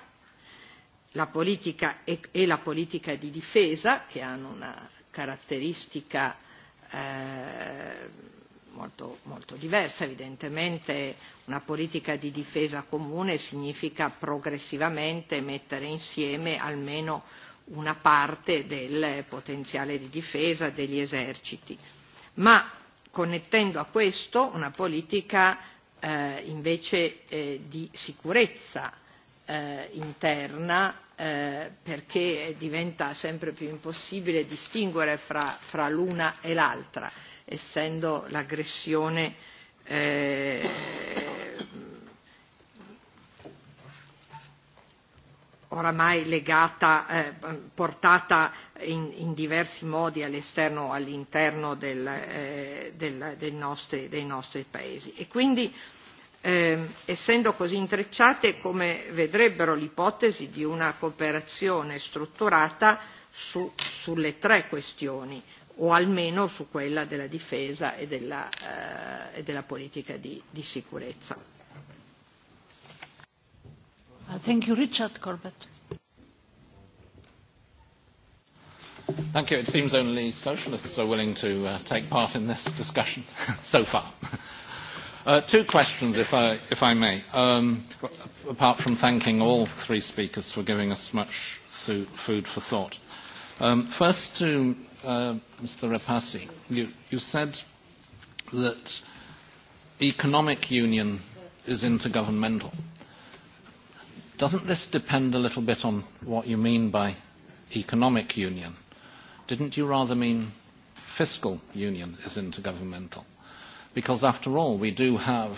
Speaker 3: la politica e, e la politica di difesa, che hanno una caratteristica eh, molto, molto diversa. Evidentemente una politica di difesa comune significa progressivamente mettere insieme almeno una parte del potenziale di difesa degli eserciti, ma connettendo a questo una politica eh, invece eh, di sicurezza eh, interna eh, perché diventa sempre più impossibile distinguere fra, fra l'una e l'altra, essendo l'aggressione eh, oramai legata, eh, portata in, in diversi modi all'esterno o all'interno del, eh, del, del nostri, dei nostri paesi. E quindi, eh, essendo così intrecciate, come vedrebbero l'ipotesi di una cooperazione strutturata su, sulle tre questioni, o almeno su quella della difesa e della, eh, e della politica di, di sicurezza.
Speaker 1: Uh, thank you, Richard Corbett.
Speaker 11: Thank you. It seems only socialists are willing to uh, take part in this discussion [LAUGHS] so far. Uh, two questions, if I, if I may, um, apart from thanking all three speakers for giving us much food for thought. Um, first to uh, Mr. Rapasi, you, you said that economic union is intergovernmental. Doesn't this depend a little bit on what you mean by economic union? Didn't you rather mean fiscal union is intergovernmental? Because after all, we do have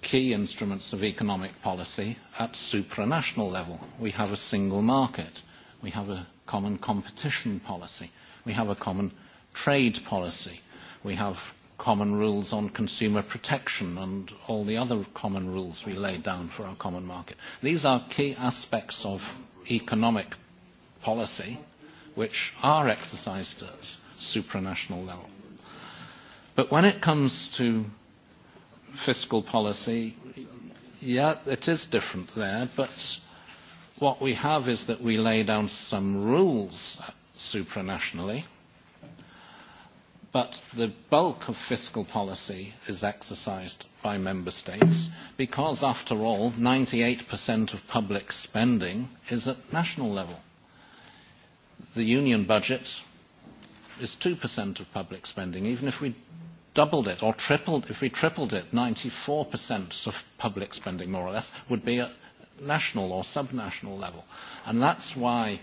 Speaker 11: key instruments of economic policy at supranational level. We have a single market. We have a common competition policy. We have a common trade policy. We have common rules on consumer protection and all the other common rules we laid down for our common market. These are key aspects of economic policy which are exercised at supranational level. But when it comes to fiscal policy, yeah, it is different there, but what we have is that we lay down some rules supranationally – but the bulk of fiscal policy is exercised by member states because, after all, 98% of public spending is at national level. The union budget is 2% of public spending. Even if we doubled it or tripled, if we tripled it, 94% of public spending, more or less, would be at national or subnational level. And that's why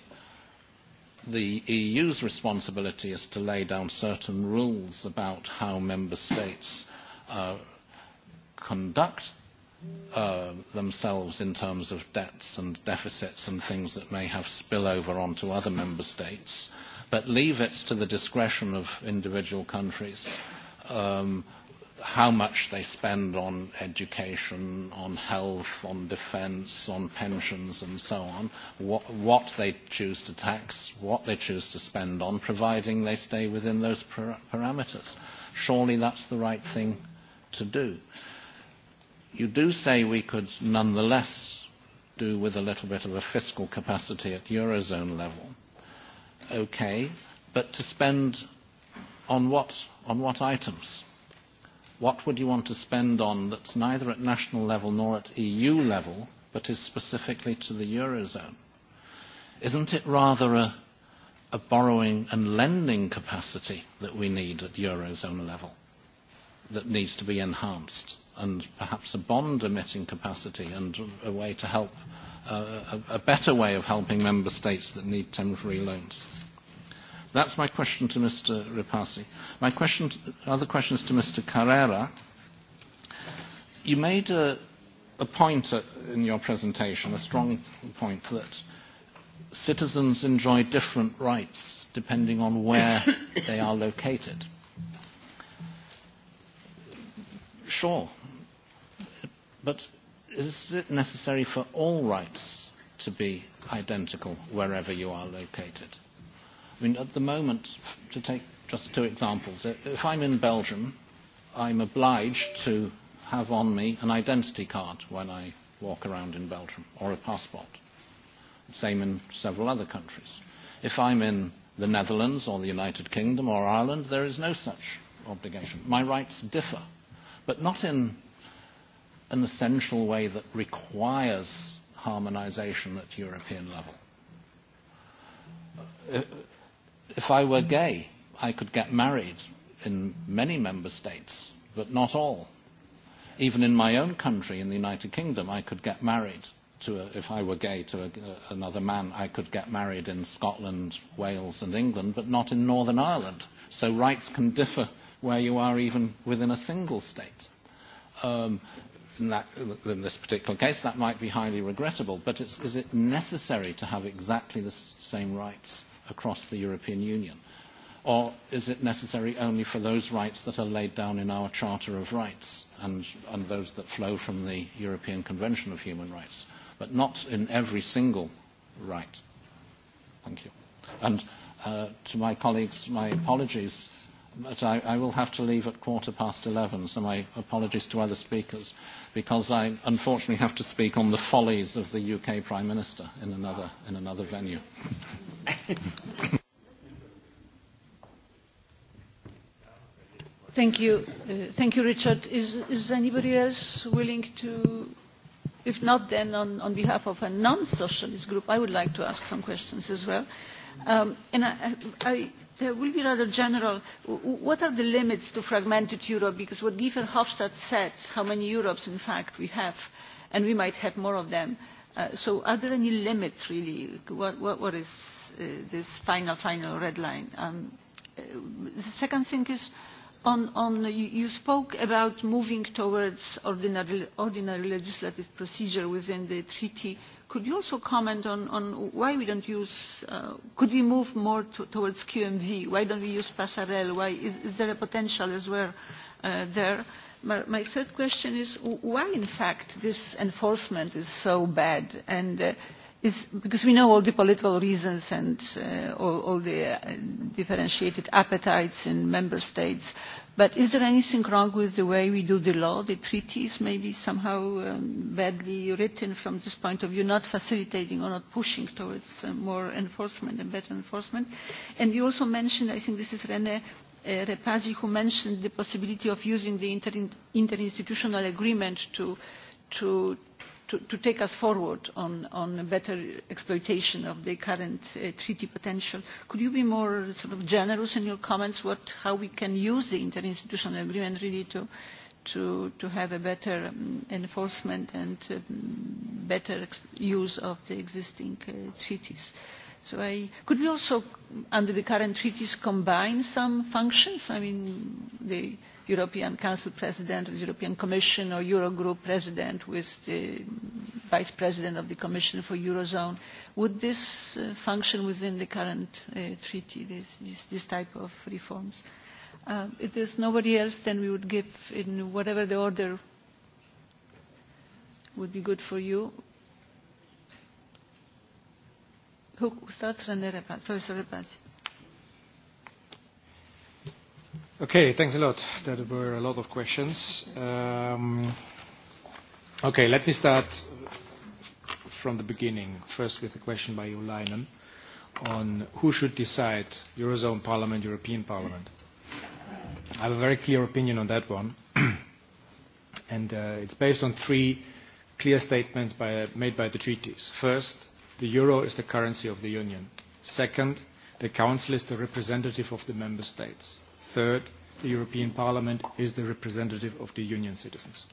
Speaker 11: the EU's responsibility is to lay down certain rules about how member states uh, conduct uh, themselves in terms of debts and deficits and things that may have spillover onto other member states, but leave it to the discretion of individual countries um, how much they spend on education, on health, on defence, on pensions and so on, what, what they choose to tax, what they choose to spend on, providing they stay within those par parameters. Surely that's the right thing to do. You do say we could nonetheless do with a little bit of a fiscal capacity at Eurozone level. Okay, but to spend on what, on what items? What would you want to spend on that's neither at national level nor at EU level, but is specifically to the Eurozone? Isn't it rather a, a borrowing and lending capacity that we need at Eurozone level that needs to be enhanced? and perhaps a bond emitting capacity and a way to help, uh, a, a better way of helping member states that need temporary loans. That's my question to Mr. Ripasi. My question, other questions to Mr. Carrera. You made a, a point in your presentation, a strong point, that citizens enjoy different rights depending on where [COUGHS] they are located. Sure, but is it necessary for all rights to be identical wherever you are located? I mean, at the moment, to take just two examples, uh, if I'm in Belgium, I'm obliged to have on me an identity card when I walk around in Belgium, or a passport. Same in several other countries. If I'm in the Netherlands or the United Kingdom or Ireland, there is no such obligation. My rights differ, but not in an essential way that requires harmonization at European level. Uh, If I were gay, I could get married in many member states, but not all. Even in my own country, in the United Kingdom, I could get married to a, if I were gay to a, another man, I could get married in Scotland, Wales and England, but not in Northern Ireland. So rights can differ where you are even within a single state. Um, in, that, in this particular case, that might be highly regrettable, but it's, is it necessary to have exactly the same rights across the European Union? Or is it necessary only for those rights that are laid down in our Charter of Rights and, and those that flow from the European Convention of Human Rights, but not in every single right? Thank you. And uh, to my colleagues, my apologies but I, I will have to leave at quarter past 11, so my apologies to other speakers, because I unfortunately have to speak on the follies of the UK Prime Minister in another, in another venue.
Speaker 1: Thank you. Uh, thank you, Richard. Is, is anybody else willing to, if not, then on, on behalf of a non-socialist group, I would like to ask some questions as well. Uh, Um, and I, I, there will be rather general. What are the limits to fragmented Europe? Because what Guy Verhofstadt said, how many Europes in fact we have, and we might have more of them. Uh, so are there any limits really? What, what, what is uh, this final, final red line? Um, uh, the second thing is, uh, on, on you, you spoke about moving towards ordinary, ordinary legislative procedure within the treaty. Could you also comment on, on why we don't use, uh, could we move more to, towards QMV? Why don't we use Passerelle? Why is, is there a potential as well uh, there? My, my third question is why, in fact, this enforcement is so bad? And uh, is because we know all the political reasons and uh, all, all the uh, differentiated appetites in member states, but is there anything wrong with the way we do the law? The treaties maybe somehow um, badly written from this point of view, not facilitating or not pushing towards uh, more enforcement and better enforcement. And you also mentioned, I think this is Rene, uh, Repazi who mentioned the possibility of using the inter interinstitutional agreement to, to, to, to take us forward on, on a better exploitation of the current uh, treaty potential. Could you be more sort of generous in your comments what, how we can use the interinstitutional agreement really to, to, to have a better um, enforcement and uh, better use of the existing uh, treaties? So I, could we also, under the current treaties, combine some functions? I mean, the European Council President, with European Commission or Eurogroup President, with the Vice President of the Commission for Eurozone. Would this uh, function within the current uh, treaty, this, this, this type of reforms? Uh, if there's nobody else, then we would give in whatever the order would be good for you. Who starts? René Professor Repasi.
Speaker 5: Okay, thanks a lot. There were a lot of questions. Um, okay, let me start from the beginning. First with a question by you Leinen on who should decide Eurozone Parliament, European Parliament. I have a very clear opinion on that one. [CLEARS THROAT] and uh, it's based on three clear statements by, made by the treaties. First, the euro is the currency of the union. Second, the council is the representative of the member states. Third, the European Parliament is the representative of the Union citizens.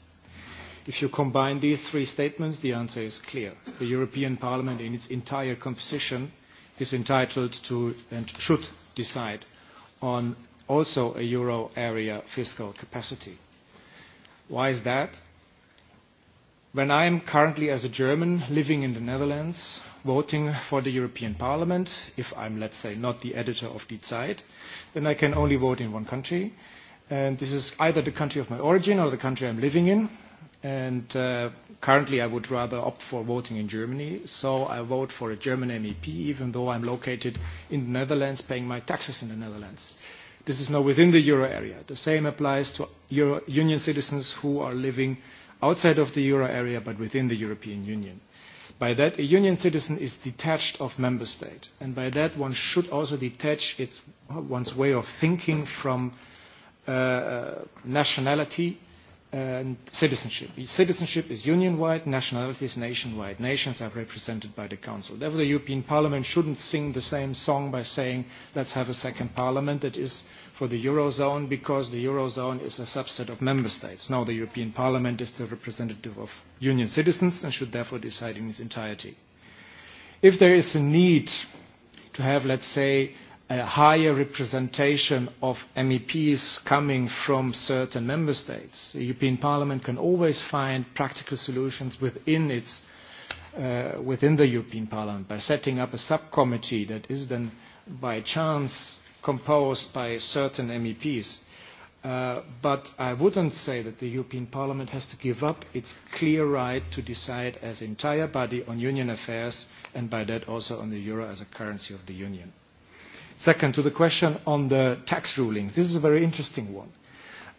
Speaker 5: If you combine these three statements, the answer is clear. The European Parliament in its entire composition is entitled to and should decide on also a euro area fiscal capacity. Why is that? When I am currently as a German living in the Netherlands, voting for the European Parliament, if I'm, let's say, not the editor of Die Zeit, then I can only vote in one country. And this is either the country of my origin or the country I'm living in. And uh, currently I would rather opt for voting in Germany, so I vote for a German MEP, even though I'm located in the Netherlands, paying my taxes in the Netherlands. This is now within the euro area. The same applies to euro union citizens who are living outside of the euro area but within the European Union. By that, a union citizen is detached of member state, and by that one should also detach its, one's way of thinking from uh, uh nationality and citizenship. Citizenship is union-wide, nationality is nation-wide. Nations are represented by the Council. Therefore, the European Parliament shouldn't sing the same song by saying, let's have a second parliament that is for the Eurozone because the Eurozone is a subset of member states. Now the European Parliament is the representative of union citizens and should therefore decide in its entirety. If there is a need to have, let's say, a higher representation of MEPs coming from certain member states. The European Parliament can always find practical solutions within its uh, within the European Parliament by setting up a subcommittee that is then by chance composed by certain MEPs. Uh, but I wouldn't say that the European Parliament has to give up its clear right to decide as entire body on union affairs and by that also on the euro as a currency of the union. Second, to the question on the tax rulings. This is a very interesting one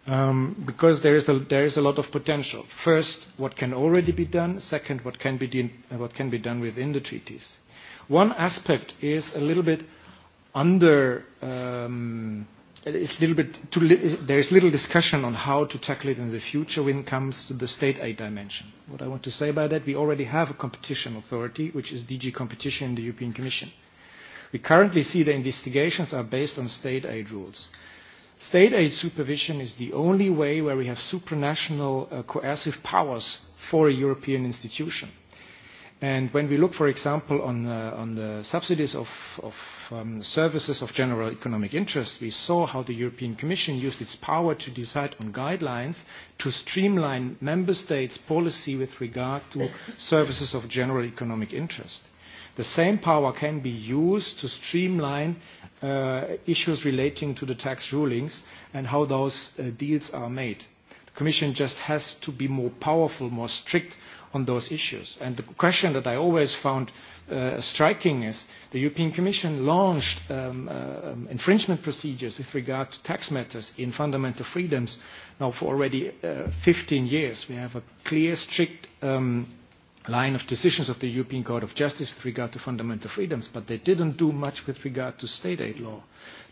Speaker 5: um, because there is, a, there is a lot of potential. First, what can already be done. Second, what can be, de what can be done within the treaties. One aspect is a little bit under, um, it's little bit too li there is little discussion on how to tackle it in the future when it comes to the state aid dimension. What I want to say by that, we already have a competition authority, which is DG competition in the European Commission. We currently see the investigations are based on state aid rules. State aid supervision is the only way where we have supranational uh, coercive powers for a European institution. And when we look, for example, on, uh, on the subsidies of, of um, services of general economic interest, we saw how the European Commission used its power to decide on guidelines to streamline member states' policy with regard to services of general economic interest. The same power can be used to streamline uh, issues relating to the tax rulings and how those uh, deals are made. The Commission just has to be more powerful, more strict on those issues. And the question that I always found uh, striking is the European Commission launched um, uh, infringement procedures with regard to tax matters in fundamental freedoms now for already uh, 15 years. We have a clear, strict um, line of decisions of the European Court of Justice with regard to fundamental freedoms, but they didn't do much with regard to state aid law.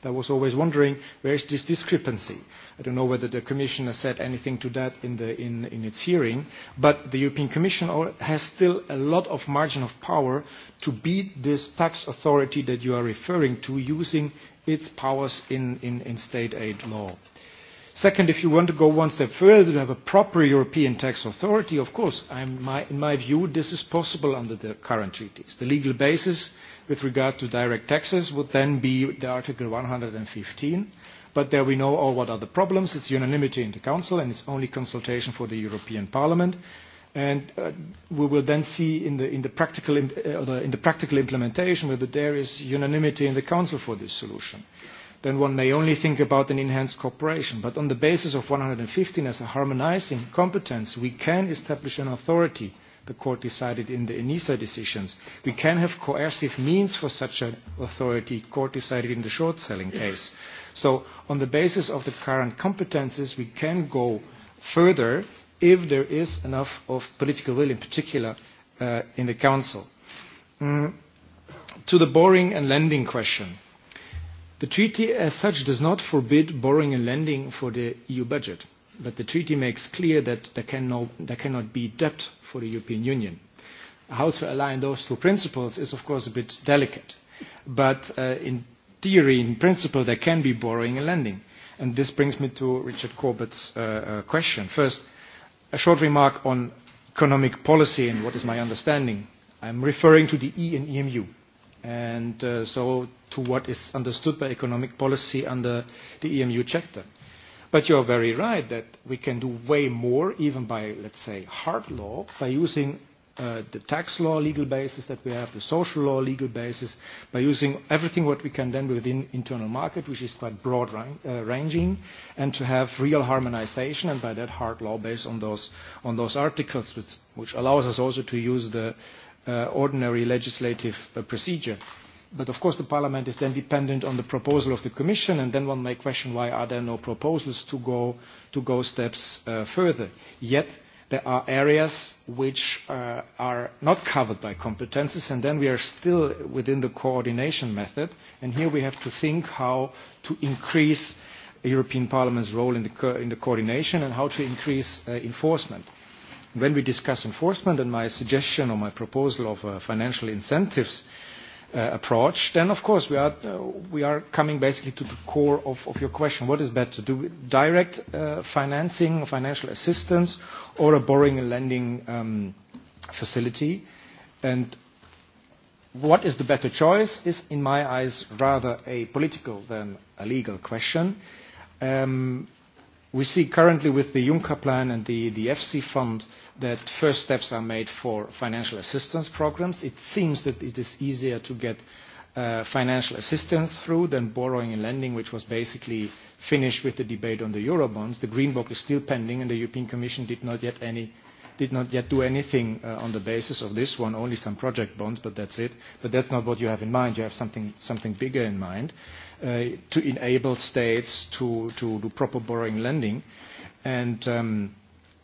Speaker 5: I was always wondering where is this discrepancy. I don't know whether the Commission has said anything to that in, the, in, in its hearing, but the European Commission has still a lot of margin of power to beat this tax authority that you are referring to using its powers in, in, in state aid law. Second, if you want to go one step further to have a proper European tax authority, of course, I'm, my, in my view, this is possible under the current treaties. The legal basis with regard to direct taxes would then be the Article 115, but there we know all what are the problems. It's unanimity in the Council and it's only consultation for the European Parliament. And uh, we will then see in the, in, the practical, uh, in the practical implementation whether there is unanimity in the Council for this solution then one may only think about an enhanced cooperation. But on the basis of 115 as a harmonizing competence, we can establish an authority, the court decided in the ENISA decisions. We can have coercive means for such an authority, court decided in the short selling case. So on the basis of the current competences, we can go further if there is enough of political will, in particular uh, in the Council. Mm. To the borrowing and lending question. The treaty as such does not forbid borrowing and lending for the EU budget, but the treaty makes clear that there, can no, there cannot be debt for the European Union. How to align those two principles is of course a bit delicate, but uh, in theory, in principle, there can be borrowing and lending. And this brings me to Richard Corbett's uh, uh, question. First, a short remark on economic policy and what is my understanding. I'm referring to the E and EMU and uh, so to what is understood by economic policy under the EMU chapter. But you're very right that we can do way more, even by, let's say, hard law, by using uh, the tax law legal basis that we have, the social law legal basis, by using everything what we can then within internal market, which is quite broad rang uh, ranging, and to have real harmonization, and by that hard law based on those, on those articles, which, which allows us also to use the, uh, ordinary legislative uh, procedure. But of course the Parliament is then dependent on the proposal of the Commission and then one may question why are there no proposals to go, to go steps uh, further. Yet there are areas which uh, are not covered by competences and then we are still within the coordination method and here we have to think how to increase European Parliament's role in the, co in the coordination and how to increase uh, enforcement. When we discuss enforcement and my suggestion or my proposal of uh, financial incentives uh, approach, then of course we are, uh, we are coming basically to the core of, of your question. What is better, do direct uh, financing, financial assistance, or a borrowing and lending um, facility? And what is the better choice is, in my eyes, rather a political than a legal question. Um, We see currently with the Juncker plan and the, the FC fund that first steps are made for financial assistance programs. It seems that it is easier to get uh, financial assistance through than borrowing and lending, which was basically finished with the debate on the Eurobonds. The Green Book is still pending, and the European Commission did not yet, any, did not yet do anything uh, on the basis of this one, only some project bonds, but that's it. But that's not what you have in mind. You have something, something bigger in mind uh, to enable states to, to do proper borrowing lending. And um,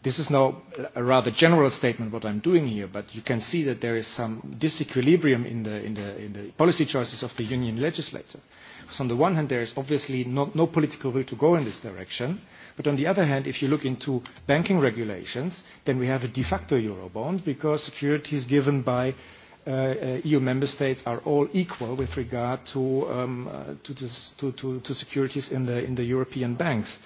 Speaker 5: this is now a rather general statement what I'm doing here, but you can see that there is some disequilibrium in the, in the, in the policy choices of the union legislator. Because on the one hand, there is obviously no, no political will to go in this direction, but on the other hand, if you look into banking regulations, then we have a de facto eurobond because security is given by uh, uh EU member states are all equal with regard to, um, uh, to, to, to, to securities in the, in the European banks.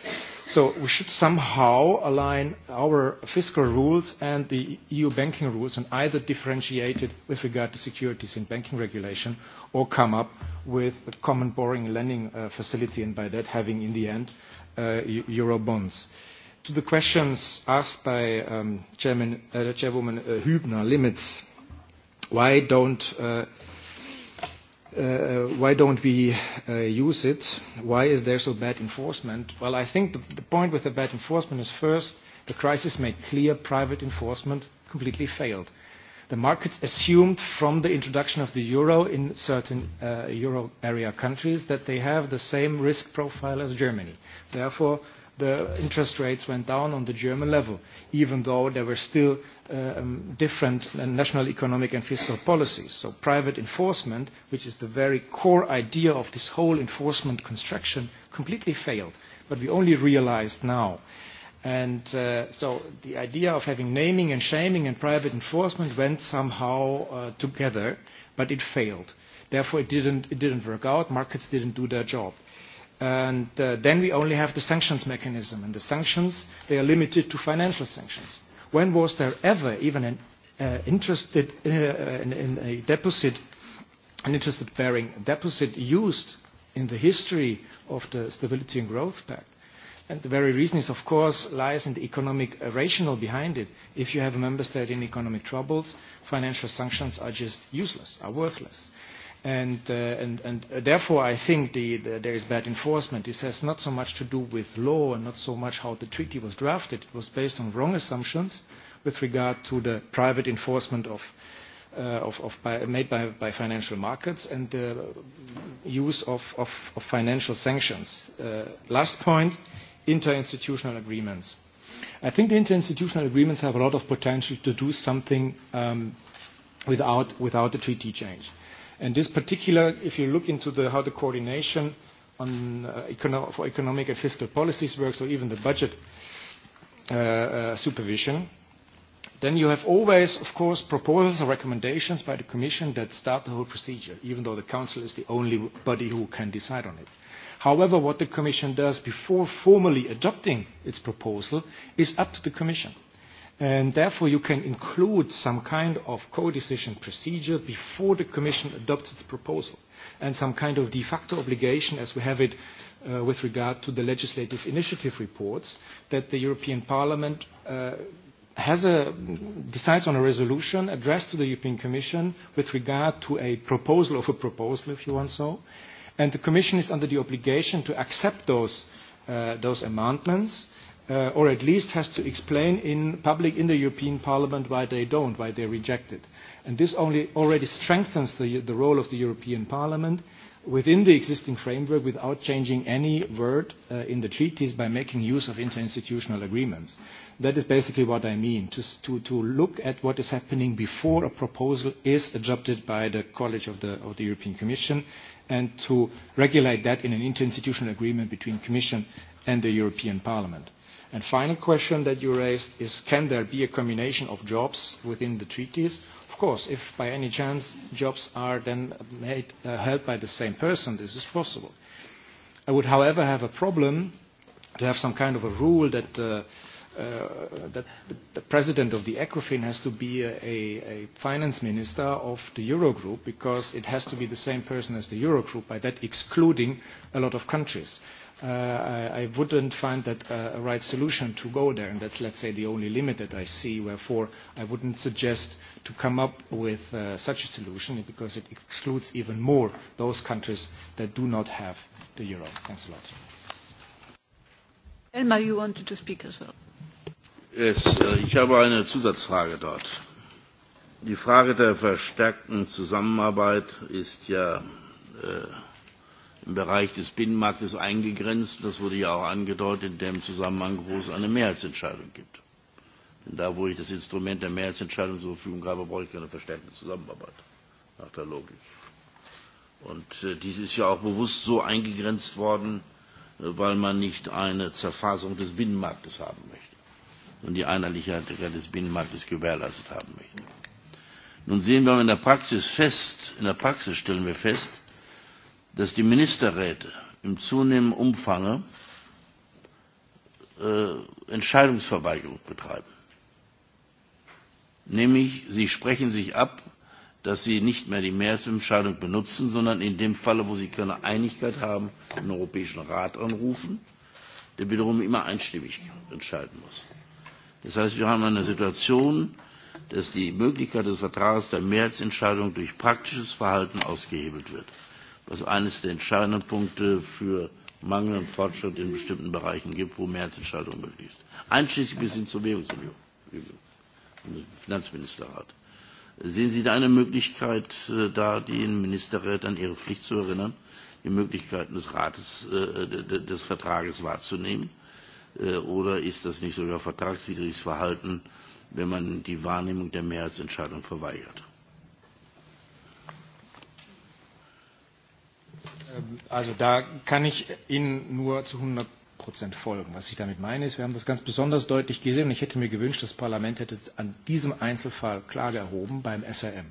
Speaker 5: So we should somehow align our fiscal rules and the EU banking rules and either differentiate it with regard to securities in banking regulation or come up with a common borrowing lending uh, facility and by that having in the end uh, e euro bonds. To the questions asked by um, Chairman, uh, Chairwoman uh, Hübner, limits why don't uh, uh, why don't we uh, use it? Why is there so bad enforcement? Well, I think the, the point with the bad enforcement is first, the crisis made clear private enforcement completely failed. The markets assumed from the introduction of the euro in certain uh, euro area countries that they have the same risk profile as Germany. Therefore, the interest rates went down on the German level, even though there were still uh, um, different uh, national economic and fiscal policies. So private enforcement, which is the very core idea of this whole enforcement construction, completely failed. But we only realized now. And uh, so the idea of having naming and shaming and private enforcement went somehow uh, together, but it failed. Therefore, it didn't, it didn't work out. Markets didn't do their job. And uh, then we only have the sanctions mechanism. And the sanctions, they are limited to financial sanctions. When was there ever even an uh, interested uh, uh, in, in a deposit, an interested bearing deposit used in the history of the Stability and Growth Pact? And the very reason is, of course, lies in the economic rationale behind it. If you have a member state in economic troubles, financial sanctions are just useless, are worthless. Uh, And, uh, and, and therefore, I think the, the, there is bad enforcement. This has not so much to do with law and not so much how the treaty was drafted. It was based on wrong assumptions with regard to the private enforcement of, uh, of, of by, made by, by financial markets and the use of, of, of financial sanctions. Uh, last point, interinstitutional agreements. I think the interinstitutional agreements have a lot of potential to do something um, without, without the treaty change. And this particular, if you look into the, how the coordination on, uh, econo for economic and fiscal policies works, or even the budget uh, uh, supervision, then you have always, of course, proposals or recommendations by the Commission that start the whole procedure, even though the Council is the only body who can decide on it. However, what the Commission does before formally adopting its proposal is up to the Commission. And therefore, you can include some kind of co-decision procedure before the Commission adopts its proposal and some kind of de facto obligation, as we have it uh, with regard to the legislative initiative reports, that the European Parliament uh, has a, decides on a resolution addressed to the European Commission with regard to a proposal of a proposal, if you want so, and the Commission is under the obligation to accept those, uh, those amendments uh, or at least has to explain in public in the European Parliament why they don't, why they reject it. And this only already strengthens the, the role of the European Parliament within the existing framework without changing any word uh, in the treaties by making use of interinstitutional agreements. That is basically what I mean, to, to, to look at what is happening before a proposal is adopted by the College of the, of the European Commission and to regulate that in an interinstitutional agreement between Commission and the European Parliament. And final question that you raised is, can there be a combination of jobs within the treaties? Of course, if by any chance jobs are then made, uh, held by the same person, this is possible. I would, however, have a problem to have some kind of a rule that, uh, uh, that the president of the ECOFIN has to be a, a, a finance minister of the Eurogroup because it has to be the same person as the Eurogroup, by that excluding a lot of countries uh, I, I wouldn't find that uh, a right solution to go there, and that's, let's say, the only limit that I see. Wherefore, I wouldn't suggest to come up with uh, such a solution because it excludes even more those countries that do not have the euro. Thanks a lot.
Speaker 1: Elmar, you wanted to speak as well.
Speaker 2: Yes, uh, ich habe eine Zusatzfrage dort. Die Frage der verstärkten Zusammenarbeit ist ja äh, im Bereich des Binnenmarktes eingegrenzt. Das wurde ja auch angedeutet in dem Zusammenhang, wo es eine Mehrheitsentscheidung gibt. Denn da, wo ich das Instrument der Mehrheitsentscheidung zur Verfügung habe, brauche ich keine verstärkte Zusammenarbeit, nach der Logik. Und äh, dies ist ja auch bewusst so eingegrenzt worden, äh, weil man nicht eine Zerfassung des Binnenmarktes haben möchte und die Einheitlichkeit des Binnenmarktes gewährleistet haben möchte. Nun sehen wir in der Praxis fest, in der Praxis stellen wir fest, dass die Ministerräte im zunehmenden Umfang äh, Entscheidungsverweigerung betreiben. Nämlich, sie sprechen sich ab, dass sie nicht mehr die Mehrheitsentscheidung benutzen, sondern in dem Falle, wo sie keine Einigkeit haben, den Europäischen Rat anrufen, der wiederum immer einstimmig entscheiden muss. Das heißt, wir haben eine Situation, dass die Möglichkeit des Vertrages der Mehrheitsentscheidung durch praktisches Verhalten ausgehebelt wird was eines der entscheidenden Punkte für mangelnden Fortschritt in bestimmten Bereichen gibt, wo Mehrheitsentscheidungen möglich ist. Einschließlich bis hin zur Währungsunion im Finanzministerrat. Sehen Sie da eine Möglichkeit, äh, da den Ministerrat an Ihre Pflicht zu erinnern, die Möglichkeiten des Rates, äh, des Vertrages wahrzunehmen? Äh, oder ist das nicht sogar vertragswidriges Verhalten, wenn man die Wahrnehmung der Mehrheitsentscheidung
Speaker 5: verweigert? Ähm, also da kann ich Ihnen nur zu 100 Prozent folgen. Was ich damit meine ist, wir haben das ganz besonders deutlich gesehen und ich hätte mir gewünscht, das Parlament hätte an diesem Einzelfall Klage erhoben beim SRM.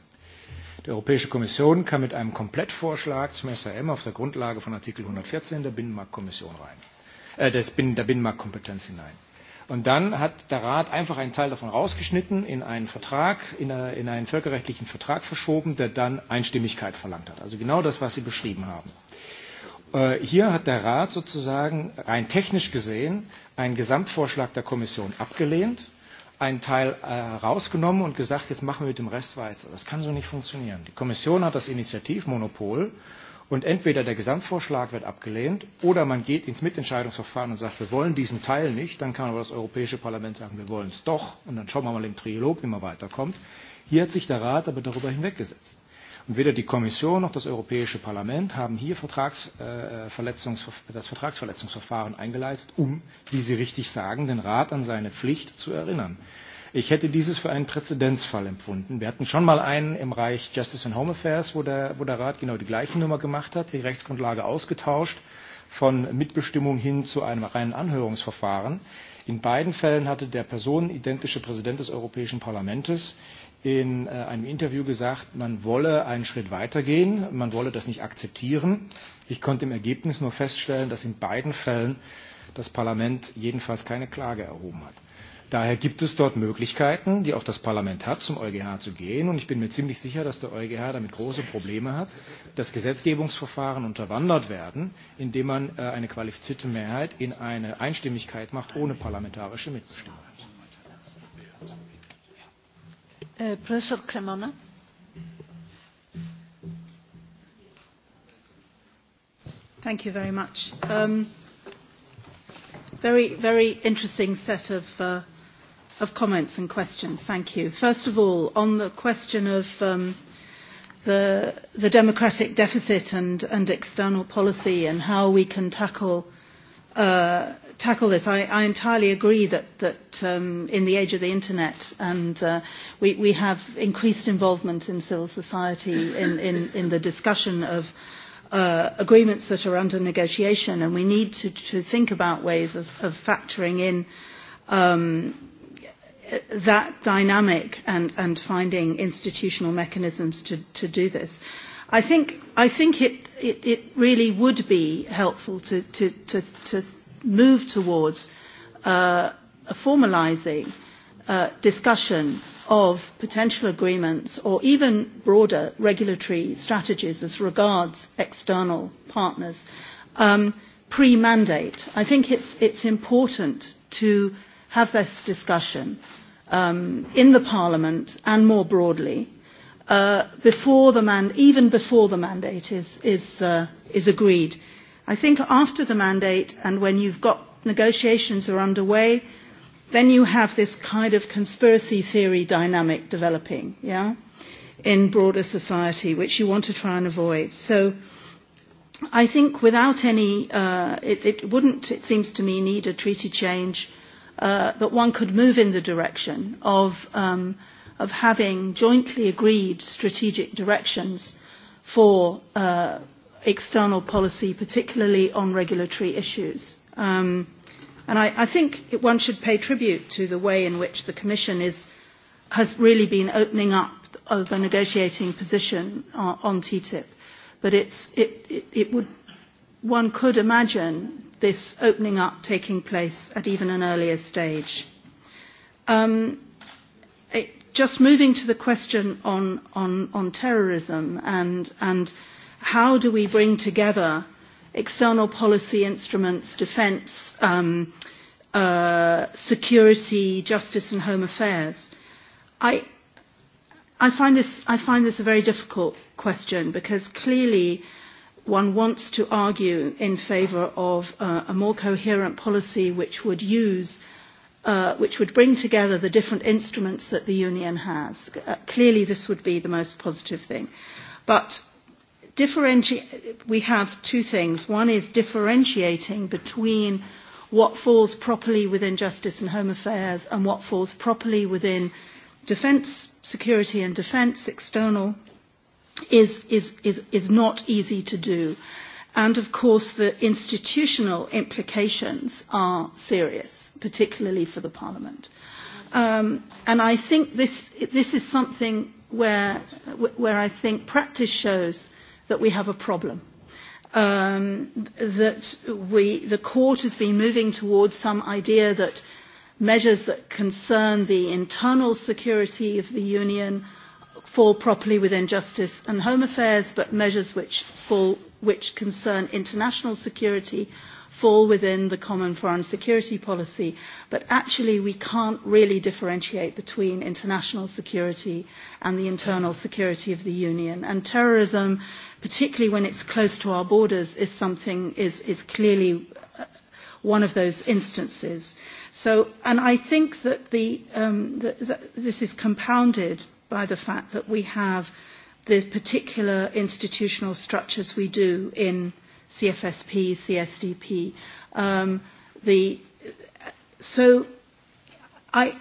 Speaker 5: Die Europäische Kommission kam mit einem Komplettvorschlag zum SRM auf der Grundlage von Artikel 114 der Binnenmarktkommission rein, äh, des Binnen, der Binnenmarktkompetenz hinein. Und dann hat der Rat einfach einen Teil davon rausgeschnitten, in einen Vertrag, in, eine, in einen völkerrechtlichen Vertrag verschoben, der dann Einstimmigkeit verlangt hat. Also genau das, was Sie beschrieben haben. Äh, hier hat der Rat sozusagen rein technisch gesehen einen Gesamtvorschlag der Kommission abgelehnt, einen Teil äh, rausgenommen und gesagt, jetzt machen wir mit dem Rest weiter. Das kann so nicht funktionieren. Die Kommission hat das Initiativmonopol Und entweder der Gesamtvorschlag wird abgelehnt oder man geht ins Mitentscheidungsverfahren und sagt, wir wollen diesen Teil nicht. Dann kann aber das Europäische Parlament sagen, wir wollen es doch. Und dann schauen wir mal im Trilog, wie man weiterkommt. Hier hat sich der Rat aber darüber hinweggesetzt. Und weder die Kommission noch das Europäische Parlament haben hier Vertragsverletzungs äh, das Vertragsverletzungsverfahren eingeleitet, um, wie Sie richtig sagen, den Rat an seine Pflicht zu erinnern. Ich hätte dieses für einen Präzedenzfall empfunden. Wir hatten schon mal einen im Reich Justice and Home Affairs, wo der, wo der Rat genau die gleiche Nummer gemacht hat, die Rechtsgrundlage ausgetauscht von Mitbestimmung hin zu einem reinen Anhörungsverfahren. In beiden Fällen hatte der personenidentische Präsident des Europäischen Parlaments in äh, einem Interview gesagt, man wolle einen Schritt weitergehen, man wolle das nicht akzeptieren. Ich konnte im Ergebnis nur feststellen, dass in beiden Fällen das Parlament jedenfalls keine Klage erhoben hat. Daher gibt es dort Möglichkeiten, die auch das Parlament hat, zum EuGH zu gehen. Und ich bin mir ziemlich sicher, dass der EuGH damit große Probleme hat, dass Gesetzgebungsverfahren unterwandert werden, indem man äh, eine qualifizierte Mehrheit in eine Einstimmigkeit macht ohne parlamentarische Mitbestimmung.
Speaker 1: Äh, Professor
Speaker 6: Cremona. Thank you very much. Um, very, very interesting set of uh, of comments and questions. Thank you. First of all, on the question of um, the, the democratic deficit and, and external policy and how we can tackle, uh, tackle this, I, I entirely agree that, that um, in the age of the Internet and uh, we, we have increased involvement in civil society in, in, in the discussion of uh, agreements that are under negotiation and we need to, to think about ways of, of factoring in um, that dynamic and, and finding institutional mechanisms to, to do this. I think, I think it, it, it really would be helpful to, to, to, to move towards uh, formalizing uh, discussion of potential agreements or even broader regulatory strategies as regards external partners um, pre-mandate. I think it's, it's important to have this discussion um, in the Parliament and more broadly uh, before the man even before the mandate is, is, uh, is agreed. I think after the mandate and when you've got negotiations are underway, then you have this kind of conspiracy theory dynamic developing, yeah, in broader society, which you want to try and avoid. So I think without any, uh, it, it wouldn't, it seems to me, need a treaty change uh, that one could move in the direction of, um, of having jointly agreed strategic directions for uh, external policy, particularly on regulatory issues. Um, and I, I think it, one should pay tribute to the way in which the Commission is, has really been opening up of a negotiating position on, on TTIP. But it's, it, it, it would, one could imagine this opening up taking place at even an earlier stage. Um, it, just moving to the question on, on, on terrorism and, and how do we bring together external policy instruments, defence, um, uh, security, justice and home affairs. I, I, find this, I find this a very difficult question because clearly one wants to argue in favour of uh, a more coherent policy which would use uh, which would bring together the different instruments that the union has. Uh, clearly this would be the most positive thing. But differenti- we have two things. One is differentiating between what falls properly within justice and home affairs and what falls properly within defence, security and defence, external is, is, is, is not easy to do. And of course, the institutional implications are serious, particularly for the Parliament. Um, and I think this, this is something where, where I think practice shows that we have a problem. Um, that we, the court has been moving towards some idea that measures that concern the internal security of the union fall properly within justice and home affairs, but measures which, fall, which concern international security fall within the common foreign security policy, but actually we can't really differentiate between international security and the internal security of the union. And terrorism, particularly when it's close to our borders, is something, is, is clearly uh, one of those instances. So, and I think that the, um, the, the, this is compounded by the fact that we have the particular institutional structures we do in CFSP, CSDP. Um, the, so I,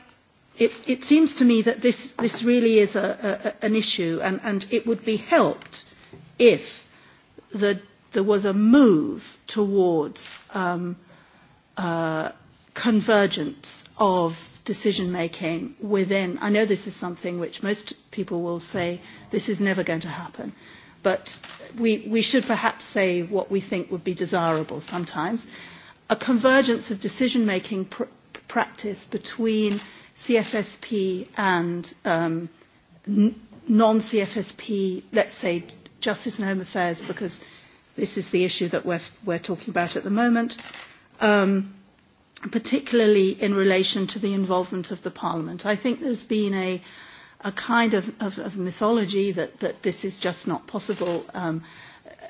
Speaker 6: it, it seems to me that this, this really is a, a, an issue and, and it would be helped if the, there was a move towards um, uh, convergence of decision making within. I know this is something which most people will say this is never going to happen, but we, we should perhaps say what we think would be desirable sometimes. A convergence of decision making pr- practice between CFSP and um, non-CFSP, let's say justice and home affairs, because this is the issue that we're, we're talking about at the moment. Um, particularly in relation to the involvement of the Parliament. I think there's been a, a kind of, of, of mythology that, that this is just not possible. Um,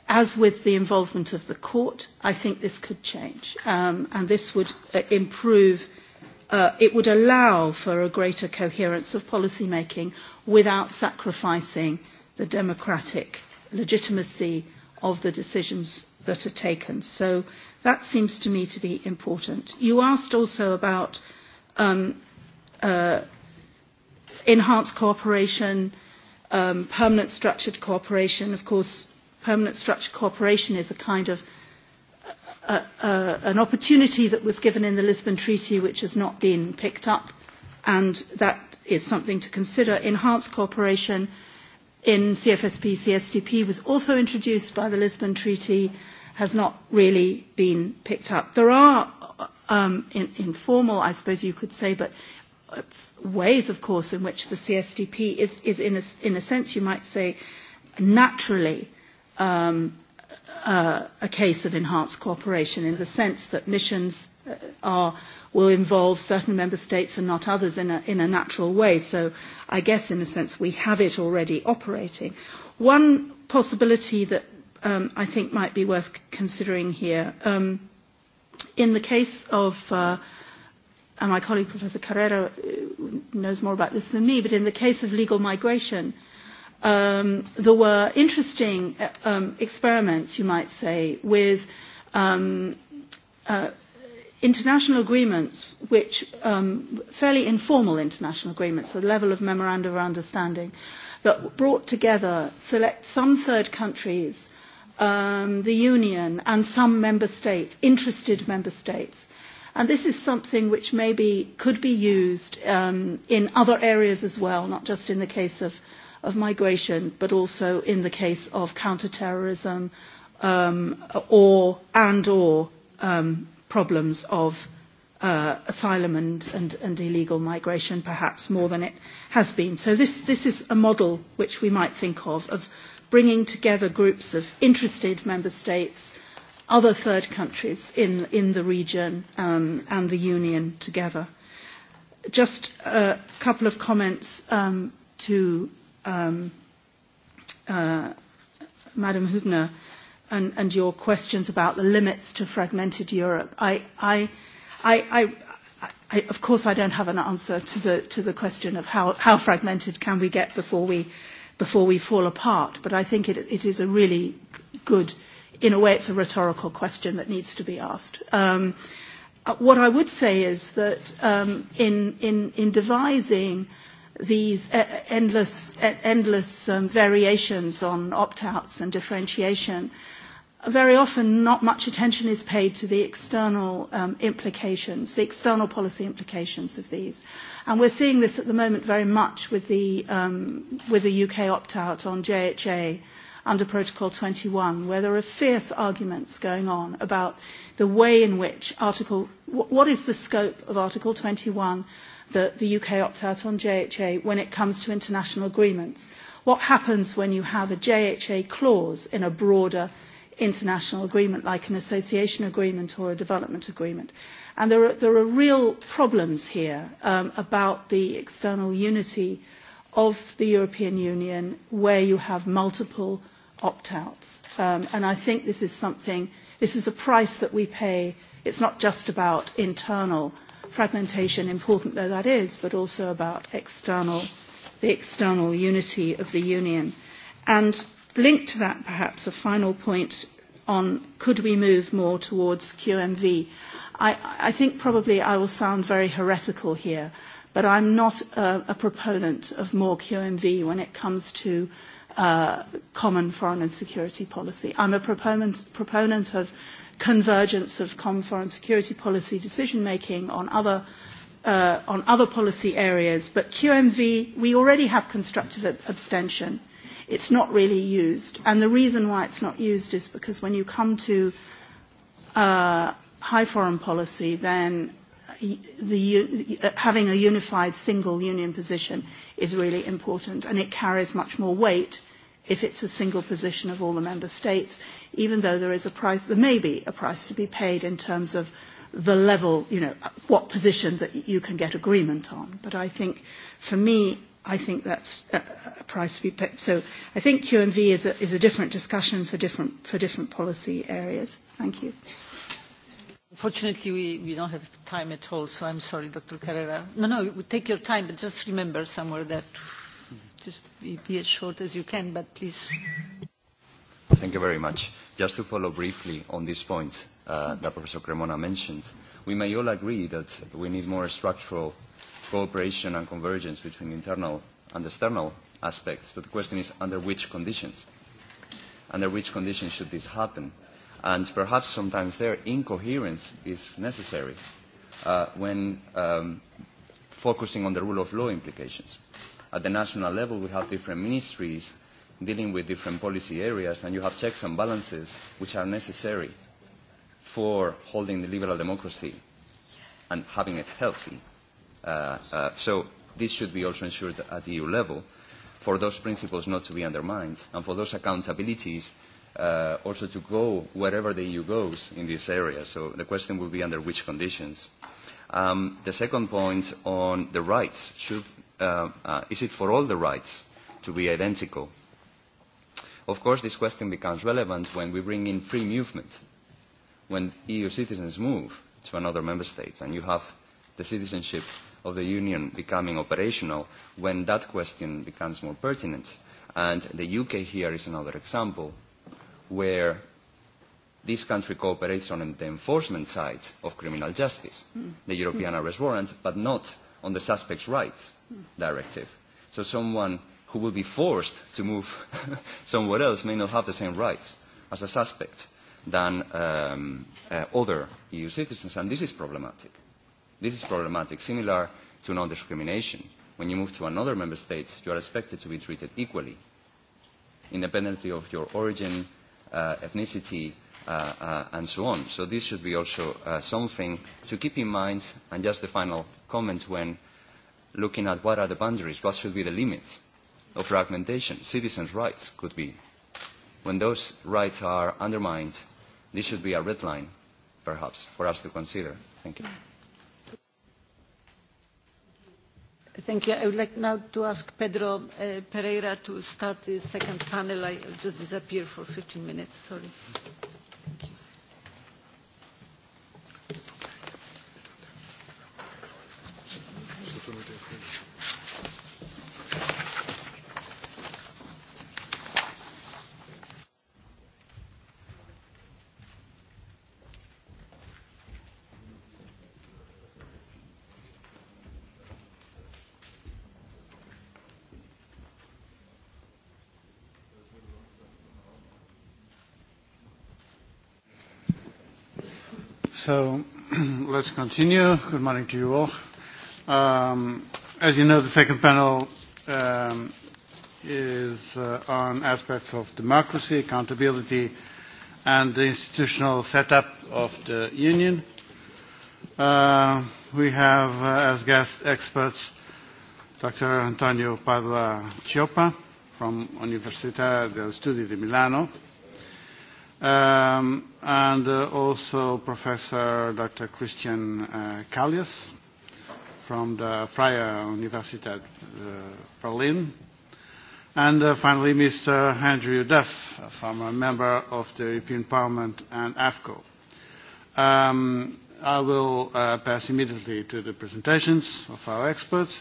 Speaker 6: as with the involvement of the court, I think this could change. Um, and this would uh, improve, uh, it would allow for a greater coherence of policy making without sacrificing the democratic legitimacy of the decisions that are taken. So That seems to me to be important. You asked also about um, uh, enhanced cooperation, um, permanent structured cooperation. Of course, permanent structured cooperation is a kind of a, uh, a, uh, an opportunity that was given in the Lisbon Treaty which has not been picked up, and that is something to consider. Enhanced cooperation in CFSP, CSDP was also introduced by the Lisbon Treaty has not really been picked up. There are um, in, informal, I suppose you could say, but uh, ways, of course, in which the CSDP is, is in, a, in a sense, you might say, naturally um, uh, a case of enhanced cooperation in the sense that missions uh, are, will involve certain member states and not others in a, in a natural way. So I guess, in a sense, we have it already operating. One possibility that um, I think might be worth considering here. Um, in the case of, uh, and my colleague Professor Carrera uh, knows more about this than me, but in the case of legal migration, um, there were interesting um, experiments, you might say, with um, uh, international agreements, which um, fairly informal international agreements, the level of memorandum of understanding, that brought together select some third countries um, the Union and some member states, interested member states. And this is something which maybe could be used um, in other areas as well, not just in the case of, of migration, but also in the case of counterterrorism um, or and or um, problems of uh, asylum and, and, and illegal migration, perhaps more than it has been. So this, this is a model which we might think of, of bringing together groups of interested member states, other third countries in, in the region um, and the Union together. Just a couple of comments um, to um, uh, Madam Hübner and, and your questions about the limits to fragmented Europe. I, I, I, I, I, of course, I don't have an answer to the, to the question of how, how fragmented can we get before we before we fall apart. But I think it, it is a really good, in a way it's a rhetorical question that needs to be asked. Um, uh, what I would say is that um, in, in, in devising these e-, endless, e-, endless um, variations on opt-outs and differentiation, very often not much attention is paid to the external um, implications, the external policy implications of these. And we're seeing this at the moment very much with the, um, with the UK opt-out on JHA under Protocol 21, where there are fierce arguments going on about the way in which Article, what is the scope of Article 21, the, the UK opt-out on JHA, when it comes to international agreements. What happens when you have a JHA clause in a broader international agreement like an association agreement or a development agreement. And there are, there are real problems here um, about the external unity of the European Union where you have multiple opt-outs. Um, and I think this is something, this is a price that we pay. It's not just about internal fragmentation, important though that is, but also about external, the external unity of the Union. And Linked to that, perhaps, a final point on could we move more towards QMV. I, I think probably I will sound very heretical here, but I'm not a, a proponent of more QMV when it comes to uh, common foreign and security policy. I'm a proponent, proponent of convergence of common foreign security policy decision making on other uh, on other policy areas, but QMV, we already have constructive ab abstention it's not really used. And the reason why it's not used is because when you come to uh, high foreign policy, then the, having a unified single union position is really important and it carries much more weight if it's a single position of all the member states, even though there is a price, there may be a price to be paid in terms of the level, you know, what position that you can get agreement on. But I think for me, I think that's a, a price to be paid. So I think QMV is a, is a different discussion for different, for different policy areas. Thank you.
Speaker 1: Unfortunately, we, we don't have time at all, so I'm sorry, Dr. Carrera. No, no, we take your time, but just remember somewhere that just be, be as short as you can, but please.
Speaker 7: Thank you very much. Just to follow briefly on these points uh, that Professor Cremona mentioned, we may all agree that we need more structural cooperation and convergence between internal and external aspects, but the question is under which conditions? Under which conditions should this happen? And perhaps sometimes there incoherence is necessary uh, when um, focusing on the rule of law implications. At the national level, we have different ministries dealing with different policy areas, and you have checks and balances which are necessary for holding the liberal democracy and having it healthy Uh, uh, so this should be also ensured at EU level for those principles not to be undermined and for those accountabilities uh, also to go wherever the EU goes in this area. So the question will be under which conditions. Um, the second point on the rights, should, uh, uh, is it for all the rights to be identical? Of course, this question becomes relevant when we bring in free movement, when EU citizens move to another member state and you have the citizenship of the Union becoming operational when that question becomes more pertinent. And the UK here is another example where this country cooperates on the enforcement side of criminal justice, mm. the European mm. arrest warrant, but not on the suspect's rights mm. directive. So someone who will be forced to move [LAUGHS] somewhere else may not have the same rights as a suspect than um, uh, other EU citizens, and this is problematic. This is problematic, similar to non-discrimination. When you move to another member state, you are expected to be treated equally, independently of your origin, uh, ethnicity, uh, uh, and so on. So this should be also uh, something to keep in mind, and just the final comment when looking at what are the boundaries, what should be the limits of fragmentation. Citizens' rights could be. When those rights are undermined, this should be a red line, perhaps, for us to consider. Thank you.
Speaker 1: Thank you. I would like now to ask Pedro uh, Pereira to start the second panel. I just disappear for 15 minutes. Sorry. Thank you.
Speaker 12: Thank you.
Speaker 13: So [CLEARS THROAT] let's continue. Good morning to you all. Um, as you know, the second panel um, is uh, on aspects of democracy, accountability, and the institutional setup of the Union. Uh, we have uh, as guest experts Dr. Antonio Padua Cioppa from Università del Studio di Milano um, and uh, also Professor Dr. Christian uh, Callius from the Freie Universität uh, Berlin, and uh, finally Mr. Andrew Duff, a former member of the European Parliament and AFCO. Um, I will uh, pass immediately to the presentations of our experts.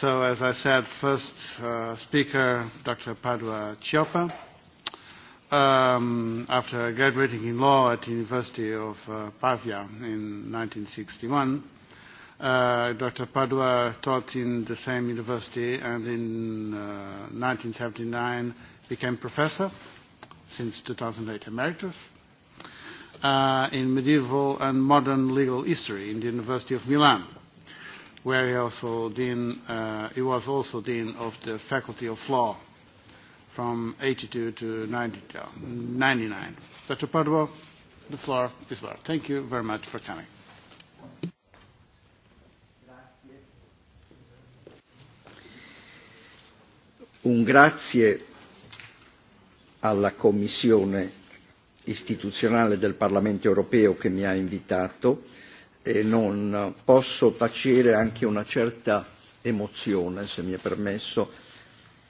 Speaker 13: So, as I said, first uh, speaker, Dr. Padua Cioppa um, after graduating in law at the University of uh, Pavia in 1961. Uh, Dr. Padua taught in the same university and in uh, 1979 became professor, since 2008 emeritus, uh, in medieval and modern legal history in the University of Milan, where he, also dean, uh, he was also dean of the Faculty of Law from 82 to 99. Dr. Padua, the floor is well. Thank you very much for coming.
Speaker 14: Un grazie alla Commissione istituzionale del Parlamento europeo che mi ha invitato e non posso tacere anche una certa emozione, se mi è permesso,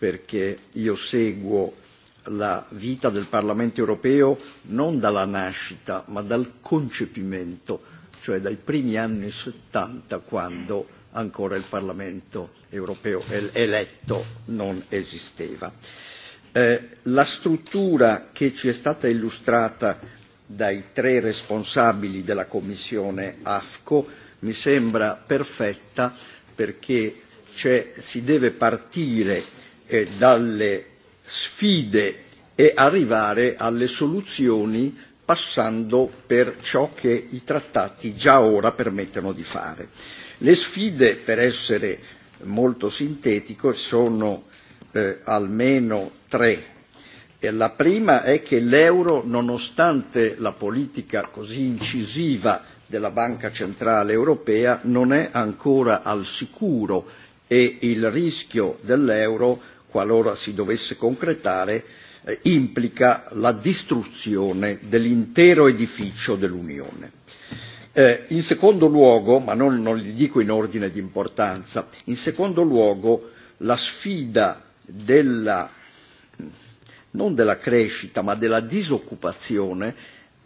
Speaker 14: perché io seguo la vita del Parlamento europeo non dalla nascita ma dal concepimento, cioè dai primi anni 70 quando ancora il Parlamento europeo eletto non esisteva. Eh, la struttura che ci è stata illustrata dai tre responsabili della Commissione AFCO mi sembra perfetta perché si deve partire E dalle sfide e arrivare alle soluzioni passando per ciò che i trattati già ora permettono di fare. Le sfide, per essere molto sintetico, sono eh, almeno tre. E la prima è che l'euro, nonostante la politica così incisiva della Banca Centrale Europea, non è ancora al sicuro e il rischio dell'euro qualora si dovesse concretare, eh, implica la distruzione dell'intero edificio dell'Unione. Eh, in secondo luogo, ma non, non li dico in ordine di importanza, in secondo luogo la sfida della, non della crescita, ma della disoccupazione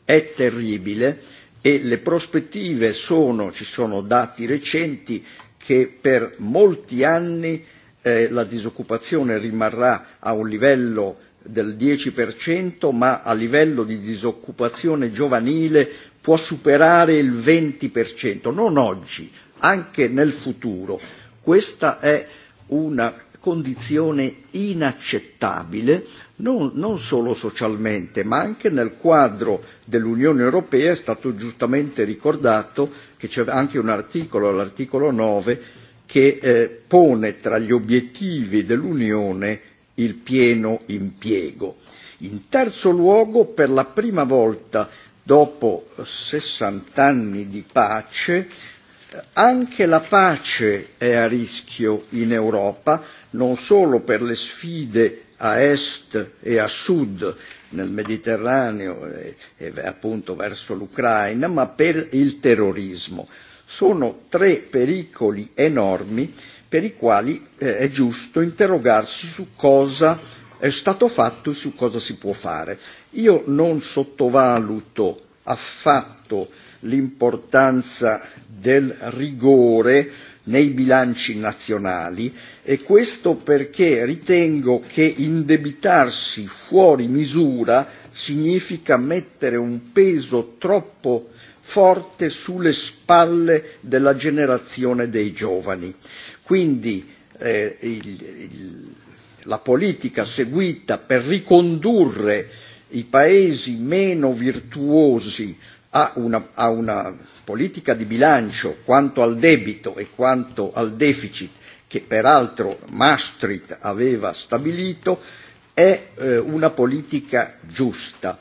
Speaker 14: è terribile e le prospettive sono, ci sono dati recenti, che per molti anni eh, la disoccupazione rimarrà a un livello del 10%, ma a livello di disoccupazione giovanile può superare il 20%, non oggi, anche nel futuro. Questa è una condizione inaccettabile non, non solo socialmente ma anche nel quadro dell'Unione Europea è stato giustamente ricordato che c'è anche un articolo, l'articolo 9, che eh, pone tra gli obiettivi dell'Unione il pieno impiego. In terzo luogo, per la prima volta dopo 60 anni di pace, eh, anche la pace è a rischio in Europa, non solo per le sfide a est e a sud nel Mediterraneo e, e appunto verso l'Ucraina, ma per il terrorismo. Sono tre pericoli enormi per i quali eh, è giusto interrogarsi su cosa è stato fatto e su cosa si può fare. Io non sottovaluto affatto l'importanza del rigore nei bilanci nazionali e questo perché ritengo che indebitarsi fuori misura significa mettere un peso troppo forte sulle spalle della generazione dei giovani. Quindi eh, il, il, la politica seguita per ricondurre i paesi meno virtuosi a una, a una politica di bilancio quanto al debito e quanto al deficit che peraltro Maastricht aveva stabilito è eh, una politica giusta.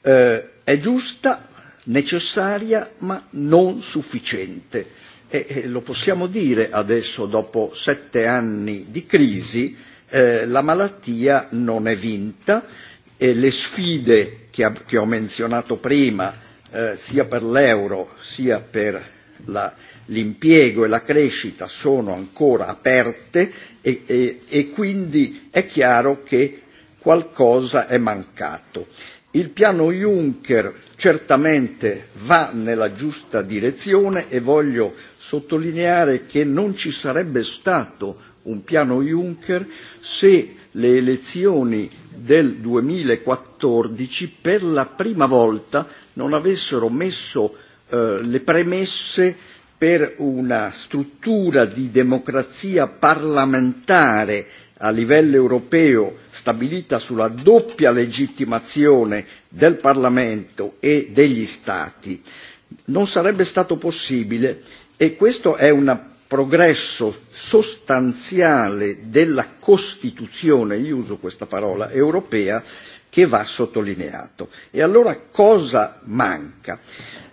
Speaker 14: Eh, è giusta necessaria ma non sufficiente. E, e lo possiamo dire adesso dopo sette anni di crisi, eh, la malattia non è vinta e le sfide che, ha, che ho menzionato prima, eh, sia per l'euro sia per la, l'impiego e la crescita sono ancora aperte e, e, e quindi è chiaro che qualcosa è mancato. Il piano Juncker certamente va nella giusta direzione e voglio sottolineare che non ci sarebbe stato un piano Juncker se le elezioni del 2014 per la prima volta non avessero messo eh, le premesse per una struttura di democrazia parlamentare a livello europeo stabilita sulla doppia legittimazione del Parlamento e degli Stati non sarebbe stato possibile e questo è un progresso sostanziale della Costituzione, io uso questa parola, europea che va sottolineato. E allora cosa manca?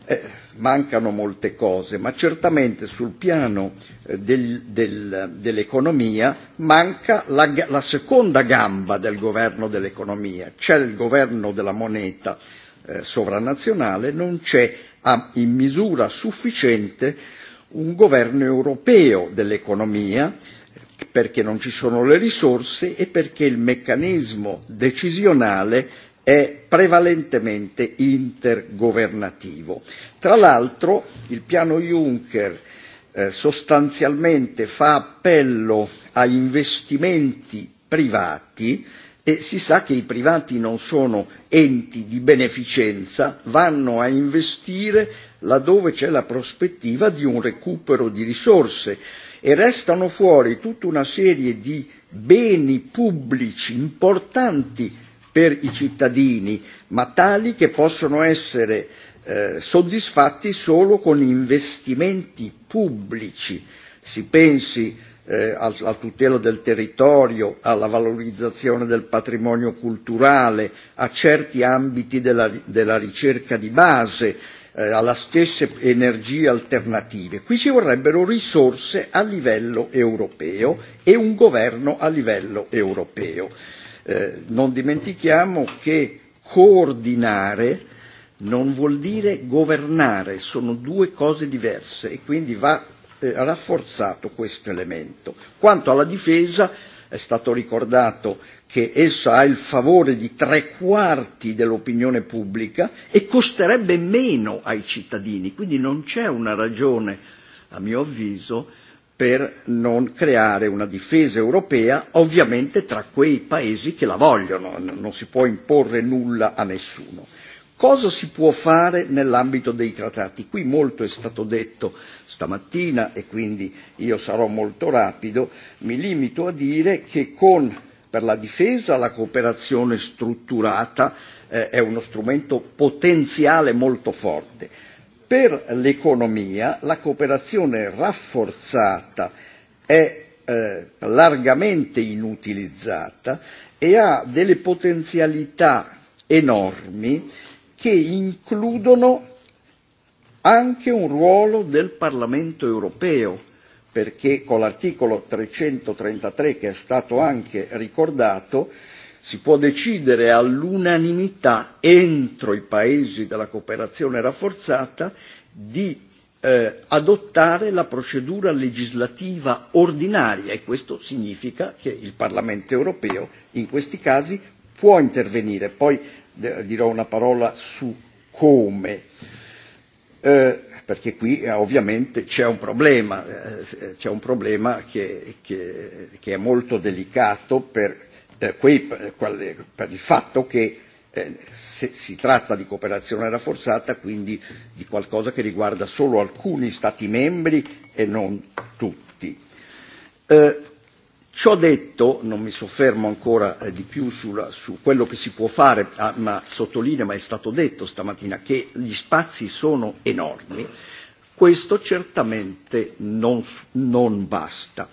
Speaker 14: Eh, mancano molte cose, ma certamente sul piano eh, del, del, dell'economia manca la, la seconda gamba del governo dell'economia. C'è il governo della moneta eh, sovranazionale, non c'è a, in misura sufficiente un governo europeo dell'economia perché non ci sono le risorse e perché il meccanismo decisionale è prevalentemente intergovernativo. Tra l'altro il piano Juncker eh, sostanzialmente fa appello a investimenti privati e si sa che i privati non sono enti di beneficenza, vanno a investire laddove c'è la prospettiva di un recupero di risorse e restano fuori tutta una serie di beni pubblici importanti per i cittadini, ma tali che possono essere eh, soddisfatti solo con investimenti pubblici. Si pensi eh, alla tutela del territorio, alla valorizzazione del patrimonio culturale, a certi ambiti della, della ricerca di base, eh, alla stessa energie alternative. Qui ci vorrebbero risorse a livello europeo e un governo a livello europeo. Eh, non dimentichiamo che coordinare non vuol dire governare, sono due cose diverse e quindi va eh, rafforzato questo elemento. Quanto alla difesa, è stato ricordato che essa ha il favore di tre quarti dell'opinione pubblica e costerebbe meno ai cittadini, quindi non c'è una ragione, a mio avviso, per non creare una difesa europea, ovviamente tra quei paesi che la vogliono, non si può imporre nulla a nessuno. Cosa si può fare nell'ambito dei trattati? Qui molto è stato detto stamattina e quindi io sarò molto rapido, mi limito a dire che con per la difesa, la cooperazione strutturata eh, è uno strumento potenziale molto forte. Per l'economia la cooperazione rafforzata è eh, largamente inutilizzata e ha delle potenzialità enormi che includono anche un ruolo del Parlamento europeo perché con l'articolo 333 che è stato anche ricordato si può decidere all'unanimità entro i paesi della cooperazione rafforzata di eh, adottare la procedura legislativa ordinaria e questo significa che il Parlamento europeo in questi casi può intervenire. Poi eh, dirò una parola su come. Eh, perché qui eh, ovviamente c'è un problema, eh, c'è un problema che, che, che è molto delicato per, per, quei, per, per il fatto che eh, se, si tratta di cooperazione rafforzata, quindi di qualcosa che riguarda solo alcuni Stati membri e non tutti. Eh, Ciò detto, non mi soffermo ancora eh, di più sulla, su quello che si può fare, ah, ma sottolineo, ma è stato detto stamattina, che gli spazi sono enormi, questo certamente non, non basta.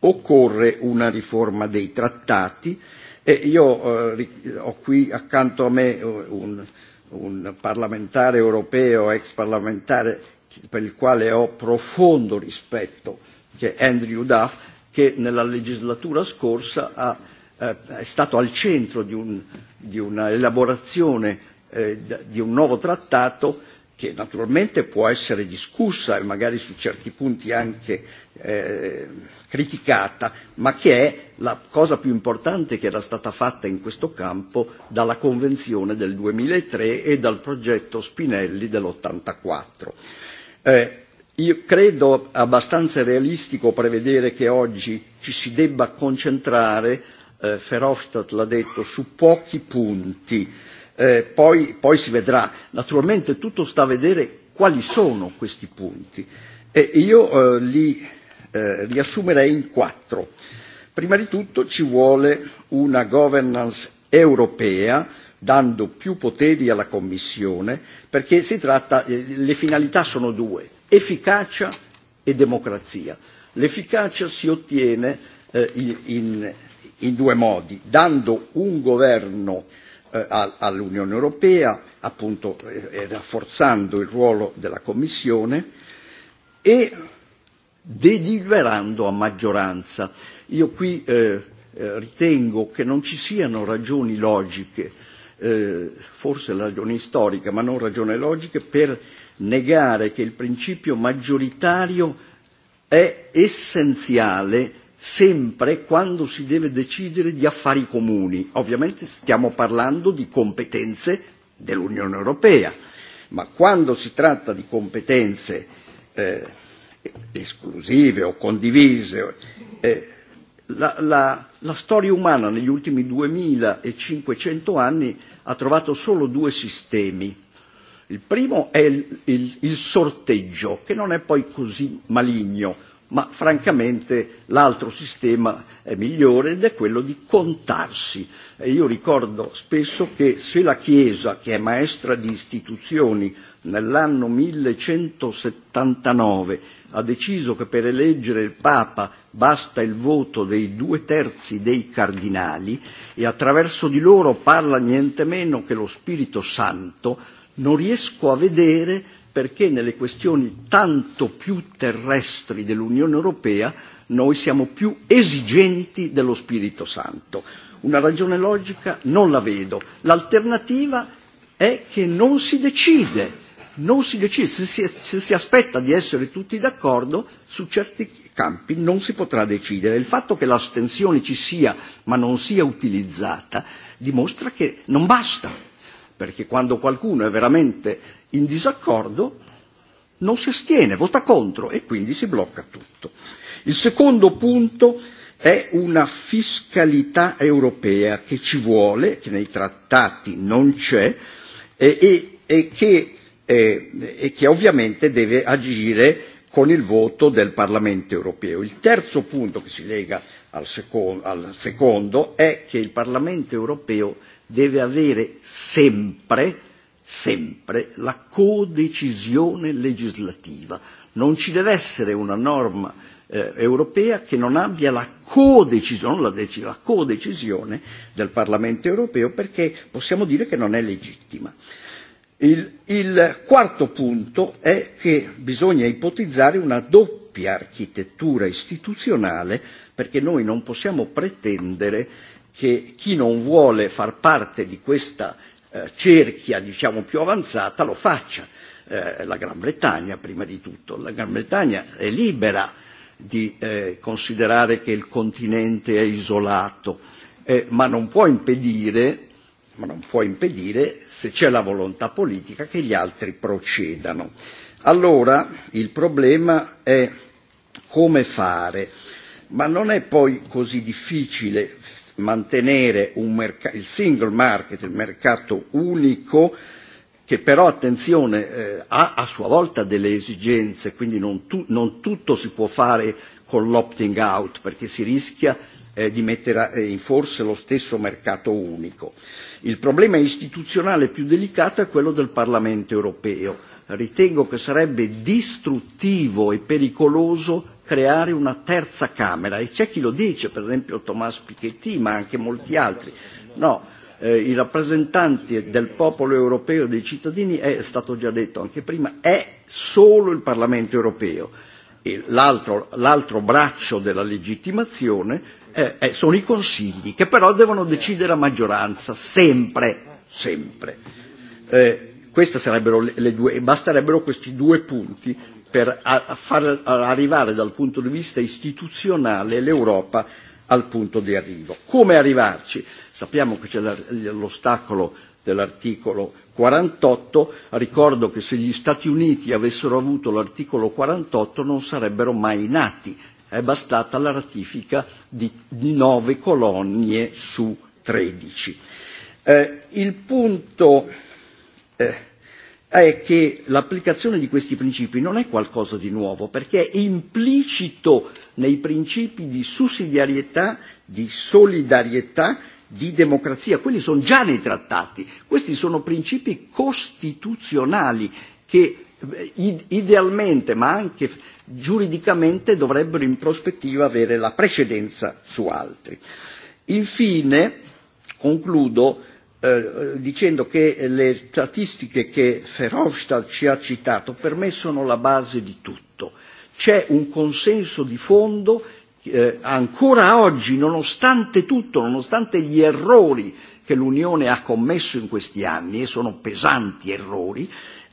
Speaker 14: Occorre una riforma dei trattati e io eh, ho qui accanto a me eh, un, un parlamentare europeo, ex parlamentare, per il quale ho profondo rispetto, che è Andrew Duff, che nella legislatura scorsa ha, eh, è stato al centro di, un, di una elaborazione eh, di un nuovo trattato che naturalmente può essere discussa e magari su certi punti anche eh, criticata, ma che è la cosa più importante che era stata fatta in questo campo dalla Convenzione del 2003 e dal progetto Spinelli dell'84. Eh, Io credo abbastanza realistico prevedere che oggi ci si debba concentrare, eh, Verhofstadt l'ha detto, su pochi punti, eh, poi, poi si vedrà. Naturalmente tutto sta a vedere quali sono questi punti e io eh, li eh, riassumerei in quattro. Prima di tutto ci vuole una governance europea dando più poteri alla Commissione perché si tratta, eh, le finalità sono due efficacia e democrazia. L'efficacia si ottiene eh, in, in due modi, dando un governo eh, all'Unione Europea, appunto eh, eh, rafforzando il ruolo della Commissione e deliberando a maggioranza. Io qui eh, eh, ritengo che non ci siano ragioni logiche, eh, forse ragioni storiche, ma non ragioni logiche per negare che il principio maggioritario è essenziale sempre quando si deve decidere di affari comuni. Ovviamente stiamo parlando di competenze dell'Unione Europea, ma quando si tratta di competenze eh, esclusive o condivise, eh, la, la, la storia umana negli ultimi 2500 e anni ha trovato solo due sistemi Il primo è il, il, il sorteggio, che non è poi così maligno, ma francamente l'altro sistema è migliore ed è quello di contarsi. E io ricordo spesso che se la Chiesa, che è maestra di istituzioni, nell'anno 1179 ha deciso che per eleggere il Papa basta il voto dei due terzi dei cardinali e attraverso di loro parla niente meno che lo Spirito Santo, non riesco a vedere perché nelle questioni tanto più terrestri dell'Unione Europea noi siamo più esigenti dello Spirito Santo. Una ragione logica non la vedo. L'alternativa è che non si decide, non si decide, se si, se si aspetta di essere tutti d'accordo su certi campi non si potrà decidere. Il fatto che l'astensione ci sia ma non sia utilizzata dimostra che non basta perché quando qualcuno è veramente in disaccordo non si astiene, vota contro e quindi si blocca tutto. Il secondo punto è una fiscalità europea che ci vuole, che nei trattati non c'è e, e, e, che, e, e che ovviamente deve agire con il voto del Parlamento europeo. Il terzo punto che si lega al secondo, al secondo è che il Parlamento europeo deve avere sempre, sempre la codecisione legislativa. Non ci deve essere una norma eh, europea che non abbia la codecisione, la, dec- la codecisione del Parlamento europeo perché possiamo dire che non è legittima. Il, il quarto punto è che bisogna ipotizzare una doppia architettura istituzionale perché noi non possiamo pretendere che chi non vuole far parte di questa eh, cerchia diciamo più avanzata lo faccia. Eh, la Gran Bretagna prima di tutto, la Gran Bretagna è libera di eh, considerare che il continente è isolato, eh, ma non può impedire ma non può impedire, se c'è la volontà politica, che gli altri procedano. Allora il problema è come fare, ma non è poi così difficile mantenere un merc- il single market, il mercato unico, che però attenzione eh, ha a sua volta delle esigenze, quindi non, tu- non tutto si può fare con l'opting out perché si rischia eh, di mettere eh, in forse lo stesso mercato unico. Il problema istituzionale più delicato è quello del Parlamento europeo. Ritengo che sarebbe distruttivo e pericoloso creare una terza Camera e c'è chi lo dice, per esempio Tommaso Piketty, ma anche molti altri. No, eh, i rappresentanti del popolo europeo e dei cittadini è stato già detto anche prima, è solo il Parlamento europeo. E l'altro braccio della legittimazione eh, eh, sono i consigli, che però devono decidere a maggioranza, sempre, sempre. Eh, queste sarebbero le, le due, basterebbero questi due punti per far arrivare dal punto di vista istituzionale l'Europa al punto di arrivo. Come arrivarci? Sappiamo che c'è l'ostacolo dell'articolo 48, ricordo che se gli Stati Uniti avessero avuto l'articolo 48 non sarebbero mai nati, è bastata la ratifica di, nove colonie su 13. Eh, il punto eh, è che l'applicazione di questi principi non è qualcosa di nuovo, perché è implicito nei principi di sussidiarietà, di solidarietà, di democrazia. Quelli sono già nei trattati, questi sono principi costituzionali che eh, idealmente ma anche giuridicamente dovrebbero in prospettiva avere la precedenza su altri. Infine, concludo Eh, dicendo che le statistiche che Verhofstadt ci ha citato per me sono la base di tutto. C'è un consenso di fondo eh, ancora oggi, nonostante tutto, nonostante gli errori che l'Unione ha commesso in questi anni, e sono pesanti errori,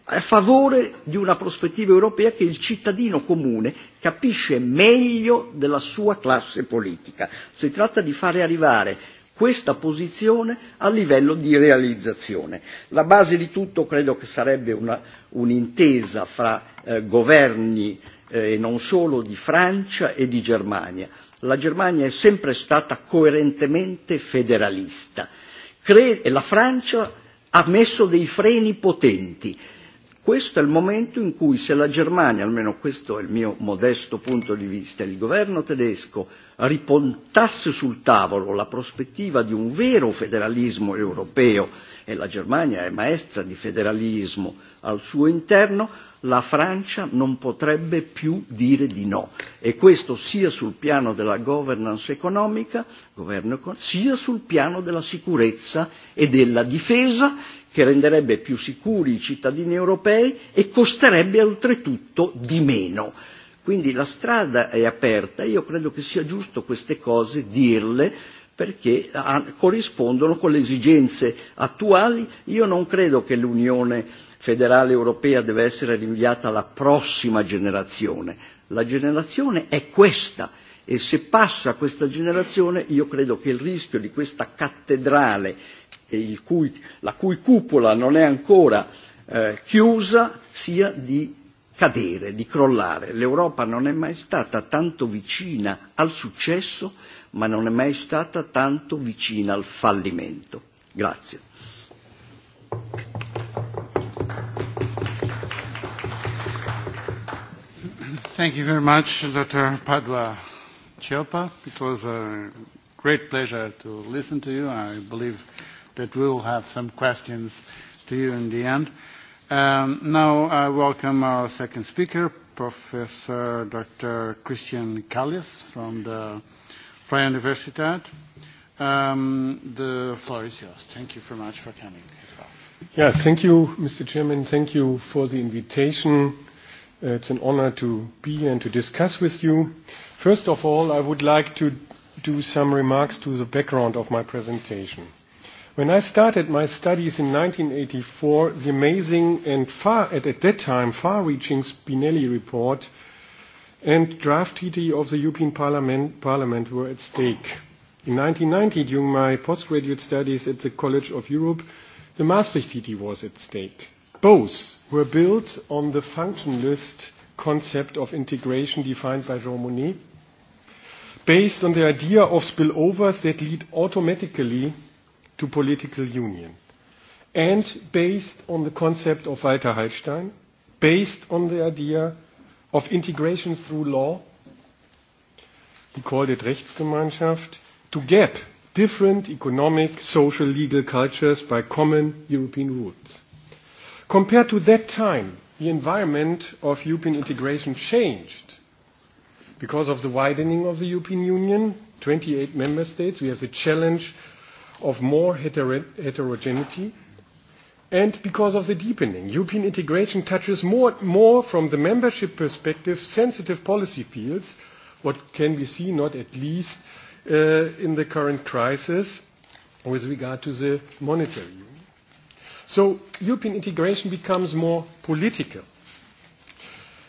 Speaker 14: a favore di una prospettiva europea che il cittadino comune capisce meglio della sua classe politica. Si tratta di fare arrivare questa posizione a livello di realizzazione. La base di tutto credo che sarebbe una, un'intesa fra eh, governi eh, e eh, non solo di Francia e di Germania. La Germania è sempre stata coerentemente federalista. Cre- e la Francia ha messo dei freni potenti Questo è il momento in cui se la Germania, almeno questo è il mio modesto punto di vista, il governo tedesco ripontasse sul tavolo la prospettiva di un vero federalismo europeo, e la Germania è maestra di federalismo al suo interno, la Francia non potrebbe più dire di no. E questo sia sul piano della governance economica, governo, sia sul piano della sicurezza e della difesa che renderebbe più sicuri i cittadini europei e costerebbe oltretutto di meno. Quindi la strada è aperta, io credo che sia giusto queste cose dirle perché corrispondono con le esigenze attuali. Io non credo che l'Unione federale europea deve essere rinviata alla prossima generazione. La generazione è questa e se passa questa generazione io credo che il rischio di questa cattedrale cui, la cui cupola non è ancora eh, chiusa sia di cadere, di crollare. L'Europa non è mai stata tanto vicina al successo, ma non è mai stata tanto vicina al fallimento. Grazie.
Speaker 13: Thank you very much, Dr. Padua Chioppa. It was a great pleasure to listen to you. I believe that we will have some questions to you in the end. Um, now I welcome our second speaker, Professor Dr. Christian Kallis from the Freie Universität. Um, the floor is yours. Thank you very much for coming.
Speaker 12: Yeah, thank you, Mr. Chairman. Thank you for the invitation. Uh, it's an honor to be here and to discuss with you. First of all, I would like to do some remarks to the background of my presentation. When I started my studies in 1984, the amazing and far, at, at that time, far-reaching Spinelli report and draft treaty of the European Parliament, Parliament were at stake. In 1990, during my postgraduate studies at the College of Europe, the Maastricht Treaty was at stake. Both were built on the functionalist concept of integration defined by Jean Monnet, based on the idea of spillovers that lead automatically to political union. And based on the concept of Walter Hallstein, based on the idea of integration through law, he called it Rechtsgemeinschaft, to gap different economic, social, legal cultures by common European rules. Compared to that time, the environment of European integration changed because of the widening of the European Union, 28 member states. We have the challenge of more heter heterogeneity and because of the deepening. European integration touches more, more from the membership perspective sensitive policy fields, what can we see not at least uh, in the current crisis with regard to the monetary union. So European integration becomes more political.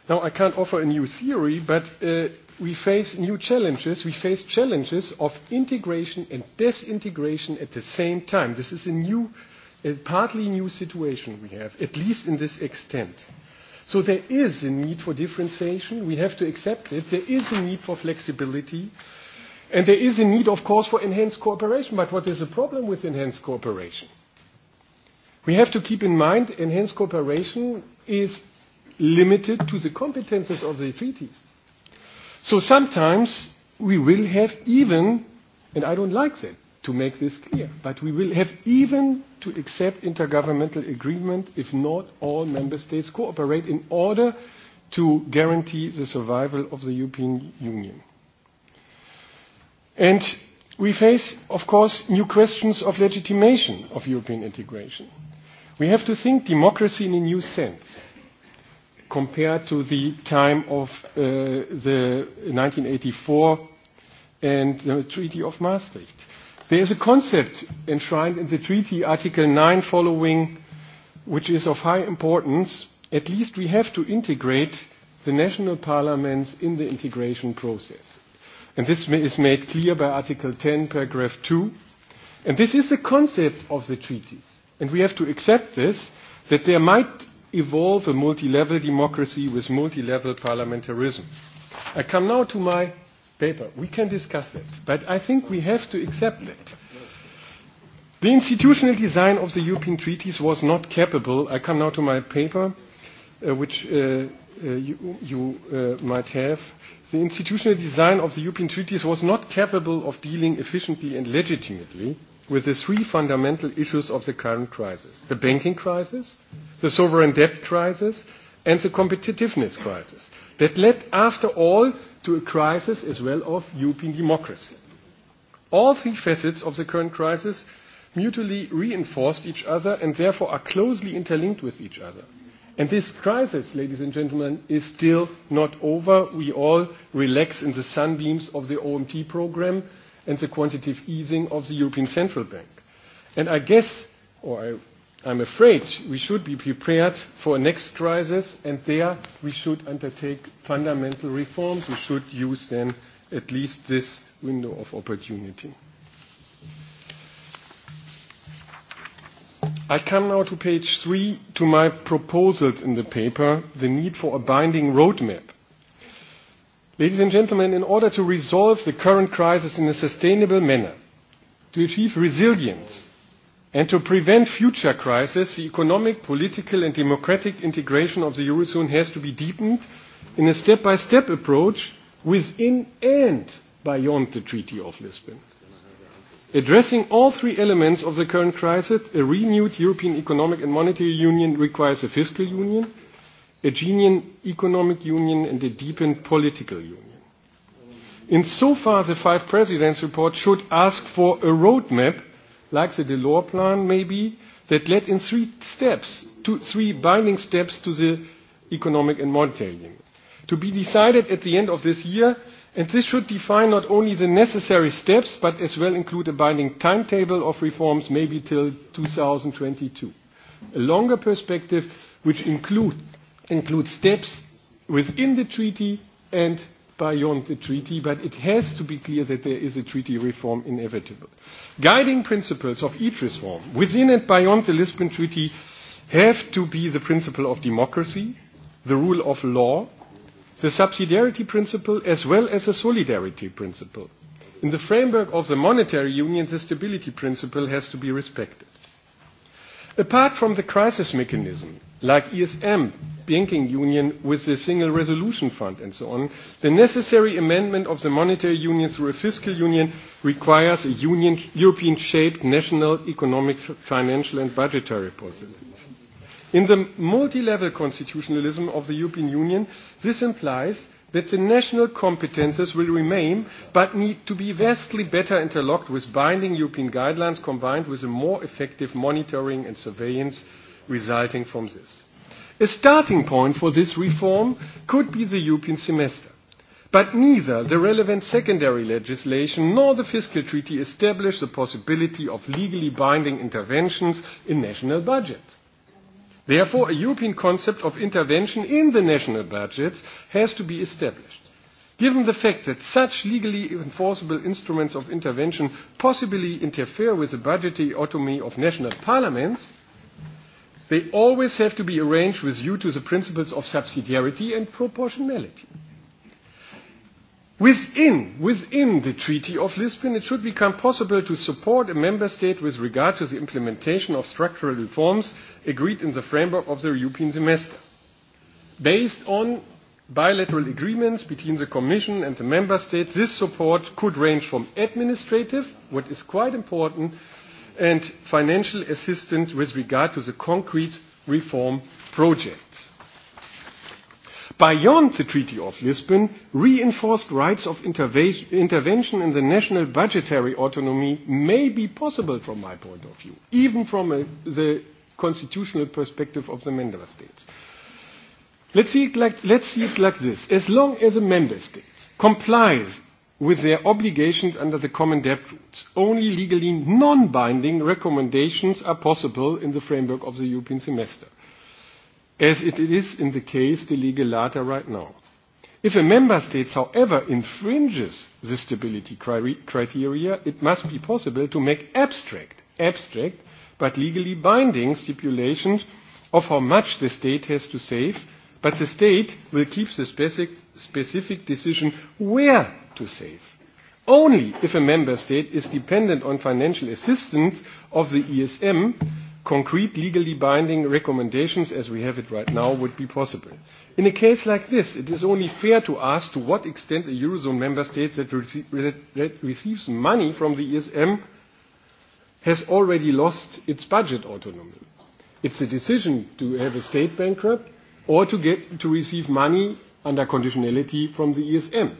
Speaker 12: Now, I can't offer a new theory, but uh, we face new challenges. We face challenges of integration and disintegration at the same time. This is a new, a partly new situation we have, at least in this extent. So there is a need for differentiation. We have to accept it. There is a need for flexibility. And there is a need, of course, for enhanced cooperation. But what is the problem with enhanced cooperation? We have to keep in mind enhanced cooperation is limited to the competences of the treaties. So sometimes we will have even, and I don't like that to make this clear, but we will have even to accept intergovernmental agreement if not all member states cooperate in order to guarantee the survival of the European Union. And we face, of course, new questions of legitimation of European integration. We have to think democracy in a new sense compared to the time of uh, the 1984 and the Treaty of Maastricht. There is a concept enshrined in the treaty, Article 9 following, which is of high importance. At least we have to integrate the national parliaments in the integration process. And this is made clear by Article 10, paragraph 2. And this is the concept of the treaties. And we have to accept this, that there might evolve a multi-level democracy with multi-level parliamentarism. I come now to my paper. We can discuss it, but I think we have to accept that. The institutional design of the European treaties was not capable. I come now to my paper, uh, which uh, uh, you, you uh, might have. The institutional design of the European treaties was not capable of dealing efficiently and legitimately with the three fundamental issues of the current crisis the banking crisis, the sovereign debt crisis, and the competitiveness crisis that led, after all, to a crisis as well of European democracy. All three facets of the current crisis mutually reinforced each other and therefore are closely interlinked with each other. And this crisis, ladies and gentlemen, is still not over. We all relax in the sunbeams of the OMT program and the quantitative easing of the European Central Bank. And I guess, or I I'm afraid we should be prepared for a next crisis and there we should undertake fundamental reforms. We should use then at least this window of opportunity. I come now to page three, to my proposals in the paper, the need for a binding roadmap Ladies and gentlemen, in order to resolve the current crisis in a sustainable manner, to achieve resilience, and to prevent future crises, the economic, political, and democratic integration of the Eurozone has to be deepened in a step-by-step -step approach within and beyond the Treaty of Lisbon. Addressing all three elements of the current crisis, a renewed European Economic and Monetary Union requires a fiscal union, a genuine economic union and a deepened political union. Insofar, the five presidents report should ask for a roadmap, like the Delors plan maybe, that led in three steps, to three binding steps to the economic and monetary union. To be decided at the end of this year, and this should define not only the necessary steps, but as well include a binding timetable of reforms maybe till 2022. A longer perspective which includes include steps within the treaty and beyond the treaty, but it has to be clear that there is a treaty reform inevitable. Guiding principles of each reform within and beyond the Lisbon Treaty have to be the principle of democracy, the rule of law, the subsidiarity principle, as well as the solidarity principle. In the framework of the monetary union, the stability principle has to be respected. Apart from the crisis mechanism, like ESM, banking union with the single resolution fund and so on. The necessary amendment of the monetary union through a fiscal union requires a union, European-shaped national economic, financial and budgetary policies. In the multi-level constitutionalism of the European Union, this implies that the national competences will remain but need to be vastly better interlocked with binding European guidelines combined with a more effective monitoring and surveillance resulting from this. A starting point for this reform could be the European semester. But neither the relevant secondary legislation nor the fiscal treaty establish the possibility of legally binding interventions in national budgets. Therefore, a European concept of intervention in the national budgets has to be established. Given the fact that such legally enforceable instruments of intervention possibly interfere with the budgetary autonomy of national parliaments, they always have to be arranged with view to the principles of subsidiarity and proportionality. Within, within the Treaty of Lisbon, it should become possible to support a member state with regard to the implementation of structural reforms agreed in the framework of the European semester, based on bilateral agreements between the Commission and the member states. This support could range from administrative, what is quite important, and financial assistance with regard to the concrete reform projects. Beyond the Treaty of Lisbon, reinforced rights of interve intervention in the national budgetary autonomy may be possible from my point of view, even from a, the constitutional perspective of the member states. Let's see, it like, let's see it like this. As long as a member state complies with their obligations under the common debt rules. Only legally non-binding recommendations are possible in the framework of the European semester, as it is in the case the legal latter right now. If a member state, however, infringes the stability criteria, it must be possible to make abstract, abstract, but legally binding stipulations of how much the state has to save, but the state will keep the specific specific decision where to save. Only if a member state is dependent on financial assistance of the ESM, concrete legally binding recommendations as we have it right now would be possible. In a case like this, it is only fair to ask to what extent a Eurozone member state that, rece that receives money from the ESM has already lost its budget autonomy. It's a decision to have a state bankrupt or to, get, to receive money under conditionality from the ESM.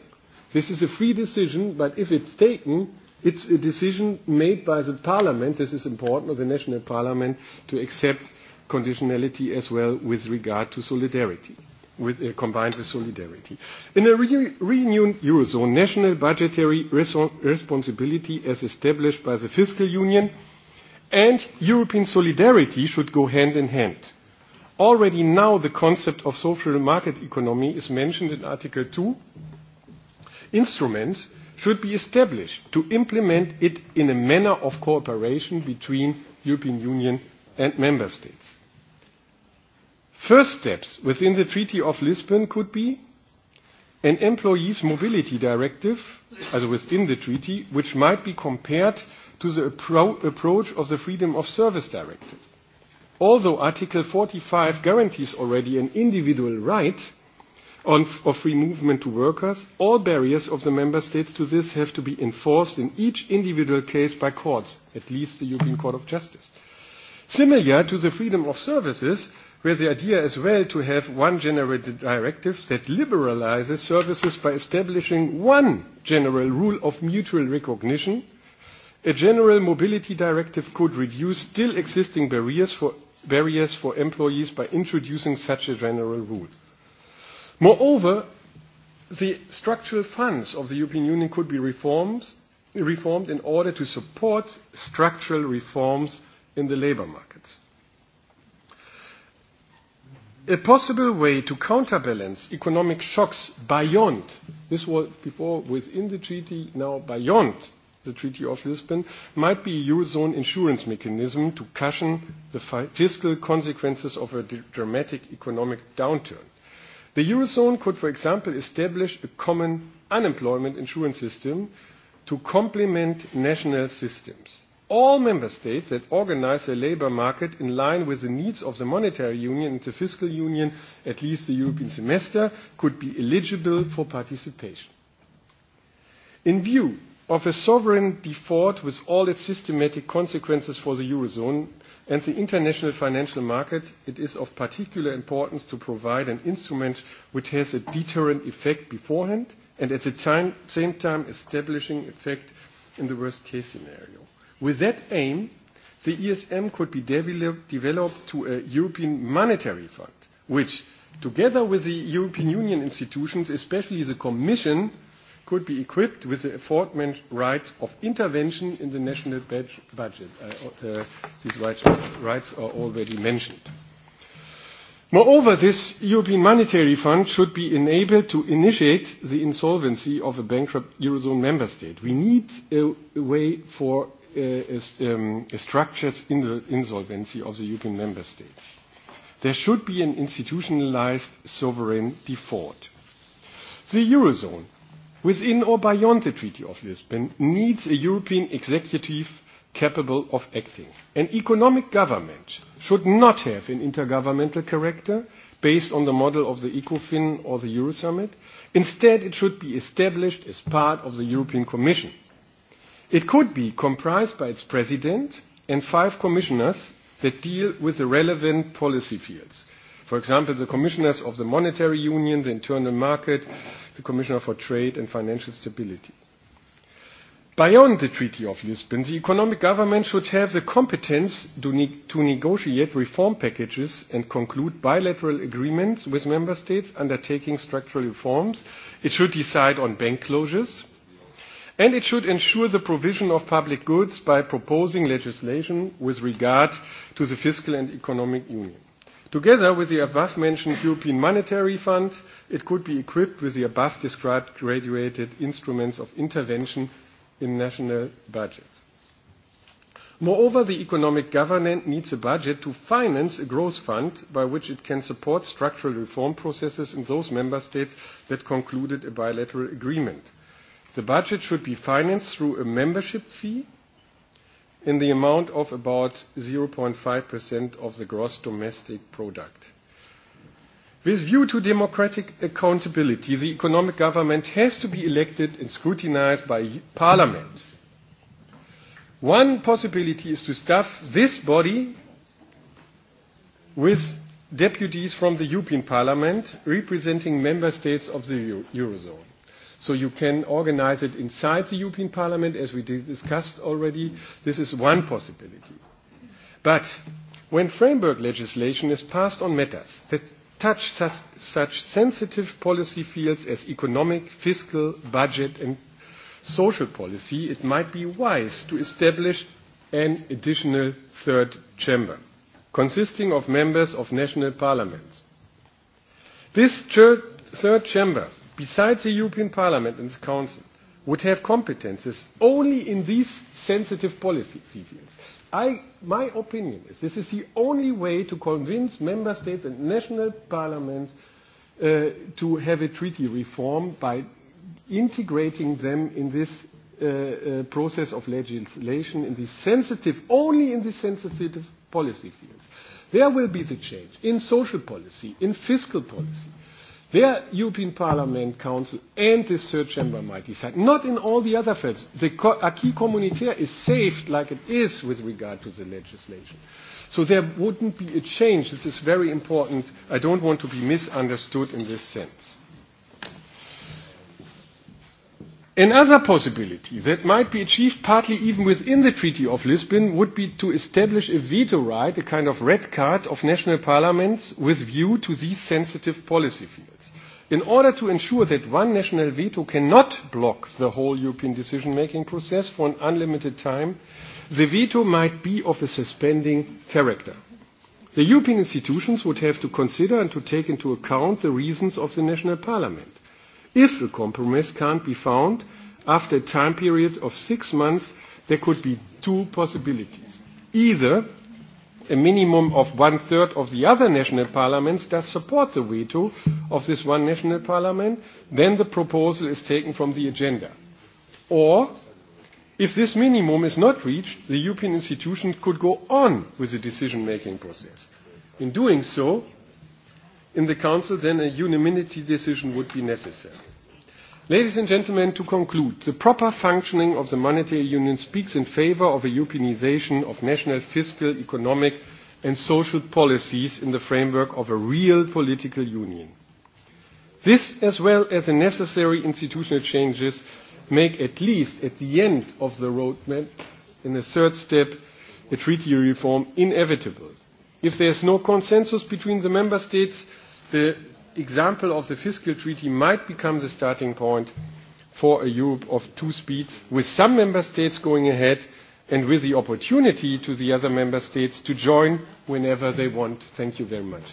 Speaker 12: This is a free decision, but if it's taken, it's a decision made by the parliament, this is important, of the national parliament, to accept conditionality as well with regard to solidarity, with, uh, combined with solidarity. In a re renewed Eurozone, national budgetary res responsibility as established by the fiscal union and European solidarity should go hand in hand. Already now the concept of social market economy is mentioned in Article 2. Instruments should be established to implement it in a manner of cooperation between European Union and Member States. First steps within the Treaty of Lisbon could be an employees' mobility directive, as within the treaty, which might be compared to the appro approach of the Freedom of Service Directive although Article 45 guarantees already an individual right on, of free movement to workers, all barriers of the member states to this have to be enforced in each individual case by courts, at least the European Court of Justice. Similar to the freedom of services, where the idea is well to have one general directive that liberalizes services by establishing one general rule of mutual recognition, a general mobility directive could reduce still existing barriers for barriers for employees by introducing such a general rule. Moreover, the structural funds of the European Union could be reformed, reformed in order to support structural reforms in the labor market. A possible way to counterbalance economic shocks beyond, this was before within the treaty, now beyond the Treaty of Lisbon, might be a Eurozone insurance mechanism to cushion the fiscal consequences of a dramatic economic downturn. The Eurozone could, for example, establish a common unemployment insurance system to complement national systems. All member states that organize a labor market in line with the needs of the monetary union and the fiscal union, at least the European semester, could be eligible for participation. In view of a sovereign default with all its systematic consequences for the Eurozone and the international financial market, it is of particular importance to provide an instrument which has a deterrent effect beforehand and at the time, same time establishing effect in the worst case scenario. With that aim, the ESM could be develop, developed to a European monetary fund, which, together with the European Union institutions, especially the Commission, could be equipped with the aforementioned rights of intervention in the national budget. Uh, uh, these rights are already mentioned. Moreover, this European Monetary Fund should be enabled to initiate the insolvency of a bankrupt Eurozone member state. We need a, a way for uh, a, um, a structured in the insolvency of the European member states. There should be an institutionalized sovereign default. The Eurozone within or beyond the Treaty of Lisbon needs a European executive capable of acting. An economic government should not have an intergovernmental character based on the model of the ECOFIN or the Euro Summit. Instead, it should be established as part of the European Commission. It could be comprised by its president and five commissioners that deal with the relevant policy fields. For example, the commissioners of the Monetary Union, the Internal Market, the Commissioner for Trade and Financial Stability. Beyond the Treaty of Lisbon, the economic government should have the competence to, ne to negotiate reform packages and conclude bilateral agreements with member states undertaking structural reforms. It should decide on bank closures. And it should ensure the provision of public goods by proposing legislation with regard to the fiscal and economic union. Together with the above-mentioned European Monetary Fund, it could be equipped with the above-described graduated instruments of intervention in national budgets. Moreover, the economic government needs a budget to finance a growth fund by which it can support structural reform processes in those member states that concluded a bilateral agreement. The budget should be financed through a membership fee in the amount of about 0.5% of the gross domestic product. With view to democratic accountability, the economic government has to be elected and scrutinized by parliament. One possibility is to stuff this body with deputies from the European Parliament representing member states of the Eurozone. So you can organize it inside the European Parliament, as we discussed already. This is one possibility. But when framework legislation is passed on matters that touch such, such sensitive policy fields as economic, fiscal, budget, and social policy, it might be wise to establish an additional third chamber consisting of members of national parliaments. This third chamber besides the European Parliament and the Council, would have competences only in these sensitive policy fields. I, my opinion is this is the only way to convince member states and national parliaments uh, to have a treaty reform by integrating them in this uh, uh, process of legislation in the sensitive, only in the sensitive policy fields. There will be the change in social policy, in fiscal policy. Mm Their European Parliament, Council and the third chamber might decide. Not in all the other fields. The acquis communautaire is saved like it is with regard to the legislation. So there wouldn't be a change. This is very important. I don't want to be misunderstood in this sense. Another possibility that might be achieved partly even within the Treaty of Lisbon would be to establish a veto right, a kind of red card of national parliaments with view to these sensitive policy fields in order to ensure that one national veto cannot block the whole European decision-making process for an unlimited time, the veto might be of a suspending character. The European institutions would have to consider and to take into account the reasons of the national parliament. If a compromise can't be found, after a time period of six months, there could be two possibilities. Either a minimum of one third of the other national parliaments does support the veto of this one national parliament, then the proposal is taken from the agenda. Or, if this minimum is not reached, the European institution could go on with the decision-making process. In doing so, in the Council, then a unanimity decision would be necessary. Ladies and gentlemen, to conclude, the proper functioning of the monetary union speaks in favor of a Europeanization of national fiscal, economic and social policies in the framework of a real political union. This, as well as the necessary institutional changes, make at least at the end of the roadmap, in the third step, a treaty reform inevitable. If there is no consensus between the member states, the example of the fiscal treaty might become the starting point for a Europe of two speeds, with some member states going ahead and with the opportunity to the other member states to join whenever they want. Thank you very much.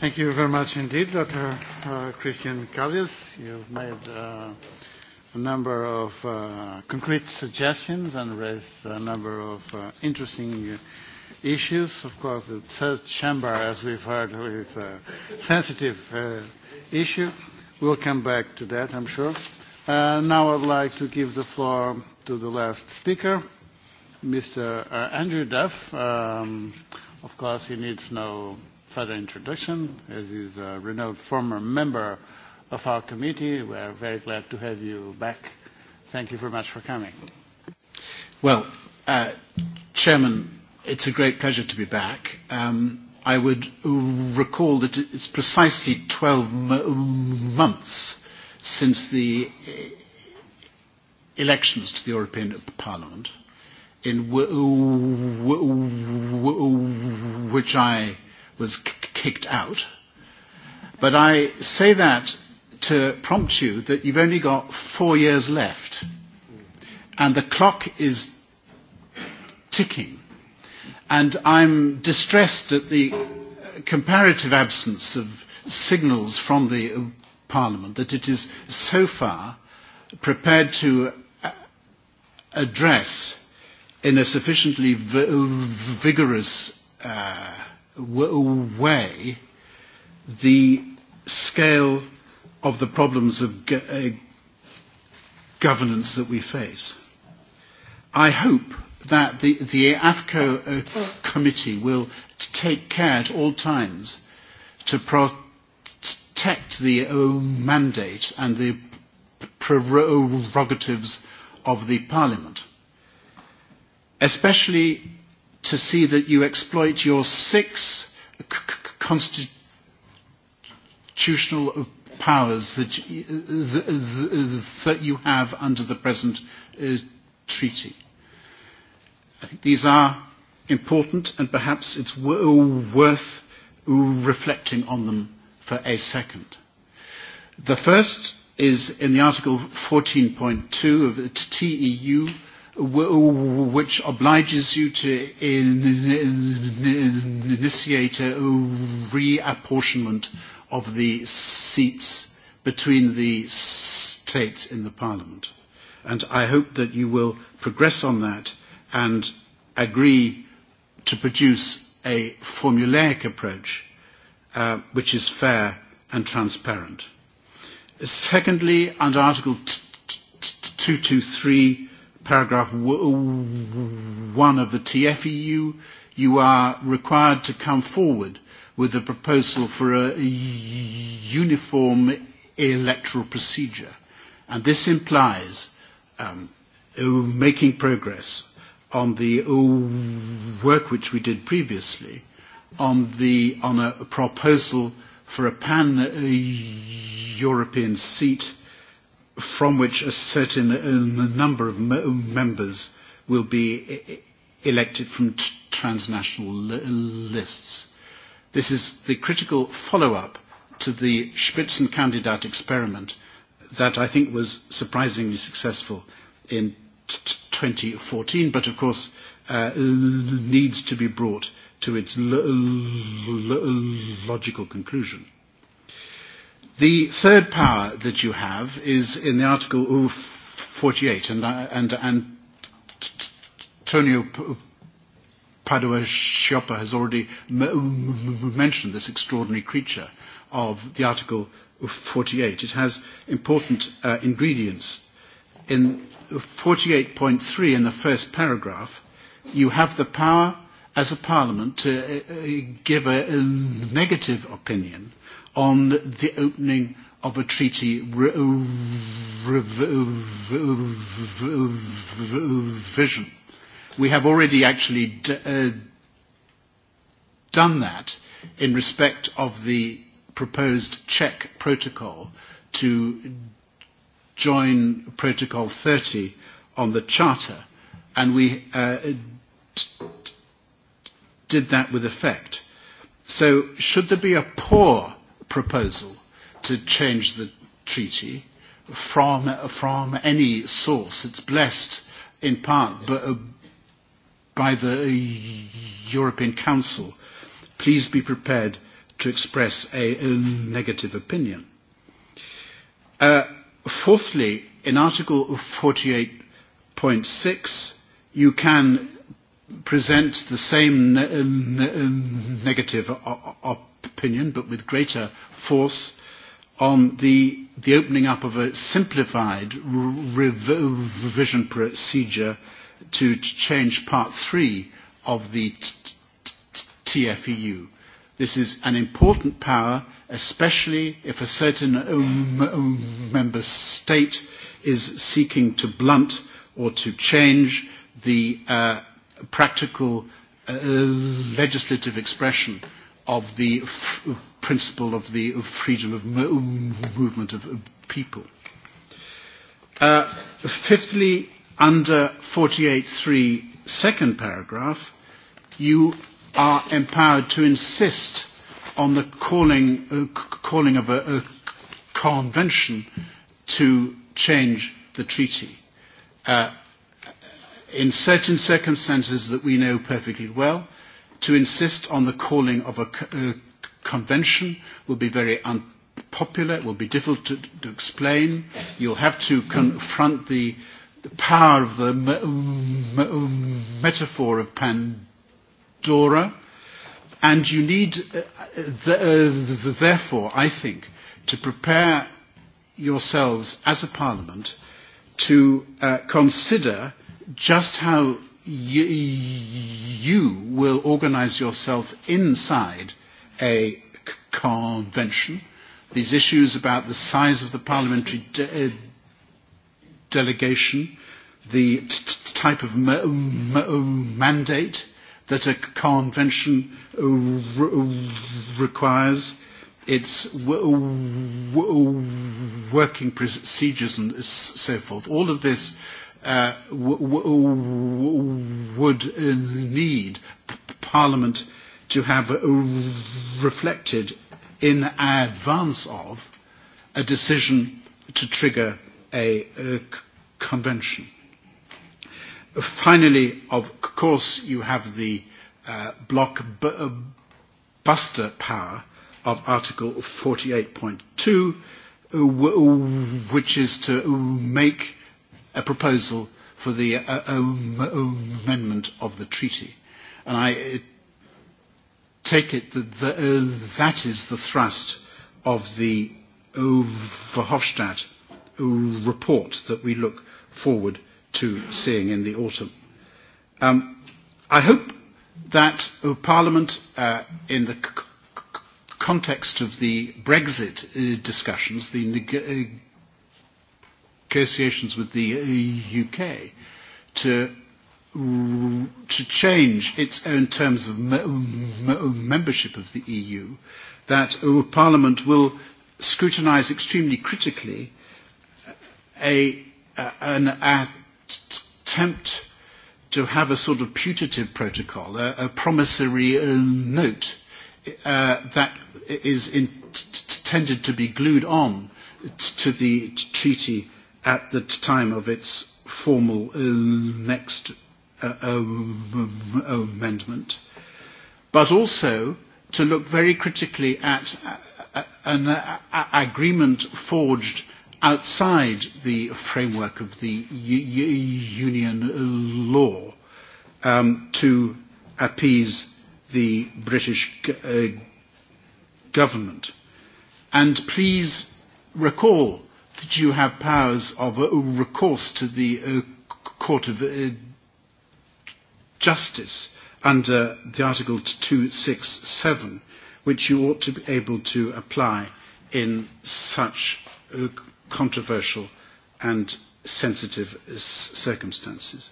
Speaker 13: Thank you very much indeed, Dr. Uh, Christian Kallis. You've made uh, a number of uh, concrete suggestions and raised a number of uh, interesting uh, issues. Of course, the third chamber, as we've heard, is a sensitive uh, issue. We'll come back to that, I'm sure. Uh, now I'd like to give the floor to the last speaker, Mr. Uh, Andrew Duff. Um, of course, he needs no further introduction, as he's a renowned former member of our committee. We are very glad to have you back. Thank you very much for coming.
Speaker 15: Well, uh, Chairman, It's a great pleasure to be back. Um, I would recall that it's precisely 12 m months since the uh, elections to the European Parliament, in w w which I was kicked out. But I say that to prompt you that you've only got four years left, and the clock is ticking And I'm distressed at the comparative absence of signals from the Parliament that it is so far prepared to uh, address in a sufficiently vigorous uh, way the scale of the problems of go uh, governance that we face. I hope that the, the AFCO uh, mm. committee will take care at all times to protect the uh, mandate and the prerogatives of the parliament, especially to see that you exploit your six constitutional powers that, that you have under the present uh, treaty. I think these are important and perhaps it's worth reflecting on them for a second. The first is in the article 14.2 of the TEU which obliges you to initiate a reapportionment of the seats between the states in the parliament. And I hope that you will progress on that and agree to produce a formulaic approach uh, which is fair and transparent. Secondly, under Article 223, paragraph 1 of the TFEU, you are required to come forward with a proposal for a uniform electoral procedure. And this implies um, making progress on the work which we did previously on, the, on a proposal for a pan-European seat from which a certain um, number of members will be e-, e-, elected from transnational lists. This is the critical follow-up to the Spitzenkandidat experiment that I think was surprisingly successful in 2014, but of course uh, needs to be brought to its logical conclusion. The third power that you have is in the Article 48, and, and, uh, and Antonio Padua Scioppa has already mentioned this extraordinary creature of the Article 48. It has important uh, ingredients in 48.3 in the first paragraph, you have the power as a parliament to uh, uh give a, a negative opinion on the opening of a treaty uh, revision. We have already actually d uh, done that in respect of the proposed Czech protocol to join Protocol 30 on the Charter, and we uh, did that with effect. So should there be a poor proposal to change the treaty from, from any source? It's blessed in part uh, by the European Council. Please be prepared to express a, a negative opinion. Uh, Fourthly, in Article 48.6, you can present the same ne uh, ne uh, negative opinion, but with greater force, on the, the opening up of a simplified rev revision procedure to change Part 3 of the t t TFEU. This is an important power especially if a certain um, um, member state is seeking to blunt or to change the uh, practical uh, legislative expression of the principle of the freedom of um, movement of uh, people. Uh, fifthly, under 48.3, second paragraph, you are empowered to insist on the calling, uh, calling of a, a convention to change the treaty. Uh, in certain circumstances that we know perfectly well, to insist on the calling of a a convention will be very unpopular, it will be difficult to, to explain. You'll have to confront the, the power of the me me metaphor of Pandora And you need, uh, the, uh, therefore, I think, to prepare yourselves as a parliament to uh, consider just how you, you will organize yourself inside a convention. These issues about the size of the parliamentary de uh, delegation, the t type of m m mandate, that a convention uh, uh, requires its uh, working procedures and so forth. All of this uh, would need Parliament to have reflected in advance of a decision to trigger a, a convention. Finally, of course, you have the uh, block b uh, buster power of Article 48.2, uh, which is to make a proposal for the uh, um, amendment of the treaty. And I uh, take it that the, uh, that is the thrust of the uh, Verhofstadt report that we look forward to to seeing in the autumn. Um, I hope that uh, Parliament, uh, in the c- context of the Brexit uh, discussions, the neg- uh, negotiations with the UK, uh, to to change its own terms of membership of the EU, that Parliament will scrutinise extremely critically a, an attempt to have a sort of putative protocol, a, a promissory uh, note uh, that is intended to be glued on to the treaty at the time of its formal uh, next uh, um, um amendment, but also to look very critically at uh, uh, an uh, agreement forged outside the framework of the union law um, to appease the British uh, government. And please recall that you have powers of uh, recourse to the uh, Court of uh, Justice under the Article 267, which you ought to be able to apply in such uh, controversial and sensitive circumstances.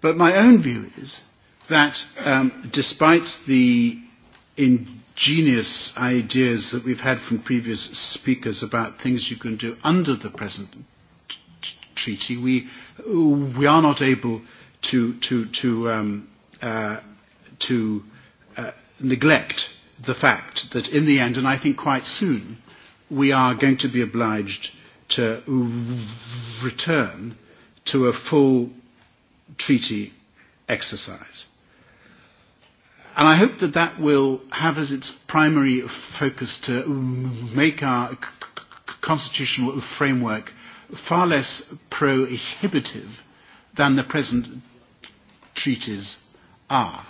Speaker 15: But my own view is that um, despite the ingenious ideas that we've had from previous speakers about things you can do under the present treaty, we, we are not able to, to, to, um, uh, to uh, neglect the fact that in the end, and I think quite soon, we are going to be obliged to return to a full treaty exercise. And I hope that that will have as its primary focus to make our constitutional framework far less prohibitive than the present treaties are.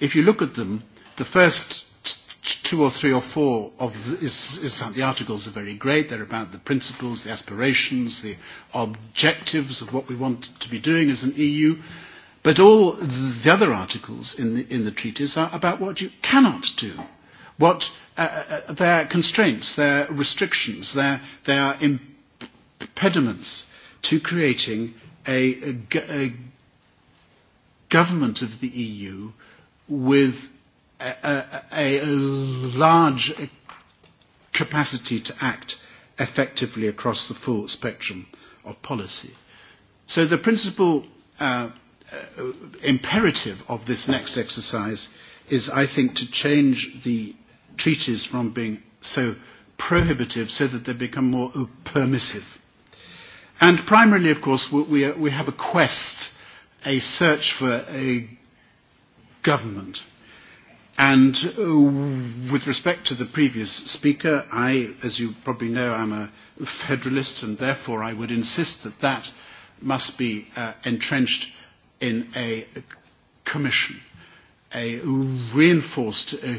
Speaker 15: If you look at them, the first two or three or four of the, is, is, the articles are very great. They're about the principles, the aspirations, the objectives of what we want to be doing as an EU. But all the other articles in the, in the treaties are about what you cannot do, what uh, uh, their constraints, their restrictions, their, their impediments to creating a, a, a government of the EU with a, a, large capacity to act effectively across the full spectrum of policy. So the principal uh, uh, imperative of this next exercise is, I think, to change the treaties from being so prohibitive so that they become more permissive. And primarily, of course, we, we, we have a quest, a search for a government. And uh, with respect to the previous speaker, I, as you probably know, I'm a federalist, and therefore I would insist that that must be uh, entrenched in a commission, a reinforced uh,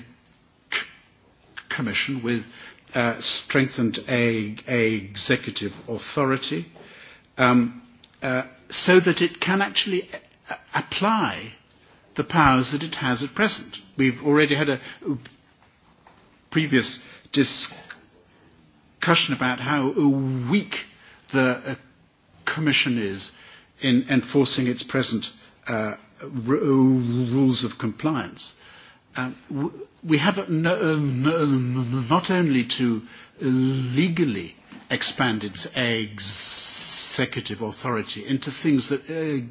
Speaker 15: commission with uh, strengthened a, a executive authority, um, uh, so that it can actually uh, apply the powers that it has at present. We've already had a previous discussion about how weak the uh, Commission is in enforcing its present uh, uh rules of compliance. Um, we have no, uh, no, not only to legally expand its executive authority into things that uh,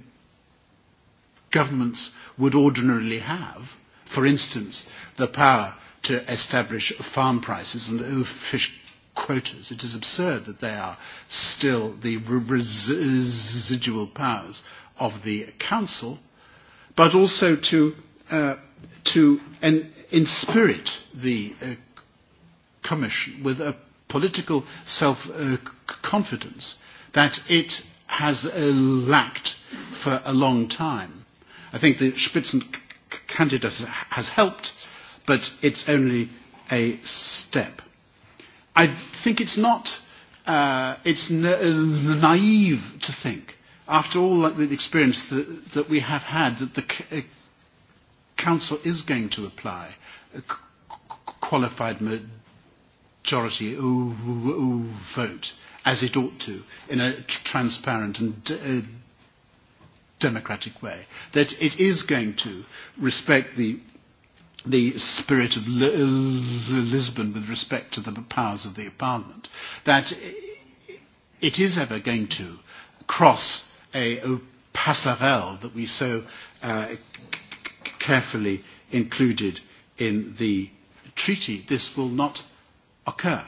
Speaker 15: governments would ordinarily have. For instance, the power to establish farm prices and fish quotas. It is absurd that they are still the residual powers of the Council, but also to, uh, to en inspirit the uh, Commission with a political self-confidence uh, that it has uh, lacked for a long time I think the candidate has helped, but it's only a step. I think it's not, uh, it's na naive to think, after all the experience that, that we have had, that the uh, Council is going to apply a qualified majority vote, as it ought to, in a transparent and uh, democratic way, that it is going to respect the the spirit of L L Lisbon with respect to the powers of the Parliament, that it is ever going to cross a, a passerelle that we so uh, carefully included in the treaty. This will not occur,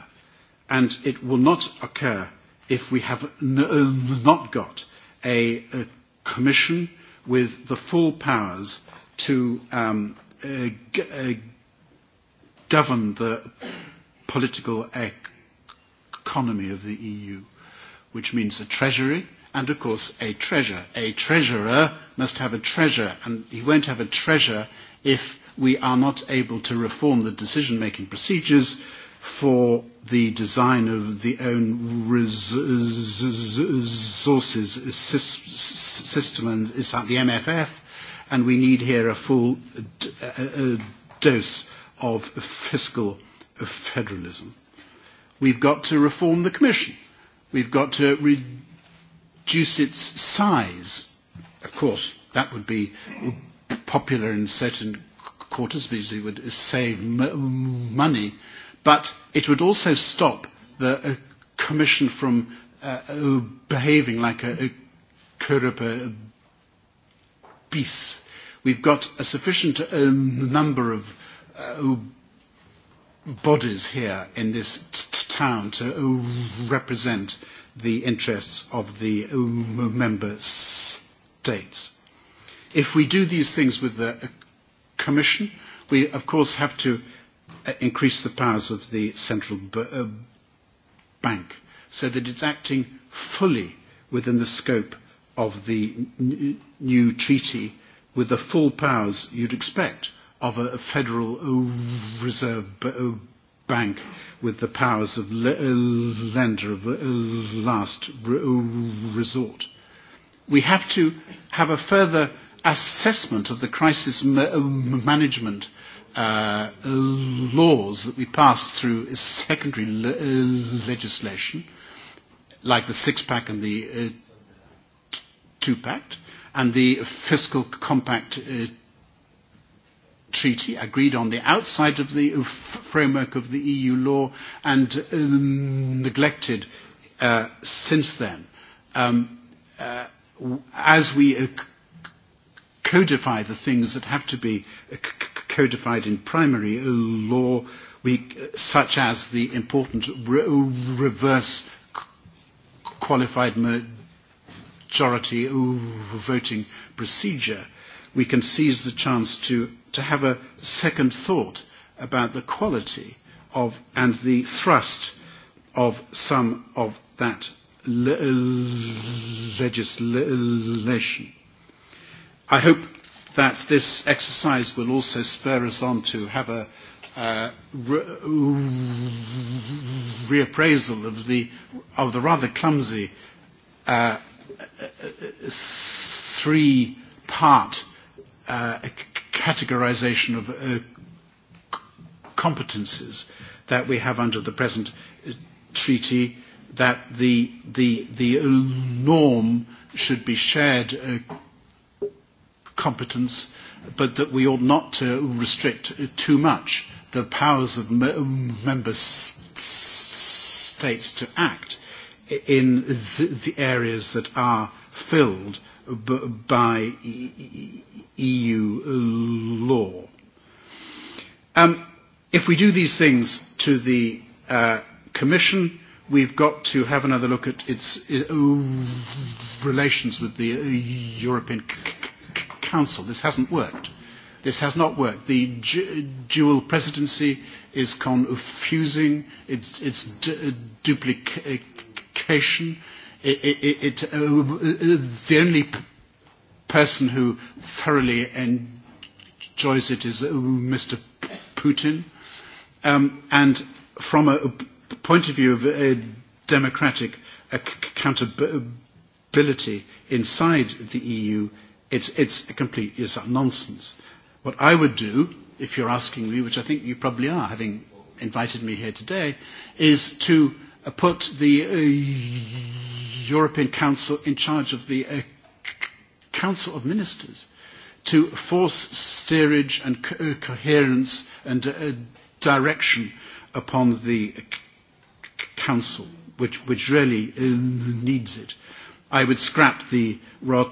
Speaker 15: and it will not occur if we have n uh, not got a, a Commission with the full powers to um, uh, g uh, govern the political ec economy of the EU, which means a treasury and, of course, a treasurer. A treasurer must have a treasurer, and he won't have a treasurer if we are not able to reform the decision-making procedures for the design of the own resources system, and it's at the MFF, and we need here a full a dose of fiscal federalism. We've got to reform the Commission. We've got to reduce its size. Of course, that would be popular in certain quarters because it would save m money But it would also stop the uh, Commission from uh, uh, behaving like a, a Kurupa beast. We've got a sufficient um, number of uh, bodies here in this t town to uh, represent the interests of the um, member states. If we do these things with the uh, Commission, we of course have to uh, increase the powers of the central b uh, bank so that it's acting fully within the scope of the n new treaty with the full powers you'd expect of a federal uh, reserve b uh, bank with the powers of uh, lender of uh, last resort. We have to have a further assessment of the crisis management uh, laws that we pass through secondary le uh, legislation, like the six-pack and the uh, two-pact, and the fiscal compact uh, treaty agreed on the outside of the uh, framework of the EU law and uh, neglected uh, since then. Um, uh, as we uh, codify the things that have to be uh, codified in primary law, we, such as the important re reverse qualified majority voting procedure, we can seize the chance to, to have a second thought about the quality of and the thrust of some of that le legislation. I hope that this exercise will also spur us on to have a uh, re reappraisal of the, of the rather clumsy uh, uh, three-part uh, categorization of uh, competences that we have under the present uh, treaty, that the, the, the norm should be shared uh, competence, but that we ought not to restrict too much the powers of member states to act in the areas that are filled by EU e, e law. Um, if we do these things to the uh, Commission, we've got to have another look at its uh, relations with the uh, European Council. This hasn't worked. This has not worked. The dual presidency is confusing. It's, it's duplication. It, it, it, uh, the only person who thoroughly enjoys it is uh, Mr. Putin. Um, and from a point of view of a democratic accountability inside the EU, It's, it's a complete it's a nonsense. What I would do, if you're asking me, which I think you probably are, having invited me here today, is to uh, put the uh, European Council in charge of the uh, Council of Ministers to force steerage and co uh, coherence and uh, direction upon the uh, Council, which, which really uh, needs it. I would scrap the Royal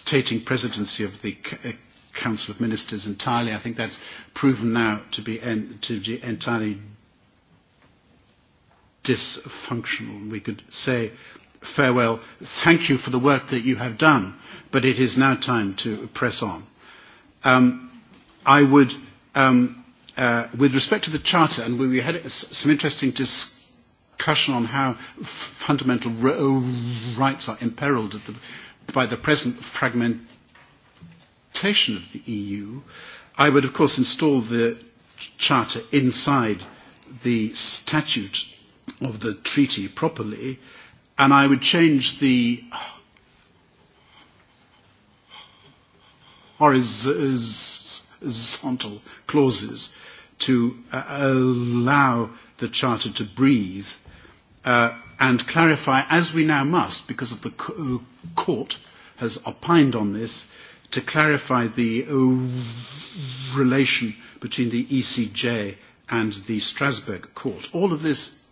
Speaker 15: taking presidency of the uh, Council of Ministers entirely. I think that's proven now to be, en to be entirely dysfunctional. We could say farewell, thank you for the work that you have done, but it is now time to press on. Um, I would, um, uh, with respect to the Charter, and we had some interesting discussion on how fundamental rights are imperiled at the by the present fragmentation of the EU, I would of course install the charter inside the statute of the treaty properly, and I would change the horizontal clauses to uh, allow the charter to breathe uh, and clarify, as we now must, because of the uh, court has opined on this, to clarify the uh, relation between the ECJ and the Strasbourg court. All of this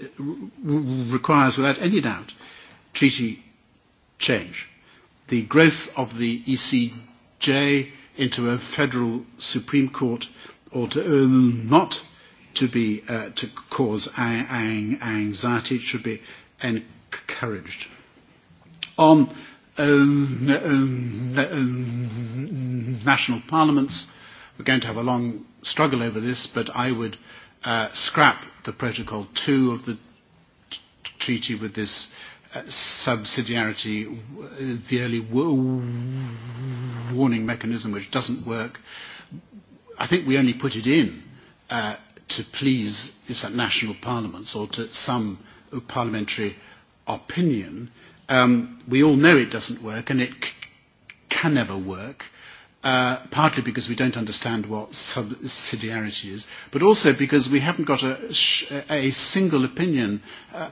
Speaker 15: uh, requires, without any doubt, treaty change. The growth of the ECJ into a federal Supreme Court or to, uh, not to, be, uh, to cause anxiety. It should be encouraged. On um, um, um, national parliaments, we're going to have a long struggle over this, but I would uh, scrap the Protocol 2 of the treaty with this uh, subsidiarity, the early warning mechanism which doesn't work. I think we only put it in uh, to please national parliaments or to some parliamentary opinion. Um, we all know it doesn't work and it c can never work, uh, partly because we don't understand what subsidiarity is, but also because we haven't got a, a single opinion uh,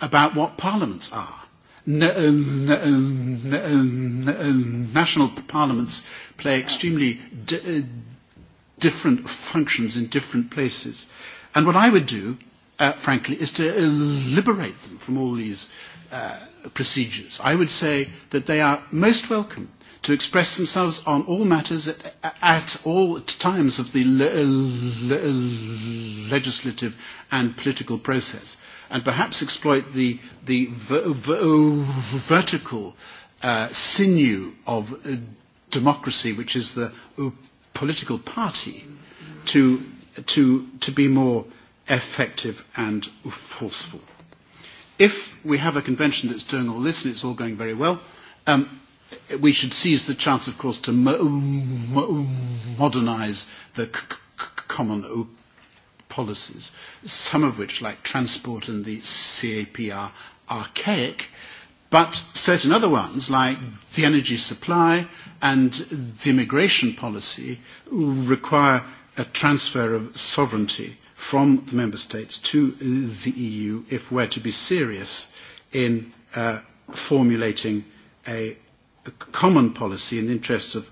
Speaker 15: about what parliaments are. Uh, uh, uh, national parliaments play extremely different functions in different places. And what I would do, uh, frankly, is to uh, liberate them from all these uh, procedures. I would say that they are most welcome to express themselves on all matters at, at all times of the le, le, legislative and political process, and perhaps exploit the, the vertical uh, sinew of uh, democracy, which is the political party to, to, to be more effective and forceful. If we have a convention that's doing all this and it's all going very well, um, we should seize the chance, of course, to mo mo modernize the c c common policies, some of which, like transport and the CAP, are archaic But certain other ones, like the energy supply and the immigration policy, require a transfer of sovereignty from the member states to the EU if we're to be serious in uh, formulating a, a common policy in the interests of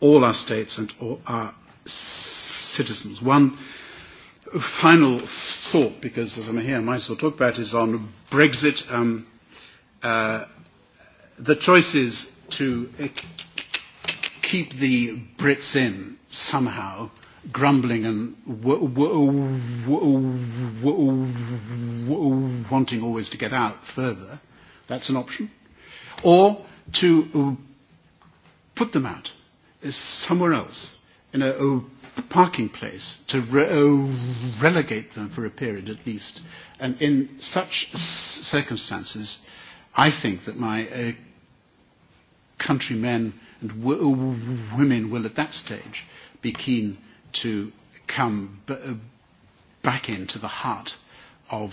Speaker 15: all our states and all our citizens. One final thought, because as I'm here, I might as well talk about, it, is on Brexit. Um, Uh, the choices to uh, keep the Brits in somehow, grumbling and w- wanting always to get out further, that's an option, or to put them out somewhere else in a, parking place to re uh, relegate them for a period at least. And in such circumstances, I think that my uh, countrymen and uh, w- women will at that stage be keen to come b- uh, back into the heart of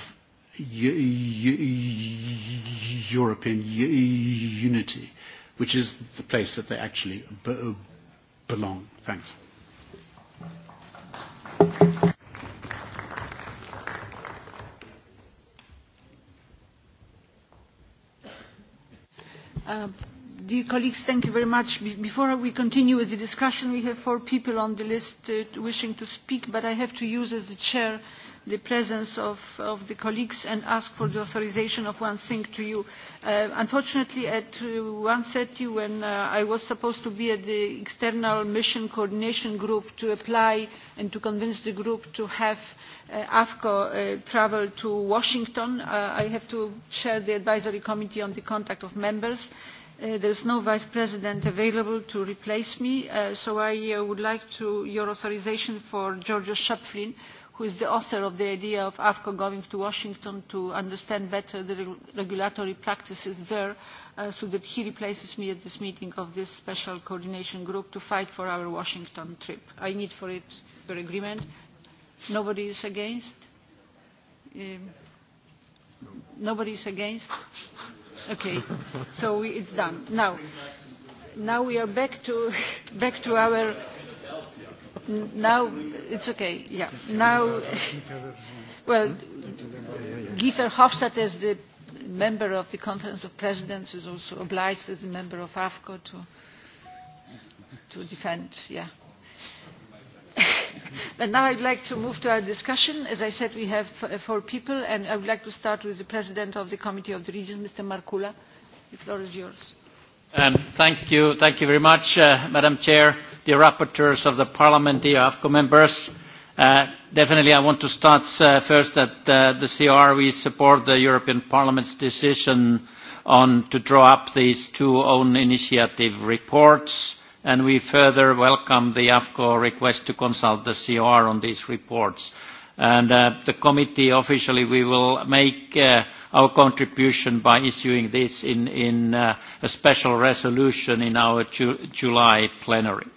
Speaker 15: European unity, which is the place that they actually b- uh, belong. Thanks.
Speaker 1: Uh, dear colleagues, thank you very much. Be before we continue with the discussion, we have four people on the list uh, wishing to speak, but I have to use as the chair the presence of, of the colleagues and ask for the authorization of one thing to you. Uh, unfortunately, at uh, 1.30, when uh, I was supposed to be at the external mission coordination group to apply and to convince the group to have uh, AFCO uh, travel to Washington, uh, I have to chair the advisory committee on the contact of members. Uh, there is no vice president available to replace me, uh, so I uh, would like to your authorization for Georgia Shapflin, who is the author of the idea of AFCO going to Washington to understand better the regulatory practices there, uh, so that he replaces me at this meeting of this special coordination group to fight for our Washington trip. I need for it your agreement. Nobody is against? Um, nobody is against? Okay, so we, it's done. Now, now we are back to, [LAUGHS] back to our now it's okay. Yeah. Now, [LAUGHS] well, Gieter Hofstadt as the member of the Conference of Presidents is also obliged as a member of AFCO to, to defend. Yeah. [LAUGHS] but now I'd like to move to our discussion. As I said, we have four people, and I would like to start with the President of the Committee of the Region, Mr. Markula. The floor is yours.
Speaker 16: Um, thank you. Thank you very much, uh, Madam Chair the rapporteurs of the Parliament, the AFCO members. Uh, definitely I want to start uh, first that uh, the CR, we support the European Parliament's decision on to draw up these two own initiative reports and we further welcome the AFCO request to consult the CR on these reports. And uh, the committee officially we will make uh, our contribution by issuing this in, in uh, a special resolution in our Ju July plenary.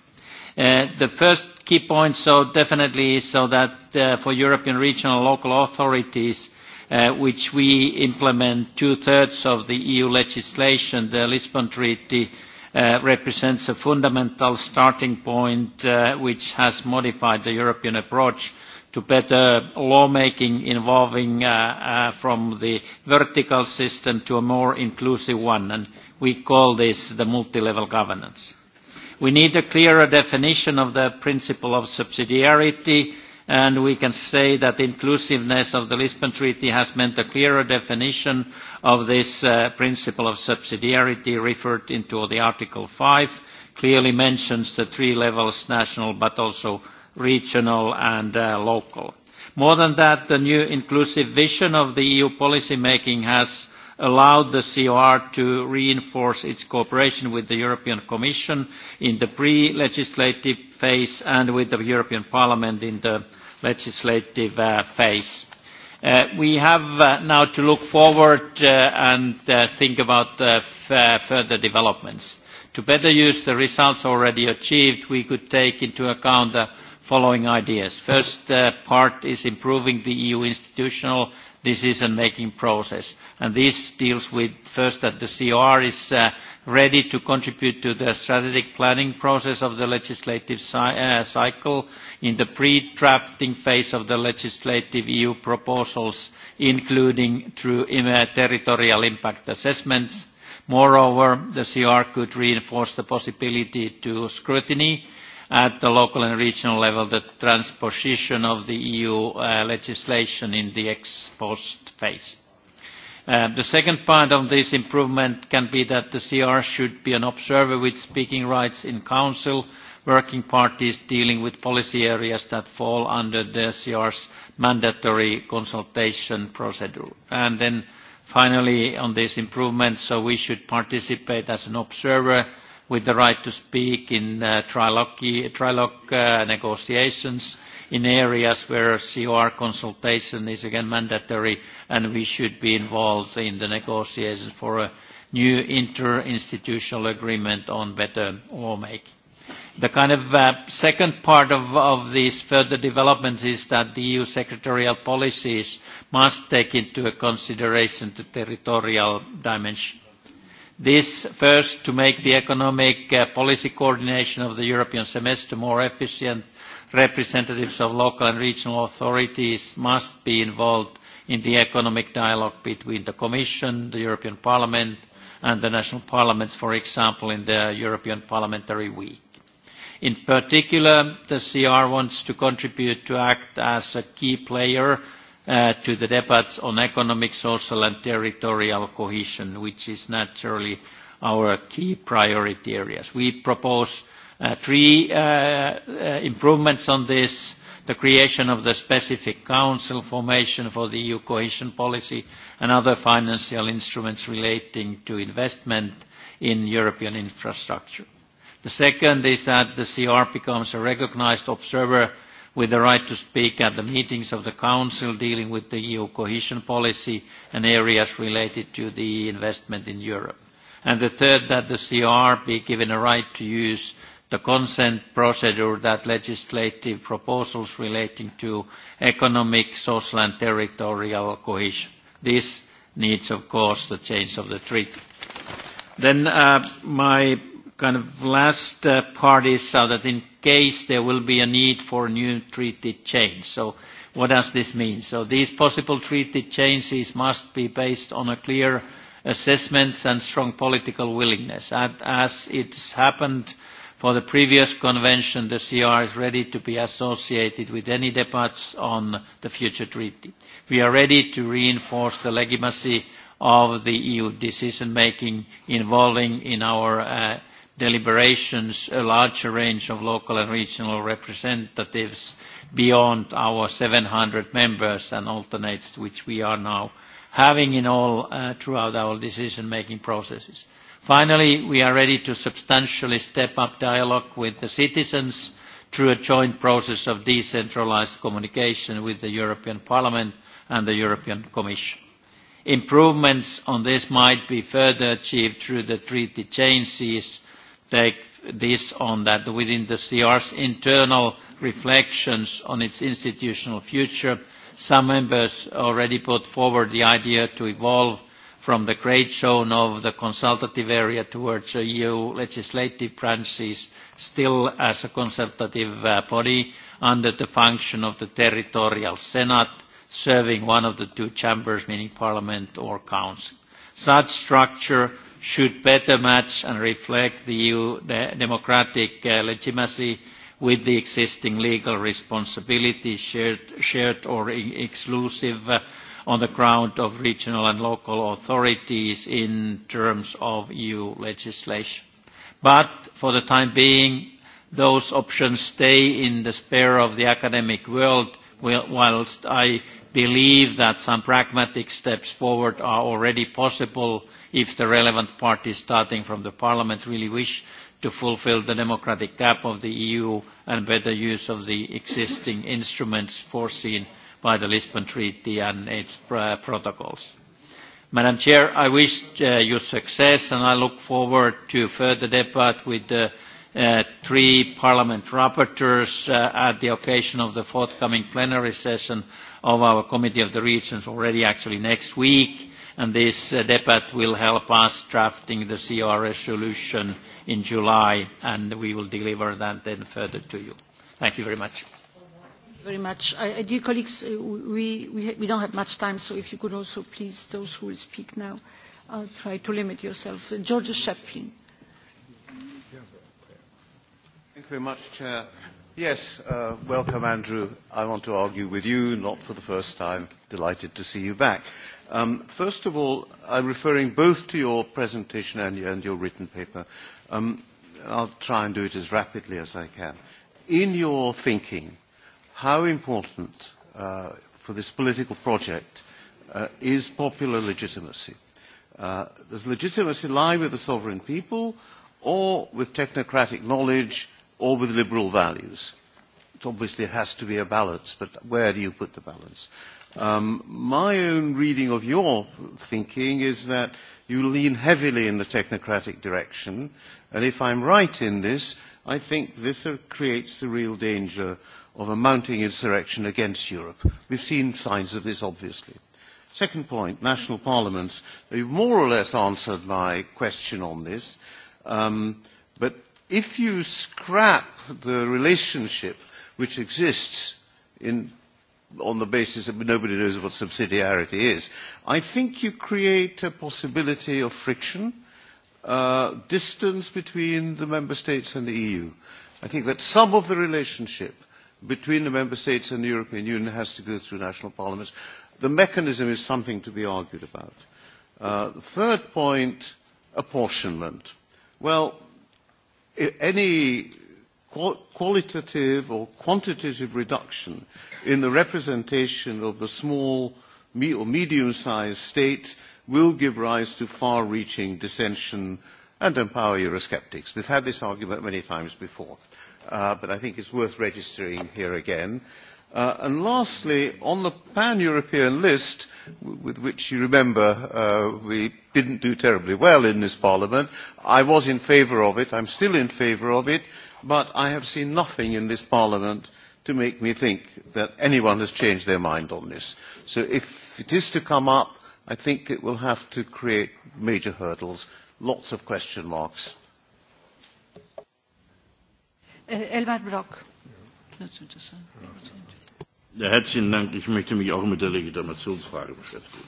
Speaker 16: Uh, the first key point so definitely is so that uh, for European regional and local authorities uh, which we implement two-thirds of the EU legislation, the Lisbon Treaty uh, represents a fundamental starting point uh, which has modified the European approach to better lawmaking involving uh, uh, from the vertical system to a more inclusive one. And we call this the multi-level governance. We need a clearer definition of the principle of subsidiarity and we can say that the inclusiveness of the Lisbon Treaty has meant a clearer definition of this uh, principle of subsidiarity referred into the Article 5, clearly mentions the three levels, national but also regional and uh, local. More than that, the new inclusive vision of the EU policymaking has allowed the COR to reinforce its cooperation with the European Commission in the pre-legislative phase and with the European Parliament in the legislative uh, phase. Uh, we have uh, now to look forward uh, and uh, think about uh, further developments. To better use the results already achieved, we could take into account the following ideas. First uh, part is improving the EU institutional decision-making process. And this deals with first that the CR is uh, ready to contribute to the strategic planning process of the legislative si uh, cycle in the pre-drafting phase of the legislative EU proposals, including through e territorial impact assessments. Moreover, the CR could reinforce the possibility to scrutiny at the local and regional level the transposition of the EU uh, legislation in the ex post phase. Uh, the second part of this improvement can be that the CR should be an observer with speaking rights in Council, working parties dealing with policy areas that fall under the CR's mandatory consultation procedure. And then finally on this improvement, so we should participate as an observer with the right to speak in uh, trilogue, trilogue uh, negotiations in areas where COR consultation is again mandatory and we should be involved in the negotiations for a new interinstitutional agreement on better lawmaking. The kind of uh, second part of, of these further developments is that the EU secretarial policies must take into consideration the territorial dimension. This first to make the economic uh, policy coordination of the European semester more efficient, representatives of local and regional authorities must be involved in the economic dialogue between the Commission, the European Parliament and the national parliaments, for example, in the European Parliamentary Week. In particular, the CR wants to contribute to act as a key player uh, to the debates on economic, social and territorial cohesion, which is naturally our key priority areas. We propose uh, three uh, uh, improvements on this, the creation of the specific council formation for the EU cohesion policy and other financial instruments relating to investment in European infrastructure. The second is that the CR becomes a recognized observer with the right to speak at the meetings of the Council dealing with the EU cohesion policy and areas related to the investment in Europe. And the third, that the CR be given a right to use the consent procedure that legislative proposals relating to economic, social and territorial cohesion. This needs, of course, the change of the treaty. Then uh, my kind of last uh, part is so that in case there will be a need for a new treaty change. So what does this mean? So these possible treaty changes must be based on a clear assessment and strong political willingness. And as it's happened for the previous convention, the CR is ready to be associated with any debates on the future treaty. We are ready to reinforce the legitimacy of the EU decision-making involving in our uh, deliberations a larger range of local and regional representatives beyond our 700 members and alternates which we are now having in all uh, throughout our decision-making processes. Finally, we are ready to substantially step up dialogue with the citizens through a joint process of decentralized communication with the European Parliament and the European Commission. Improvements on this might be further achieved through the treaty changes take this on that within the CR's internal reflections on its institutional future, some members already put forward the idea to evolve from the great zone of the consultative area towards the EU legislative branches still as a consultative uh, body under the function of the territorial senate serving one of the two chambers meaning parliament or council. Such structure should better match and reflect the EU democratic uh, legitimacy with the existing legal responsibilities shared, shared or exclusive uh, on the ground of regional and local authorities in terms of EU legislation. But for the time being, those options stay in the sphere of the academic world whilst I believe that some pragmatic steps forward are already possible if the relevant parties starting from the Parliament really wish to fulfill the democratic gap of the EU and better use of the existing instruments foreseen by the Lisbon Treaty and its uh, protocols. Madam Chair, I wish uh, you success and I look forward to further debate with the uh, three Parliament rapporteurs uh, at the occasion of the forthcoming plenary session of our Committee of the Regions already actually next week, and this uh, debate will help us drafting the CR resolution in July, and we will deliver that then further to you. Thank you very much.
Speaker 1: Thank you very much. I, I, dear colleagues, uh, we, we, we don't have much time, so if you could also please, those who will speak now, uh, try to limit yourself. Uh, George Shefflin.
Speaker 17: Thank you very much, Chair. Yes, uh, welcome, Andrew. I want to argue with you, not for the first time. Delighted to see you back. Um, first of all, I'm referring both to your presentation and, and your written paper. Um, I'll try and do it as rapidly as I can. In your thinking, how important uh, for this political project uh, is popular legitimacy? Uh, does legitimacy lie with the sovereign people or with technocratic knowledge or with liberal values. It obviously has to be a balance, but where do you put the balance? Um, my own reading of your thinking is that you lean heavily in the technocratic direction, and if I'm right in this, I think this creates the real danger of a mounting insurrection against Europe. We've seen signs of this, obviously. Second point, national parliaments. You've more or less answered my question on this, um, but if you scrap the relationship which exists in, on the basis that nobody knows what subsidiarity is, I think you create a possibility of friction, uh, distance between the member states and the EU. I think that some of the relationship between the member states and the European Union has to go through national parliaments. The mechanism is something to be argued about. Uh, the third point, apportionment. Well, any qualitative or quantitative reduction in the representation of the small or medium-sized states will give rise to far-reaching dissension and empower Eurosceptics. We've had this argument many times before, uh, but I think it's worth registering here again. Uh, and lastly, on the pan-European list, with which you remember uh, we didn't do terribly well in this parliament, I was in favour of it, I'm still in favour of it, but I have seen nothing in this parliament to make me think that anyone has changed their mind on this. So if it is to come up, I think it will have to create major hurdles, lots of question marks.
Speaker 1: Uh, Elmar Brock.
Speaker 2: Ja, herzlichen Dank. Ich möchte mich auch mit der Legitimationsfrage beschäftigen.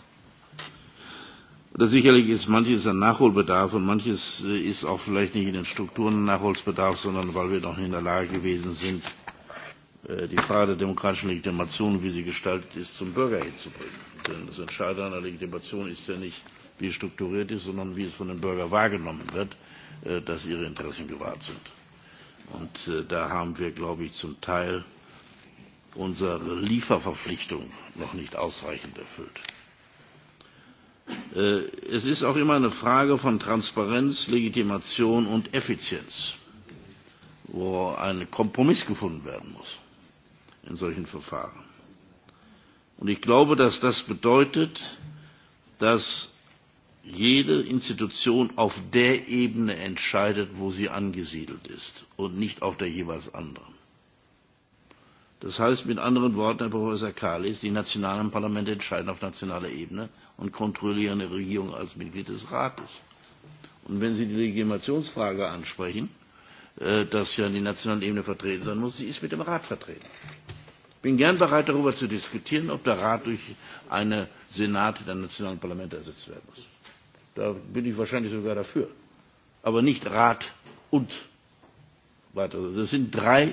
Speaker 2: Da sicherlich ist manches ein Nachholbedarf und manches äh, ist auch vielleicht nicht in den Strukturen ein Nachholbedarf, sondern weil wir noch in der Lage gewesen sind, äh, die Frage der demokratischen Legitimation, wie sie gestaltet ist, zum Bürger hinzubringen. Denn das Entscheidende an der Legitimation ist ja nicht, wie es strukturiert ist, sondern wie es von dem Bürger wahrgenommen wird, äh, dass ihre Interessen gewahrt sind. Und äh, da haben wir, glaube ich, zum Teil unsere Lieferverpflichtung noch nicht ausreichend erfüllt. Äh, es ist auch immer eine Frage von Transparenz, Legitimation und Effizienz, wo ein Kompromiss gefunden werden muss in solchen Verfahren. Und ich glaube, dass das bedeutet, dass jede Institution auf der Ebene entscheidet, wo sie angesiedelt ist und nicht auf der jeweils anderen. Das heißt mit anderen Worten, Herr Professor Kalis, die nationalen Parlamente entscheiden auf nationaler Ebene und kontrollieren die Regierung als Mitglied des Rates. Und wenn Sie die Legitimationsfrage ansprechen, äh, dass ja die nationale Ebene vertreten sein muss, sie ist mit dem Rat vertreten. Ich bin gern bereit, darüber zu diskutieren, ob der Rat durch einen Senate der nationalen Parlamente ersetzt werden muss. Da bin ich wahrscheinlich sogar dafür. Aber nicht Rat und weiter. Das sind drei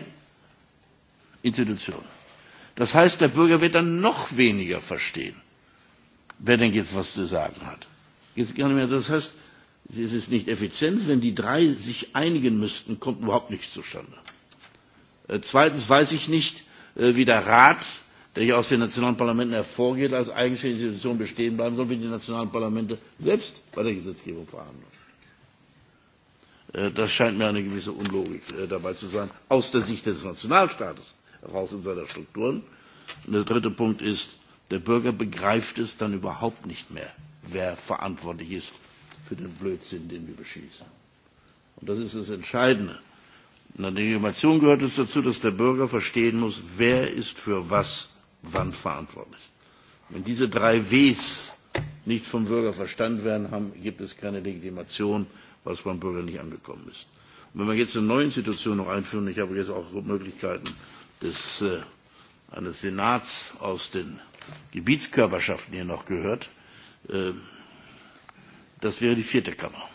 Speaker 2: Institutionen. Das heißt, der Bürger wird dann noch weniger verstehen, wer denn jetzt was zu sagen hat. Jetzt gar nicht mehr. Das heißt, es ist nicht effizient, wenn die drei sich einigen müssten, kommt überhaupt nichts zustande. Äh, zweitens weiß ich nicht, äh, wie der Rat der ja aus den nationalen Parlamenten hervorgeht, als eigenständige Institution bestehen bleiben soll, wie die nationalen Parlamente selbst bei der Gesetzgebung verhandeln. Äh, das scheint mir eine gewisse Unlogik äh, dabei zu sein, aus der Sicht des Nationalstaates heraus in seiner Strukturen. Und der dritte Punkt ist, der Bürger begreift es dann überhaupt nicht mehr, wer verantwortlich ist für den Blödsinn, den wir beschießen. Und das ist das Entscheidende. In der Legitimation gehört es dazu, dass der Bürger verstehen muss, wer ist für was wann verantwortlich. Wenn diese drei Ws nicht vom Bürger verstanden werden, haben, gibt es keine Legitimation, was beim Bürger nicht angekommen ist. Und wenn wir jetzt eine neue Institution noch einführen, ich habe jetzt auch Möglichkeiten des, äh, eines Senats aus den Gebietskörperschaften hier noch gehört, äh, das wäre die vierte Kammer.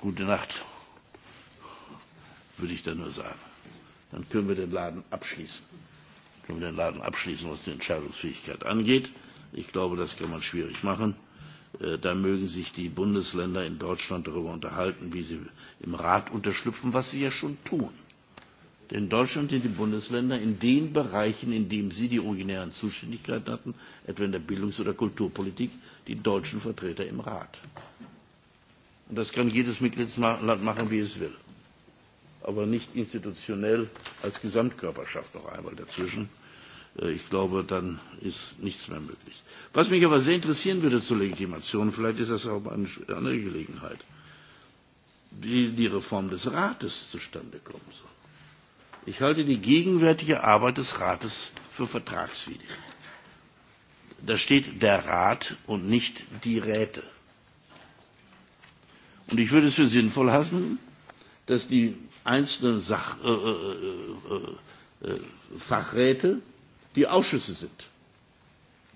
Speaker 2: Gute Nacht, würde ich da nur sagen. Dann können wir den Laden abschließen können wir den Laden abschließen, was die Entscheidungsfähigkeit angeht. Ich glaube, das kann man schwierig machen. Äh, da mögen sich die Bundesländer in Deutschland darüber unterhalten, wie sie im Rat unterschlüpfen, was sie ja schon tun. Denn in Deutschland sind die Bundesländer in den Bereichen, in denen sie die originären Zuständigkeiten hatten, etwa in der Bildungs- oder Kulturpolitik, die deutschen Vertreter im Rat. Und das kann jedes Mitgliedsland machen, wie es will aber nicht institutionell als Gesamtkörperschaft noch einmal dazwischen. Äh, ich glaube, dann ist nichts mehr möglich. Was mich aber sehr interessieren würde zur Legitimation, vielleicht ist das auch eine andere Gelegenheit, wie die Reform des Rates zustande kommen soll. Ich halte die gegenwärtige Arbeit des Rates für vertragswidrig. Da steht der Rat und nicht die Räte. Und ich würde es für sinnvoll hassen, dass die einzelnen Sach äh, äh, äh, äh, Fachräte, die Ausschüsse sind.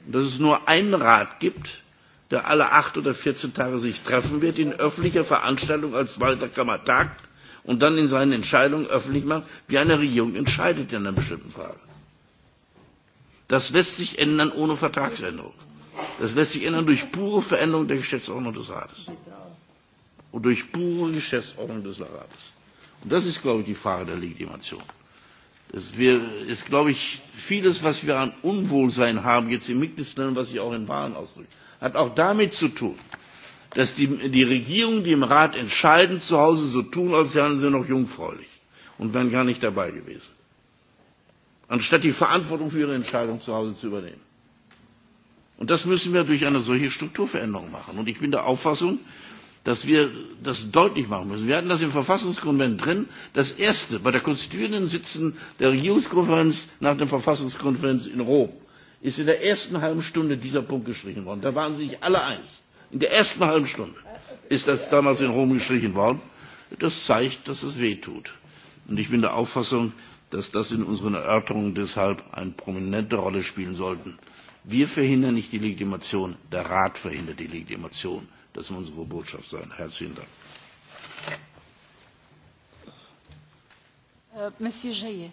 Speaker 2: Und dass es nur einen Rat gibt, der alle acht oder 14 Tage sich treffen wird, in öffentlicher Veranstaltung als zweiter Kammer tagt und dann in seinen Entscheidungen öffentlich macht, wie eine Regierung entscheidet in einer bestimmten Frage. Das lässt sich ändern ohne Vertragsänderung. Das lässt sich ändern durch pure Veränderung der Geschäftsordnung des Rates. Und durch pure Geschäftsordnung des Rates. Das ist, glaube ich, die Frage der Legitimation. Es ist, glaube ich, vieles, was wir an Unwohlsein haben, jetzt im Mitgliedsland, was ich auch in Wahlen ausdrücke, hat auch damit zu tun, dass die, die Regierungen, die im Rat entscheiden, zu Hause so tun, als wären sie noch jungfräulich und wären gar nicht dabei gewesen. Anstatt die Verantwortung für ihre Entscheidung zu Hause zu übernehmen. Und das müssen wir durch eine solche Strukturveränderung machen. Und ich bin der Auffassung, dass wir das deutlich machen müssen. Wir hatten das im Verfassungskonvent drin. Das erste, bei der konstituierenden Sitzen der Regierungskonferenz nach der Verfassungskonferenz in Rom, ist in der ersten halben Stunde dieser Punkt gestrichen worden. Da waren sich alle einig. In der ersten halben Stunde ist das damals in Rom gestrichen worden. Das zeigt, dass es weh tut. Und ich bin der Auffassung, dass das in unseren Erörterungen deshalb eine prominente Rolle spielen sollten. Wir verhindern nicht die Legitimation, der Rat verhindert die Legitimation. Das muss unsere Botschaft sein. Herzlichen äh,
Speaker 1: Dank. Monsieur Jaye.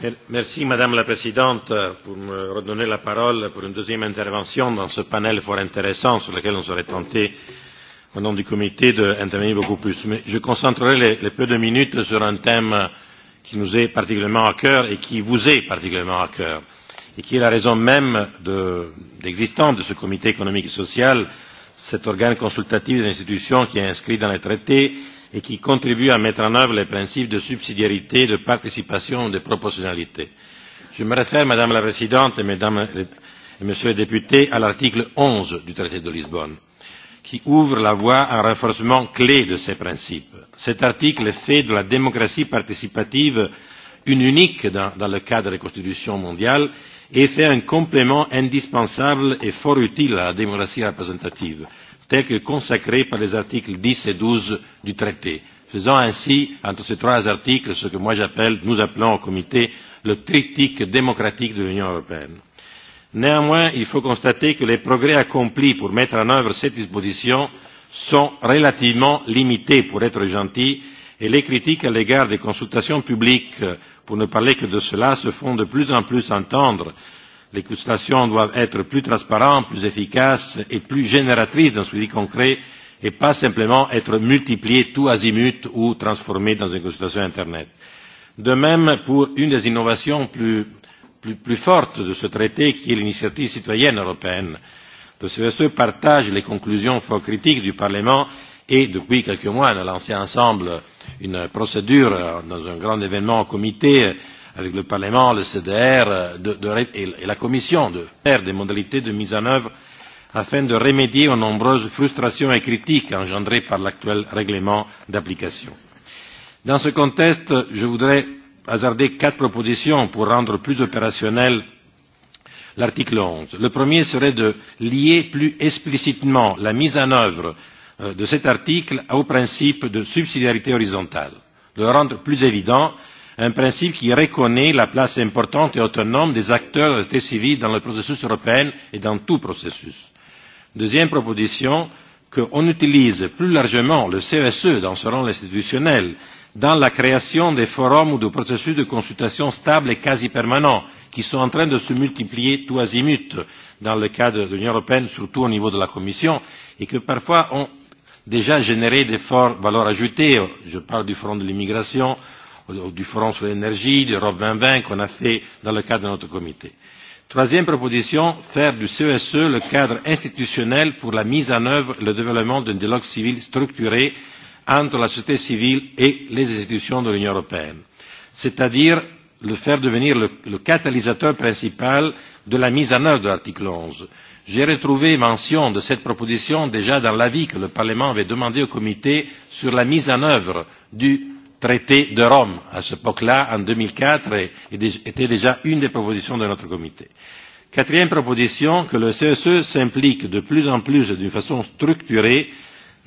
Speaker 8: [COUGHS] Merci Madame la Présidente euh, pour me redonner la parole pour une deuxième intervention dans ce panel fort intéressant sur lequel on serait tenté au nom du comité d'intervenir beaucoup plus. Mais je concentrerai les, les peu de minutes sur un thème qui nous est particulièrement à cœur et qui vous est particulièrement à cœur. Euh, et qui est la raison même d'existence de, de ce comité économique et social, cet organe consultatif des institutions qui est inscrit dans les traités et qui contribue à mettre en œuvre les principes de subsidiarité, de participation et de proportionnalité. Je me réfère, Madame la Présidente et Mesdames et Messieurs les députés, à l'article 11 du traité de Lisbonne, qui ouvre la voie à un renforcement clé de ces principes. Cet article fait de la démocratie participative une unique dans, dans le cadre des constitutions mondiales et fait un complément indispensable et fort utile à la démocratie représentative, tel que consacré par les articles 10 et 12 du traité, faisant ainsi, entre ces trois articles, ce que moi j'appelle, nous appelons au comité, le critique démocratique de l'Union européenne. Néanmoins, il faut constater que les progrès accomplis pour mettre en œuvre cette disposition sont relativement limités, pour être gentil, et les critiques à l'égard des consultations publiques pour ne parler que de cela, se font de plus en plus entendre. Les consultations doivent être plus transparentes, plus efficaces et plus génératrices d'un suivi concret et pas simplement être multipliées tout azimut ou transformées dans une consultation Internet. De même, pour une des innovations plus, plus, plus fortes de ce traité, qui est l'initiative citoyenne européenne, le CSE partage les conclusions fort critiques du Parlement et, depuis quelques mois, on a lancé ensemble une procédure dans un grand événement en comité avec le Parlement, le CDR de, de, et la Commission de faire des modalités de mise en œuvre afin de remédier aux nombreuses frustrations et critiques engendrées par l'actuel règlement d'application. Dans ce contexte, je voudrais hasarder quatre propositions pour rendre plus opérationnel l'article 11. Le premier serait de lier plus explicitement la mise en œuvre Euh, de cet article au principe de subsidiarité horizontale, de le rendre plus évident, un principe qui reconnaît la place importante et autonome des acteurs de la société civile dans le processus européen et dans tout processus. Deuxième proposition, qu'on utilise plus largement le CSE dans ce rôle institutionnel dans la création des forums ou de processus de consultation stables et quasi permanents qui sont en train de se multiplier tout azimut dans le cadre de l'Union européenne, surtout au niveau de la Commission, et que parfois on déjà généré des fortes valeurs ajoutées. Je parle du front de l'immigration, du front sur l'énergie, de l'Europe 2020 qu'on a fait dans le cadre de notre comité. Troisième proposition, faire du CESE e le cadre institutionnel pour la mise en œuvre et le développement d'un dialogue civil structuré entre la société civile et les institutions de l'Union européenne, c'est-à-dire le faire devenir le, le catalyseur principal de la mise en œuvre de l'article 11 J'ai retrouvé mention de cette proposition déjà dans l'avis que le Parlement avait demandé au Comité sur la mise en œuvre du traité de Rome. À ce époque-là, en 2004, et, et était déjà une des propositions de notre Comité. Quatrième proposition, que le CSE s'implique de plus en plus d'une façon structurée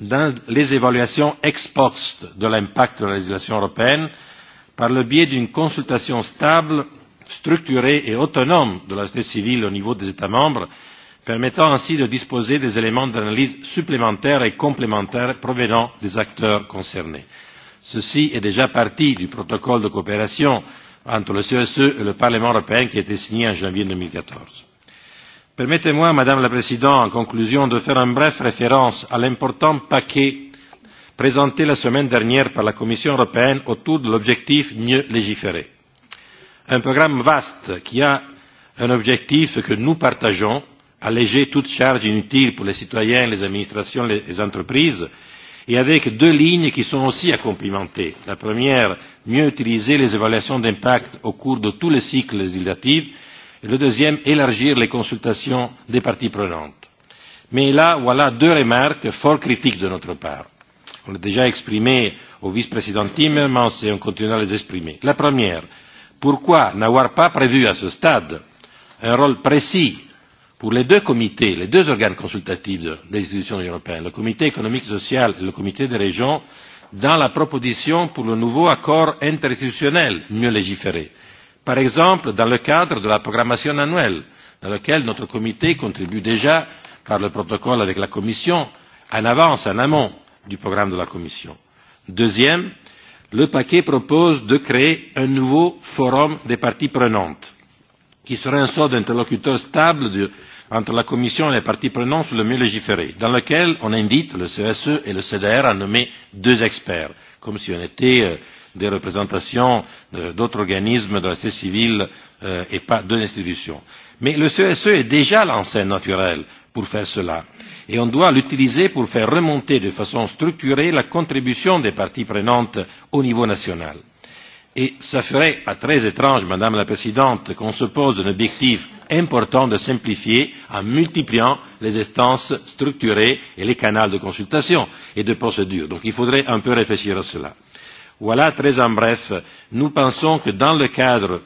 Speaker 8: dans les évaluations ex post de l'impact de la législation européenne par le biais d'une consultation stable, structurée et autonome de la société civile au niveau des États membres permettant ainsi de disposer des éléments d'analyse supplémentaires et complémentaires provenant des acteurs concernés. Ceci est déjà parti du protocole de coopération entre le CSE et le Parlement européen qui a été signé en janvier 2014. Permettez-moi, Madame la Présidente, en conclusion, de faire une brève référence à l'important paquet présenté la semaine dernière par la Commission européenne autour de l'objectif mieux légiférer. Un programme vaste qui a un objectif que nous partageons alléger toute charge inutile pour les citoyens, les administrations, les entreprises, et avec deux lignes qui sont aussi à complimenter. La première, mieux utiliser les évaluations d'impact au cours de tous les cycles législatifs, et le deuxième, élargir les consultations des parties prenantes. Mais là, voilà deux remarques fort critiques de notre part. On l'a déjà exprimé au vice-président Timmermans et on continuera à les exprimer. La première, pourquoi n'avoir pas prévu à ce stade un rôle précis pour les deux comités, les deux organes consultatifs des institutions européennes, le comité économique et social et le comité des régions, dans la proposition pour le nouveau accord interinstitutionnel mieux légiféré. Par exemple, dans le cadre de la programmation annuelle, dans lequel notre comité contribue déjà par le protocole avec la Commission, en avance, en amont du programme de la Commission. Deuxième, le paquet propose de créer un nouveau forum des parties prenantes, qui serait un sort d'interlocuteur stable de, entre la Commission et les parties prenantes sur le mieux légiféré, dans lequel on invite le CSE et le CDR à nommer deux experts, comme si on était euh, des représentations euh, d'autres organismes de la société civile euh, et pas d'une institution. Mais le CSE est déjà l'enseigne naturelle pour faire cela. Et on doit l'utiliser pour faire remonter de façon structurée la contribution des parties prenantes au niveau national. Et ça ferait à très étrange, Madame la Présidente, qu'on se pose un objectif important de simplifier en multipliant les instances structurées et les canaux de consultation et de procédure. Donc il faudrait un peu réfléchir à cela. Voilà, très en bref, nous pensons que dans le cadre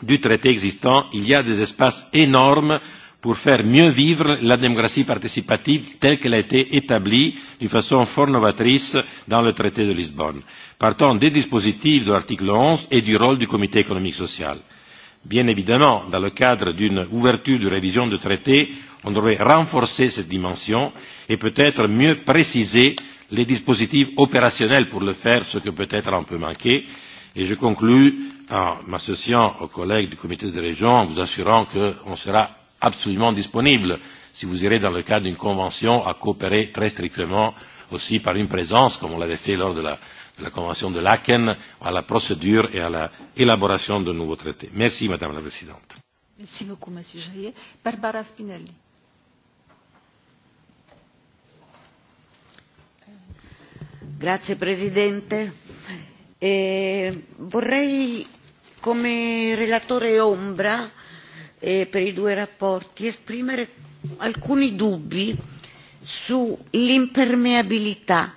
Speaker 8: du traité existant, il y a des espaces énormes pour faire mieux vivre la démocratie participative telle qu'elle a été établie de façon fort novatrice dans le traité de Lisbonne, partant des dispositifs de l'article 11 et du rôle du comité économique social. Bien évidemment, dans le cadre d'une ouverture de révision du traité, on devrait renforcer cette dimension et peut-être mieux préciser les dispositifs opérationnels pour le faire, ce que peut-être on peut manquer. Et je conclus en m'associant aux collègues du comité de région en vous assurant qu'on sera absolument disponible. Si vous irez dans le cadre d'une convention à coopérer très strictement aussi par une présence, comme on l'avait fait lors de la, de la convention de Laken, à la procédure et à l'élaboration de nouveaux traités. Merci, Madame la Présidente.
Speaker 1: Merci beaucoup, Monsieur Jaillet. Barbara Spinelli.
Speaker 18: Grazie Presidente. Eh, vorrei, come relatore Ombra, eh, per i due rapporti esprimere alcuni dubbi sull'impermeabilità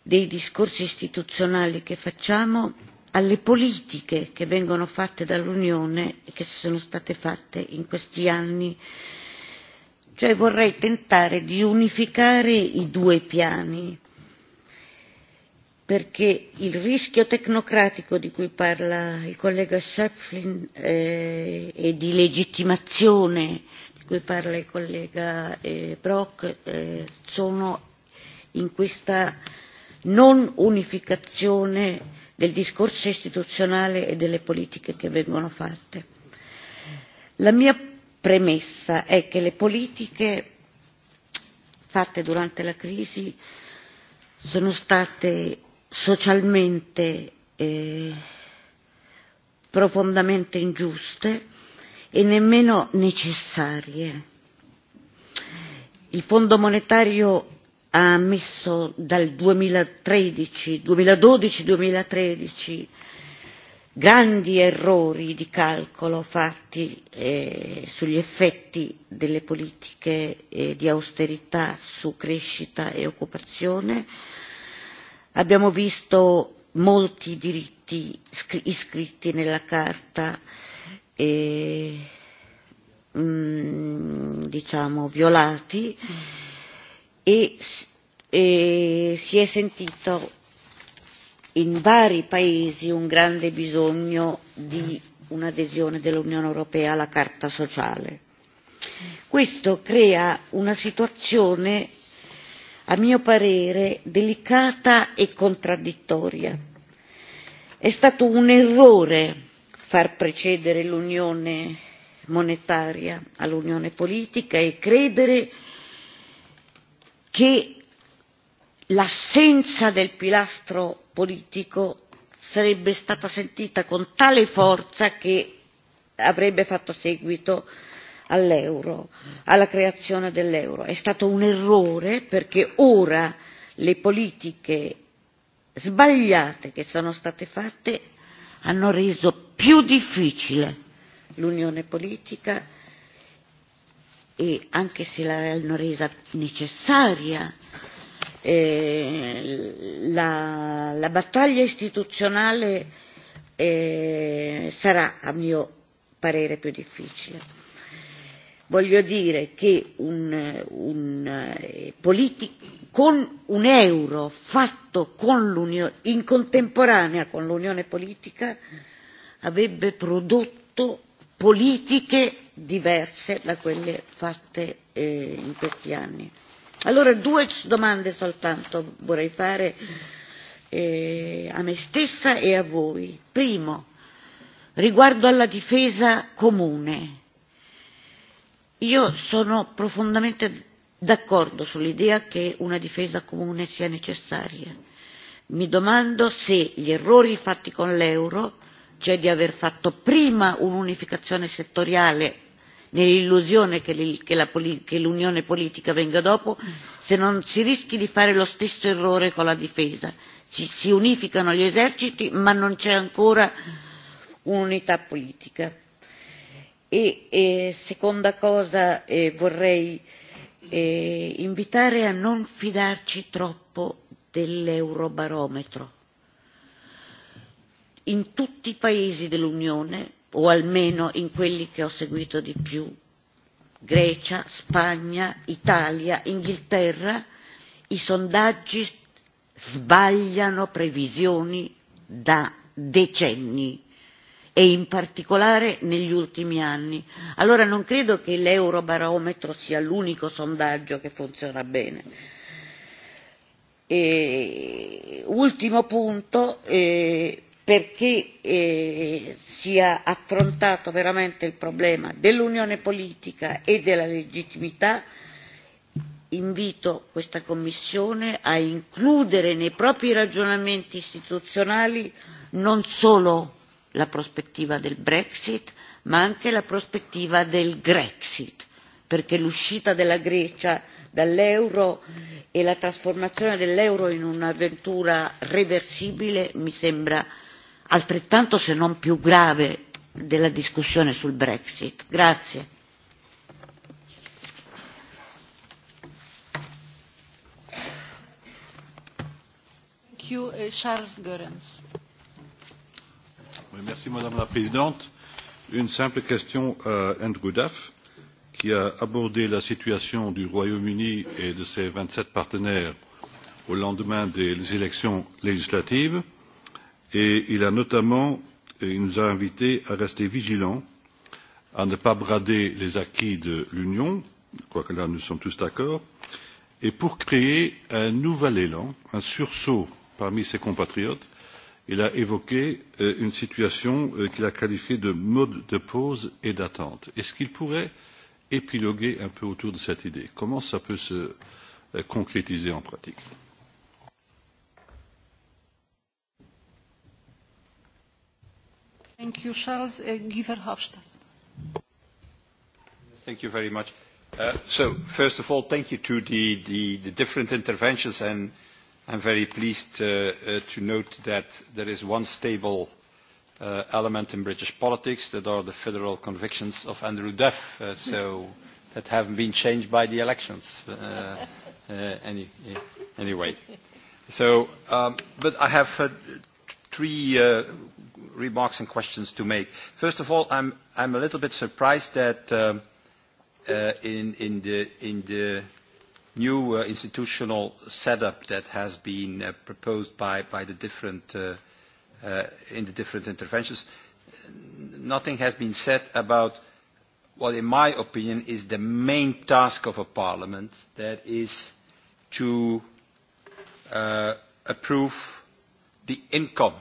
Speaker 18: dei discorsi istituzionali che facciamo alle politiche che vengono fatte dall'Unione e che sono state fatte in questi anni. Cioè vorrei tentare di unificare i due piani perché il rischio tecnocratico di cui parla il collega Schöpflin eh, e di legittimazione di cui parla il collega eh, Brock eh, sono in questa non unificazione del discorso istituzionale e delle politiche che vengono fatte. La mia premessa è che le politiche fatte durante la crisi sono state socialmente eh, profondamente ingiuste e nemmeno necessarie. Il Fondo monetario ha ammesso dal 2013, 2012-2013 grandi errori di calcolo fatti eh, sugli effetti delle politiche eh, di austerità su crescita e occupazione, Abbiamo visto molti diritti iscritti nella carta, e, mm, diciamo, violati e, e si è sentito in vari paesi un grande bisogno di un'adesione dell'Unione Europea alla Carta sociale. Questo crea una situazione a mio parere, delicata e contraddittoria. È stato un errore far precedere l'unione monetaria all'unione politica e credere che l'assenza del pilastro politico sarebbe stata sentita con tale forza che avrebbe fatto seguito all'euro, alla creazione dell'euro. È stato un errore perché ora le politiche sbagliate che sono state fatte hanno reso più difficile l'unione politica e anche se l'hanno resa necessaria eh, la, la battaglia istituzionale eh, sarà a mio parere più difficile voglio dire che un, un, eh, politico con un euro fatto con in contemporanea con l'unione politica avrebbe prodotto politiche diverse da quelle fatte eh, in questi anni. Allora due domande soltanto vorrei fare eh, a me stessa e a voi. Primo, riguardo alla difesa comune Io sono profondamente d'accordo sull'idea che una difesa comune sia necessaria. Mi domando se gli errori fatti con l'euro, cioè di aver fatto prima un'unificazione settoriale nell'illusione che l'unione politica venga dopo, se non si rischi di fare lo stesso errore con la difesa. Si, si unificano gli eserciti ma non c'è ancora un'unità politica. E, e seconda cosa e vorrei e, invitare a non fidarci troppo dell'eurobarometro. In tutti i paesi dell'Unione, o almeno in quelli che ho seguito di più, Grecia, Spagna, Italia, Inghilterra, i sondaggi sbagliano previsioni da decenni e in particolare negli ultimi anni. Allora non credo che l'eurobarometro sia l'unico sondaggio che funziona bene. E, ultimo punto, eh, perché eh, sia affrontato veramente il problema dell'unione politica e della legittimità, invito questa Commissione a includere nei propri ragionamenti istituzionali non solo la prospettiva del Brexit, ma anche la prospettiva del Grexit, perché l'uscita della Grecia dall'euro e la trasformazione dell'euro in un'avventura reversibile mi sembra altrettanto se non più grave della discussione sul Brexit. Grazie.
Speaker 1: Thank you, uh, Charles Goerens.
Speaker 2: Oui, merci Madame la Présidente. Une simple question à Andrew Duff, qui a abordé la situation du Royaume-Uni et de ses 27 partenaires au lendemain des élections législatives. Et il a notamment, il nous a invités à rester vigilants, à ne pas brader les acquis de l'Union, quoique là nous sommes tous d'accord, et pour créer un nouvel élan, un sursaut parmi ses compatriotes, il a évoqué euh, une situation euh, qu'il a qualifiée de mode de pause et d'attente. Est-ce qu'il pourrait épiloguer un peu autour de cette idée Comment ça peut se euh, concrétiser en pratique
Speaker 1: Thank you, Charles. Uh, Yes,
Speaker 4: thank you very much. Uh, so, first of all, thank you to the, the, the different interventions and I'm very pleased uh, uh, to note that there is one stable uh, element in British politics that are the federal convictions of Andrew Duff, uh, so [LAUGHS] that haven't been changed by the elections. Uh, uh, any, uh, anyway, so um, but I have uh, three uh, remarks and questions to make. First of all, I'm I'm a little bit surprised that um, uh, in in the in the new uh, institutional setup that has been uh, proposed by, by the different, uh, uh, in the different interventions, nothing has been said about what, in my opinion, is the main task of a parliament, that is to uh, approve the income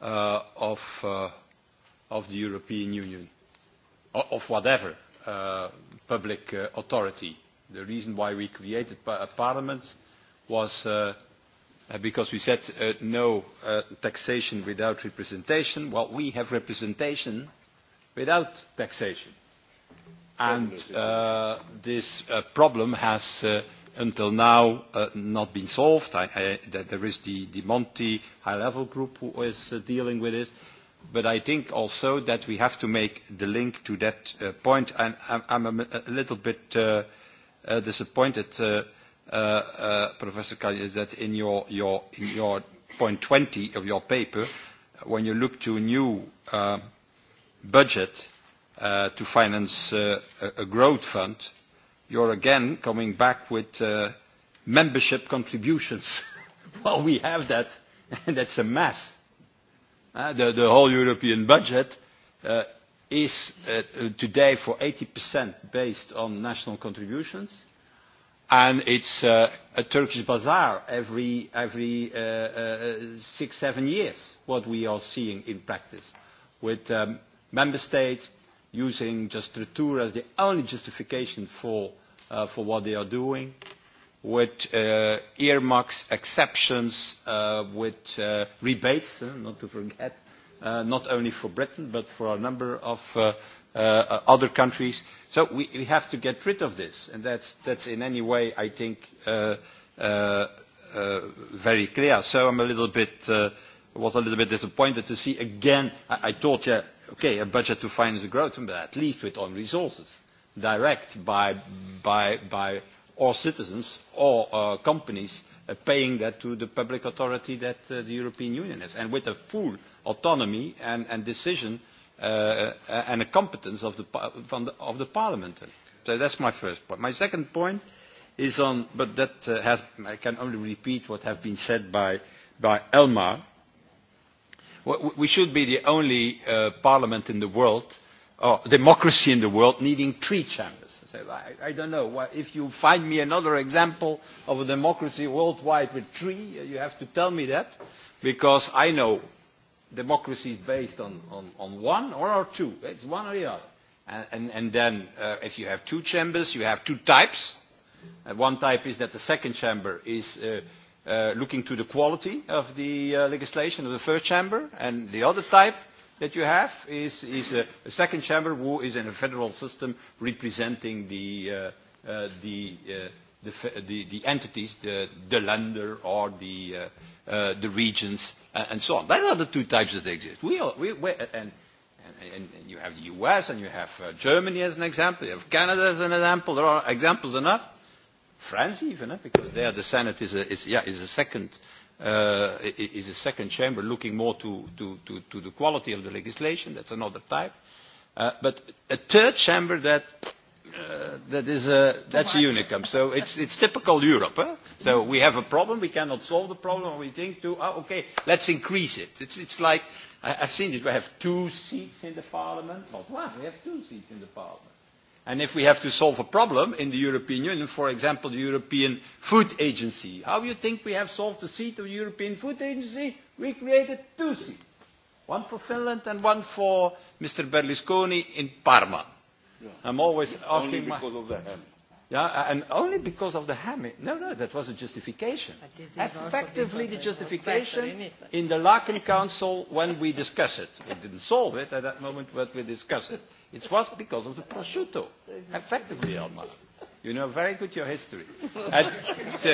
Speaker 4: uh, of, uh, of the European Union, or of whatever uh, public uh, authority. Uh, the reason why we created a uh, parliament was uh, uh, because we said uh, no uh, taxation without representation. Well, we have representation without taxation. And uh, this uh, problem has uh, until now uh, not been solved. I, I, that there is the, the Monti high-level group who is uh, dealing with this. But I think also that we have to make the link to that uh, point. I'm, I'm a, a little bit... Uh, uh, disappointed, uh, uh, uh, Professor Kalli, that in your, your, in your point 20 of your paper, uh, when you look to a new uh, budget uh, to finance uh, a, a growth fund, you're again coming back with uh, membership contributions. [LAUGHS] well, we have that, and [LAUGHS] that's a mess. Uh, the, the whole European budget uh, is uh, uh, today for 80% based on national contributions and it's uh, a Turkish bazaar every, every uh, uh, six, seven years, what we are seeing in practice, with um, member states using Justratur as the only justification for, uh, for what they are doing, with uh, earmarks, exceptions, uh, with uh, rebates, uh, not to forget, uh, not only for Britain but for a number of uh, uh, other countries. So we, we have to get rid of this, and that's, that's in any way, I think, uh, uh, uh, very clear. So I'm a little bit, uh, was a little bit disappointed to see again, I, I thought, yeah, okay, a budget to finance the growth, but at least with own resources, direct by, by, by all citizens or uh, companies uh, paying that to the public authority that uh, the European Union is, and with a full autonomy and, and decision uh, uh and a competence of the, from the, of the Parliament. So that's my first point. My second point is on, but that uh, has, I can only repeat what has been said by, by Elmar. We should be the only uh, parliament in the world, or democracy in the world, needing three chambers So I, I don't know. If you find me another example of a democracy worldwide with three, uh, you have to tell me that, because I know democracy is based on, on, on one or, or two. It's one or the other. And, and, and then uh, if you have two chambers, you have two types. And uh, one type is that the second chamber is uh, uh, looking to the quality of the uh, legislation of the first chamber, and the other type that you have is, is a, a second chamber who is in a federal system representing the, uh, uh, the, uh, the, the, the entities, the, the lender or the, uh, uh, the regions and uh, and so on. Those are the two types that exist. We, are, we, we, and, and, and you have the US and you have uh, Germany as an example, you have Canada as an example, there are examples enough. France even, eh? because there the Senate is a, is, yeah, is a second uh, uh, is a second chamber looking more to, to, to, to the quality of the legislation. That's another type. Uh, but a third chamber that, uh, that is a, that's a unicum. So it's, it's typical Europe. huh? So we have a problem. We cannot solve the problem. We think to, oh, okay, let's increase it. It's, it's like, I, I've seen it. We have two seats in the parliament. Not one. We have two seats in the parliament. And if we have to solve a problem in the European Union, for example, the European Food Agency, how do you think we have solved the seat of the European Food Agency? We created two seats, one for Finland and one for Mr. Berlusconi in Parma. Yeah. I'm always asking Only because my... of that. Yeah, and only because of the Hamid. No, no, that was a justification. Effectively the justification in the Larkin Council when we discuss it. We didn't solve it at that moment, but we discussed it. It was because of the prosciutto. Effectively, Alma. You know very good your history. At, [LAUGHS] so,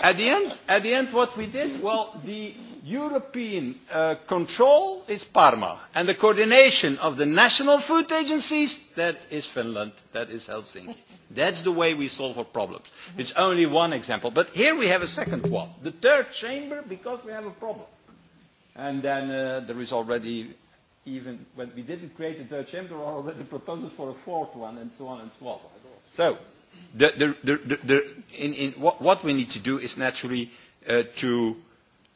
Speaker 4: at, the end, at the end, what we did, well, the, European uh, control is Parma, and the coordination of the national food agencies, that is Finland, that is Helsinki. [LAUGHS] That's the way we solve our problems. It's only one example, but here we have a second one, the third chamber, because we have a problem. And then uh, there is already, even when we didn't create the third chamber, there are already proposals for a fourth one, and so on and so on. So, the, the, the, the, the, in, in, what, what we need to do is naturally uh, to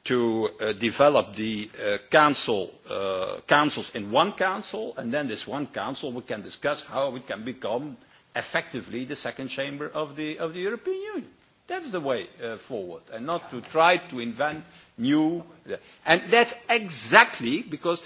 Speaker 4: to uh, develop the uh, council, uh, councils in one council, and then this one council we can discuss how we can become effectively the second chamber of the, of the European Union. That's the way uh, forward, and not to try to invent new. Uh, and that's exactly because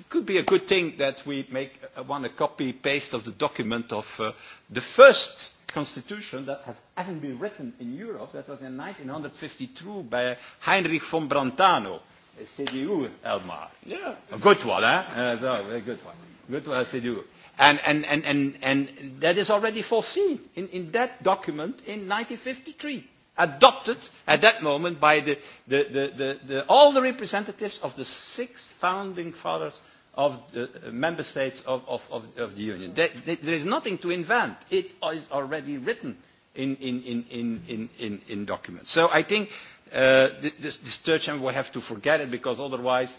Speaker 4: it could be a good thing that we make uh, one a copy paste of the document of uh, the first constitution that has, hasn't been written in Europe, that was in 1952 by Heinrich von Brantano, a CDU Elmar. Yeah, a good one, eh? Uh, so, a good one. Good one, CDU. And, and, and, and, and that is already foreseen in, in that document in 1953 adopted at that moment by the, the, the, the, the, all the representatives of the six founding fathers of the uh, member states of, of, of, of the union. There, there is nothing to invent. It is already written in, in, in, in, in, in, in documents. So I think uh, this, this third chamber we have to forget it because otherwise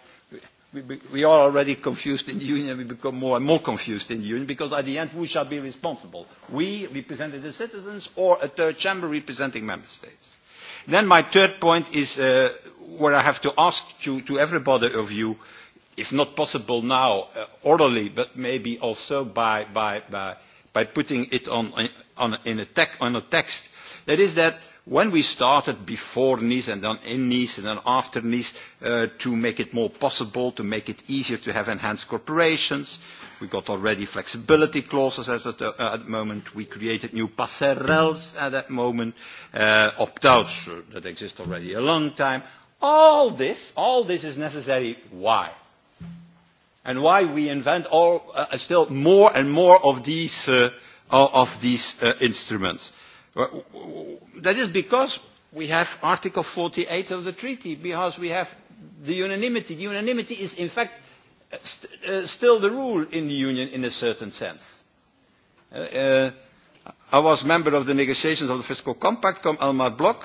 Speaker 4: we, we, we are already confused in the union. We become more and more confused in the union because at the end who shall be responsible? We representing the citizens or a third chamber representing member states? Then my third point is uh, where I have to ask to to everybody of you if not possible now uh, orally, but maybe also by, by, by, by putting it on, on, in a tec on a text. That is that when we started before Nice and then in Nice and then after Nice uh, to make it more possible, to make it easier to have enhanced corporations, we got already flexibility clauses as at, uh, at the moment, we created new passerelles at that moment, uh, opt-outs uh, that exist already a long time. All this, all this is necessary. Why? and why we invent all, uh, uh, still more and more of these, uh, uh of these uh, instruments. Uh, that is because we have Article 48 of the treaty, because we have the unanimity. The unanimity is, in fact, st uh, still the rule in the Union in a certain sense. Uh, uh, I was member of the negotiations of the Fiscal Compact, come Almar Bloch.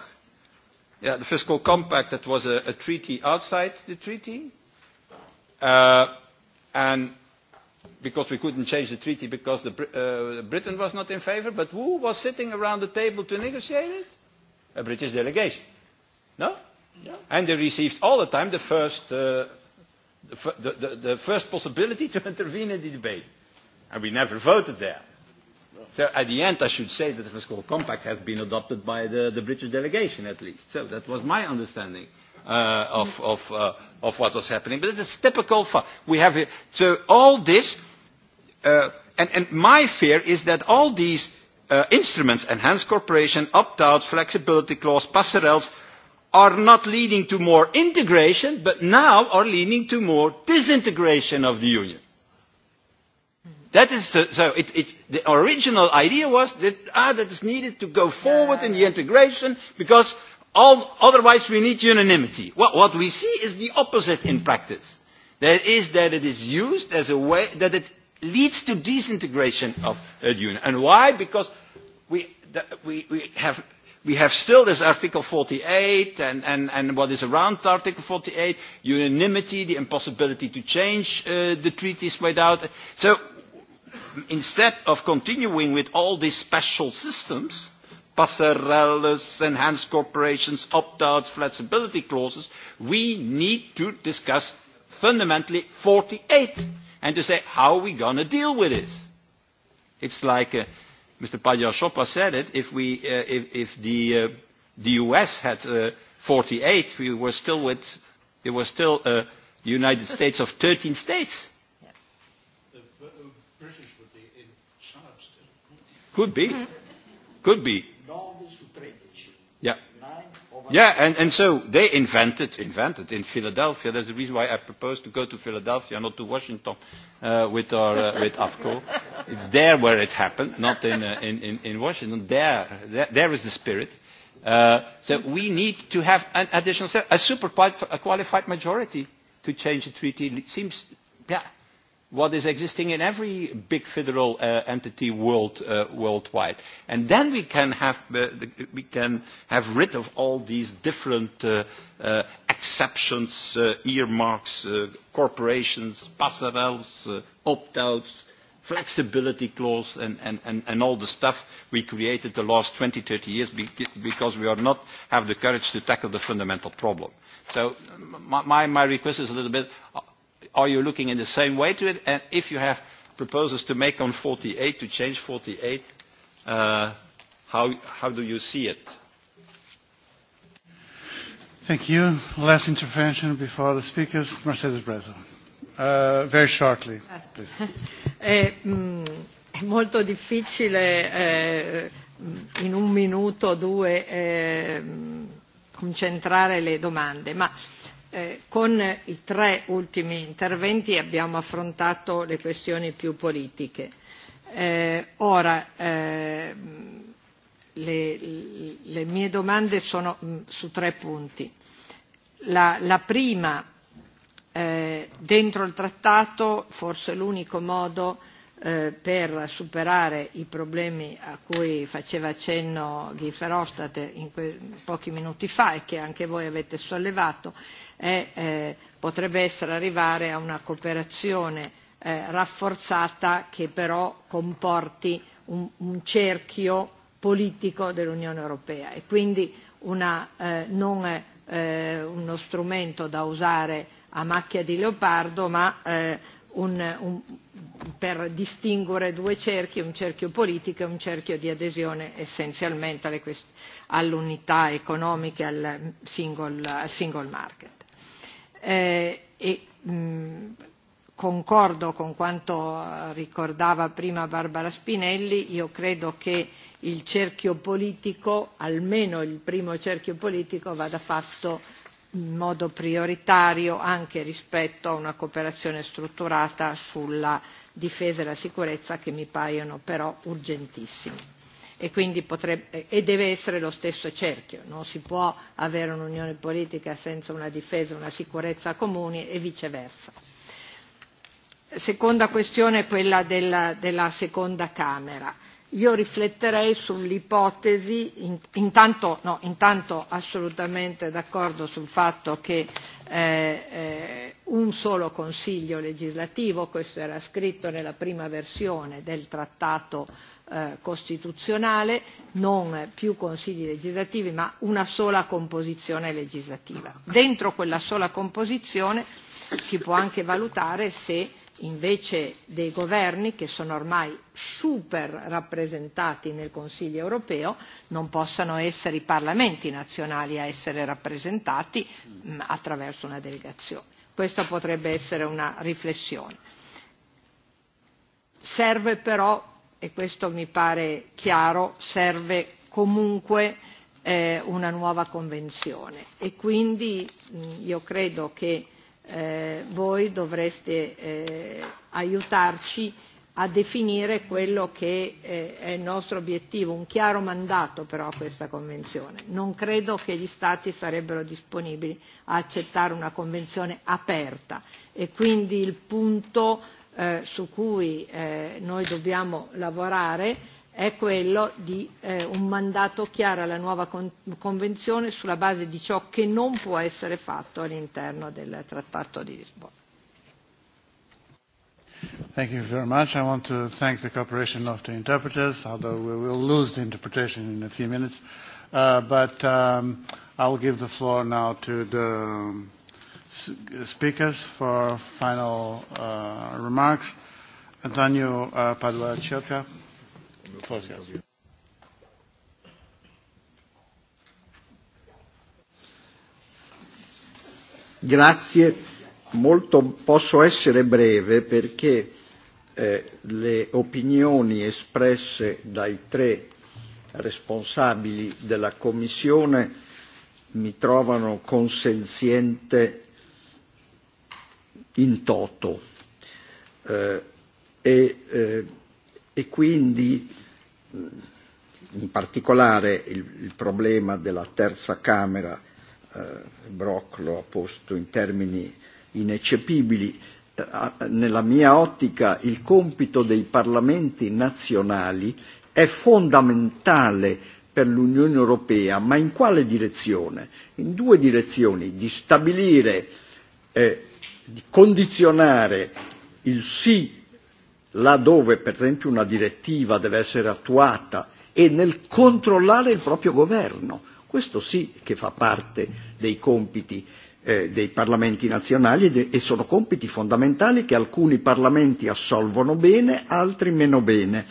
Speaker 4: Yeah, the Fiscal Compact, that was a, a treaty outside the treaty. Uh, And because we couldn't change the treaty because the, uh, Britain was not in favor, but who was sitting around the table to negotiate it? A British delegation. No? Yeah. And they received all the time the first, uh, the, the, the, the first possibility [LAUGHS] to intervene in the debate. And we never voted there. So at the end, I should say that the fiscal compact has been adopted by the, the British delegation at least. So that was my understanding uh, of, of, uh, of what was happening. But it is typical. For, we have it. So all this, uh, and, and my fear is that all these uh, instruments, enhanced cooperation, opt-outs, flexibility clause, passerelles, are not leading to more integration, but now are leading to more disintegration of the union. That is, uh, so it, it, the original idea was that, ah, that is needed to go forward in the integration because All, otherwise, we need unanimity. What, what we see is the opposite in practice. That is that it is used as a way that it leads to disintegration of a union. And why? Because we, the, we, we, have, we have still this Article 48 and, and, and what is around Article 48, unanimity, the impossibility to change uh, the treaties without. So instead of continuing with all these special systems, passerelles, enhanced corporations, opt-outs, flexibility clauses, we need to discuss fundamentally 48 and to say how are we going to deal with this. It's like uh, Mr. Pagliasopa said it, if, we, uh, if, if the, uh, the US had uh, 48, we were still with, it was still uh, the United States of 13 states.
Speaker 15: The uh, British would be in charge.
Speaker 4: Could be. Could be. Yeah. Yeah, and, and so they invented, invented in Philadelphia. There's a reason why I proposed to go to Philadelphia, not to Washington, uh, with our uh, with AFCO. [LAUGHS] it's there where it happened, not in uh, in, in, in Washington. There, there, there is the spirit. Uh, so we need to have an additional, a super a qualified majority to change the treaty. It seems, yeah, what is existing in every big federal uh, entity world, uh, worldwide. And then we can, have, uh, we can have rid of all these different uh, uh, exceptions, uh, earmarks, uh, corporations, passerelles, uh, opt-outs, flexibility clause and, and, and, and all the stuff we created the last 20, 30 years because we are not have the courage to tackle the fundamental problem. So my, my request is a little bit, are you looking in the same way to it? And if you have proposals to make on 48, to change 48, uh, how, how do you see it?
Speaker 13: Thank you. Last intervention before the speakers, Mercedes Brezo. Uh, very shortly,
Speaker 4: please.
Speaker 3: È [LAUGHS] eh, mm, molto difficile eh, in un minuto o due eh, mm, concentrare le domande, ma Eh, con i tre ultimi interventi abbiamo affrontato le questioni più politiche. Eh, ora, eh, le, le mie domande sono mm, su tre punti. La, la prima, eh, dentro il trattato, forse l'unico modo Eh, per superare i problemi a cui faceva accenno Guy Verhofstadt in pochi minuti fa e che anche voi avete sollevato, è, eh, potrebbe essere arrivare a una cooperazione eh, rafforzata che però comporti un, un cerchio politico dell'Unione Europea e quindi una, eh, non eh, uno strumento da usare a macchia di leopardo ma eh, un, un, per distinguere due cerchi, un cerchio politico e un cerchio di adesione essenzialmente all'unità economica e al single, al single market. Eh, e, mh, concordo con quanto ricordava prima Barbara Spinelli, io credo che il cerchio politico, almeno il primo cerchio politico, vada fatto in modo prioritario anche rispetto a una cooperazione strutturata sulla difesa e la sicurezza che mi paiono però urgentissimi. E, quindi potrebbe, e deve essere lo stesso cerchio, non si può avere un'unione politica senza una difesa e una sicurezza comuni e viceversa. Seconda questione è quella della, della seconda Camera Io rifletterei sull'ipotesi, intanto, no, intanto assolutamente d'accordo sul fatto che eh, eh, un solo consiglio legislativo, questo era scritto nella prima versione del trattato eh, costituzionale, non più consigli legislativi ma una sola composizione legislativa. Dentro quella sola composizione si può anche valutare se invece dei governi che sono ormai super rappresentati nel Consiglio europeo non possano essere i parlamenti nazionali a essere rappresentati mh, mm, attraverso una delegazione. Questa potrebbe essere una riflessione. Serve però, e questo mi pare chiaro, serve comunque eh, una nuova convenzione e quindi mh, mm, io credo che eh, voi dovreste eh, aiutarci a definire quello che eh, è il nostro obiettivo, un chiaro mandato però a questa Convenzione. Non credo che gli Stati sarebbero disponibili a accettare una Convenzione aperta e quindi il punto eh, su cui eh, noi dobbiamo lavorare è quello di eh, un mandato chiaro alla nuova con- Convenzione sulla base di ciò che non può essere fatto all'interno del Trattato di Lisbona.
Speaker 13: Thank you very much. I want to thank the cooperation of the interpreters, although we will lose the interpretation in a few minutes. Uh, but um, I will give the floor now to the um, speakers for final uh, remarks. Antonio uh, padua Cioca.
Speaker 14: Grazie, molto posso essere breve perché eh, le opinioni espresse dai tre responsabili della Commissione mi trovano consenziente in toto eh, e, eh, e quindi in particolare il, il problema della terza Camera, eh, Brock lo ha posto in termini ineccepibili, eh, nella mia ottica il compito dei parlamenti nazionali è fondamentale per l'Unione Europea, ma in quale direzione? In due direzioni, di stabilire, eh, di condizionare il sì laddove per esempio una direttiva deve essere attuata e nel controllare il proprio governo. Questo sì che fa parte dei compiti eh, dei parlamenti nazionali e, sono compiti fondamentali che alcuni parlamenti assolvono bene, altri meno bene,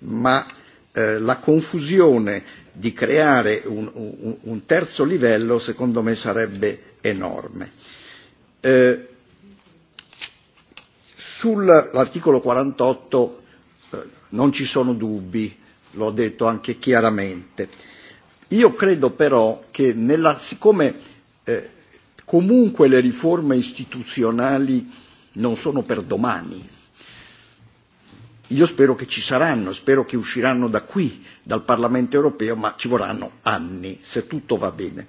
Speaker 14: ma eh, la confusione di creare un, un, un terzo livello secondo me sarebbe enorme. Eh, Sull'articolo 48 eh, non ci sono dubbi, l'ho detto anche chiaramente. Io credo però che nella, siccome eh, comunque le riforme istituzionali non sono per domani, io spero che ci saranno, spero che usciranno da qui, dal Parlamento europeo, ma ci vorranno anni, se tutto va bene.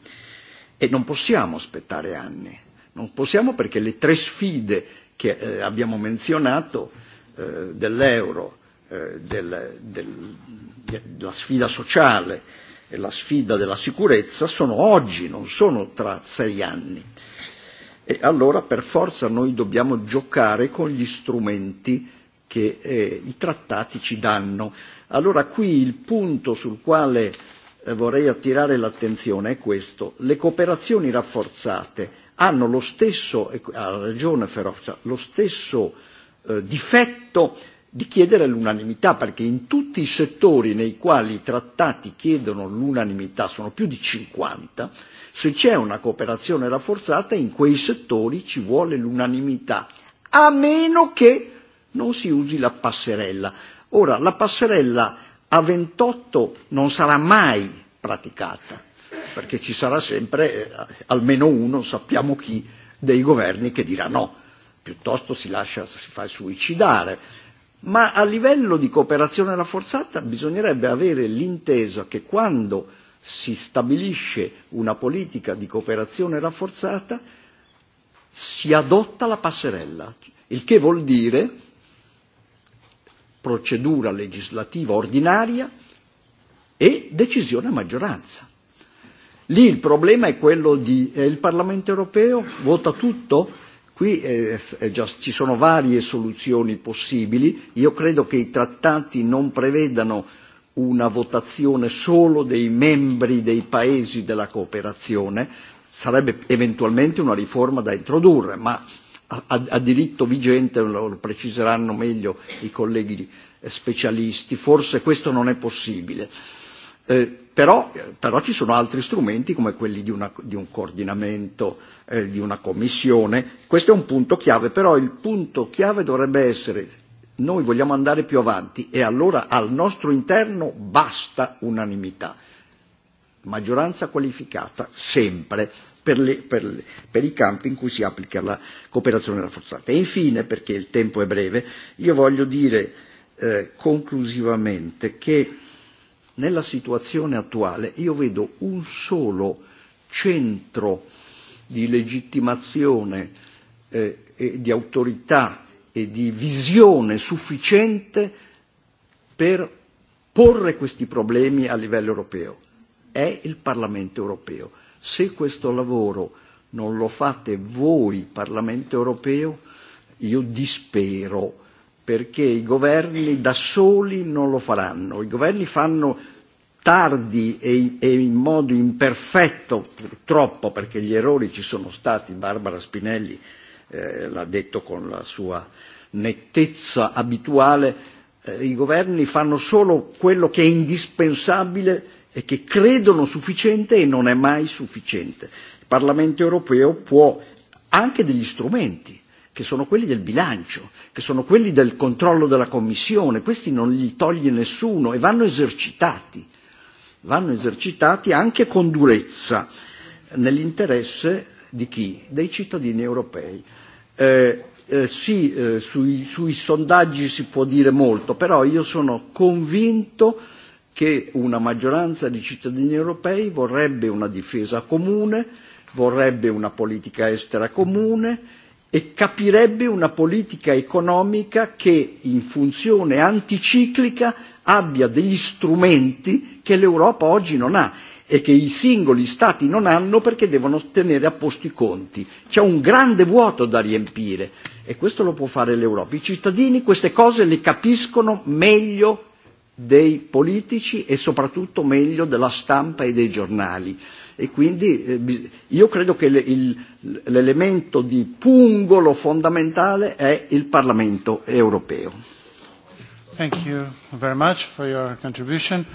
Speaker 14: E non possiamo aspettare anni, non possiamo perché le tre sfide che eh, abbiamo menzionato, eh, dell'euro, eh, del, del, della sfida sociale e la sfida della sicurezza sono oggi, non sono tra sei anni. E allora per forza noi dobbiamo giocare con gli strumenti che eh, i trattati ci danno. Allora qui il punto sul quale eh, vorrei attirare l'attenzione è questo. Le cooperazioni rafforzate hanno lo stesso, e ha ragione Ferrofta, lo stesso eh, difetto di chiedere l'unanimità, perché in tutti i settori nei quali i trattati chiedono l'unanimità, sono più di 50, se c'è una cooperazione rafforzata in quei settori ci vuole l'unanimità, a meno che non si usi la passerella. Ora, la passerella a 28 non sarà mai praticata, perché ci sarà sempre eh, almeno uno, sappiamo chi, dei governi che dirà no, piuttosto si lascia, si fa suicidare. Ma a livello di cooperazione rafforzata bisognerebbe avere l'intesa che quando si stabilisce una politica di cooperazione rafforzata si adotta la passerella, il che vuol dire procedura legislativa ordinaria e decisione a maggioranza. Lì il problema è quello di eh, il Parlamento europeo vota tutto, qui eh, eh, già, ci sono varie soluzioni possibili, io credo che i trattati non prevedano una votazione solo dei membri dei paesi della cooperazione, sarebbe eventualmente una riforma da introdurre, ma a, a, a diritto vigente lo, lo preciseranno meglio i colleghi eh, specialisti, forse questo non è possibile. Eh, però, però ci sono altri strumenti come quelli di, una, di un coordinamento, eh, di una commissione. Questo è un punto chiave, però il punto chiave dovrebbe essere noi vogliamo andare più avanti e allora al nostro interno basta unanimità. Maggioranza qualificata sempre per, le, per, le, per i campi in cui si applica la cooperazione rafforzata. E infine, perché il tempo è breve, io voglio dire eh, conclusivamente che nella situazione attuale io vedo un solo centro di legittimazione eh, e di autorità e di visione sufficiente per porre questi problemi a livello europeo. È il Parlamento europeo. Se questo lavoro non lo fate voi, Parlamento europeo, io dispero perché i governi da soli non lo faranno. I governi fanno tardi e, e in modo imperfetto, purtroppo, perché gli errori ci sono stati, Barbara Spinelli eh, l'ha detto con la sua nettezza abituale, eh, i governi fanno solo quello che è indispensabile e che credono sufficiente e non è mai sufficiente. Il Parlamento europeo può anche degli strumenti che sono quelli del bilancio, che sono quelli del controllo della Commissione, questi non li toglie nessuno e vanno esercitati, vanno esercitati anche con durezza nell'interesse di chi? Dei cittadini europei. Eh, eh, sì, eh, sui, sui sondaggi si può dire molto, però io sono convinto che una maggioranza di cittadini europei vorrebbe una difesa comune, vorrebbe una politica estera comune, e capirebbe una politica economica che in funzione anticiclica abbia degli strumenti che l'Europa oggi non ha e che i singoli stati non hanno perché devono tenere a posto i conti. C'è un grande vuoto da riempire e questo lo può fare l'Europa. I cittadini queste cose le capiscono meglio dei politici e soprattutto meglio della stampa e dei giornali e quindi eh, io credo che l'elemento di pungolo fondamentale è il Parlamento europeo.
Speaker 13: Thank you very much for your contribution.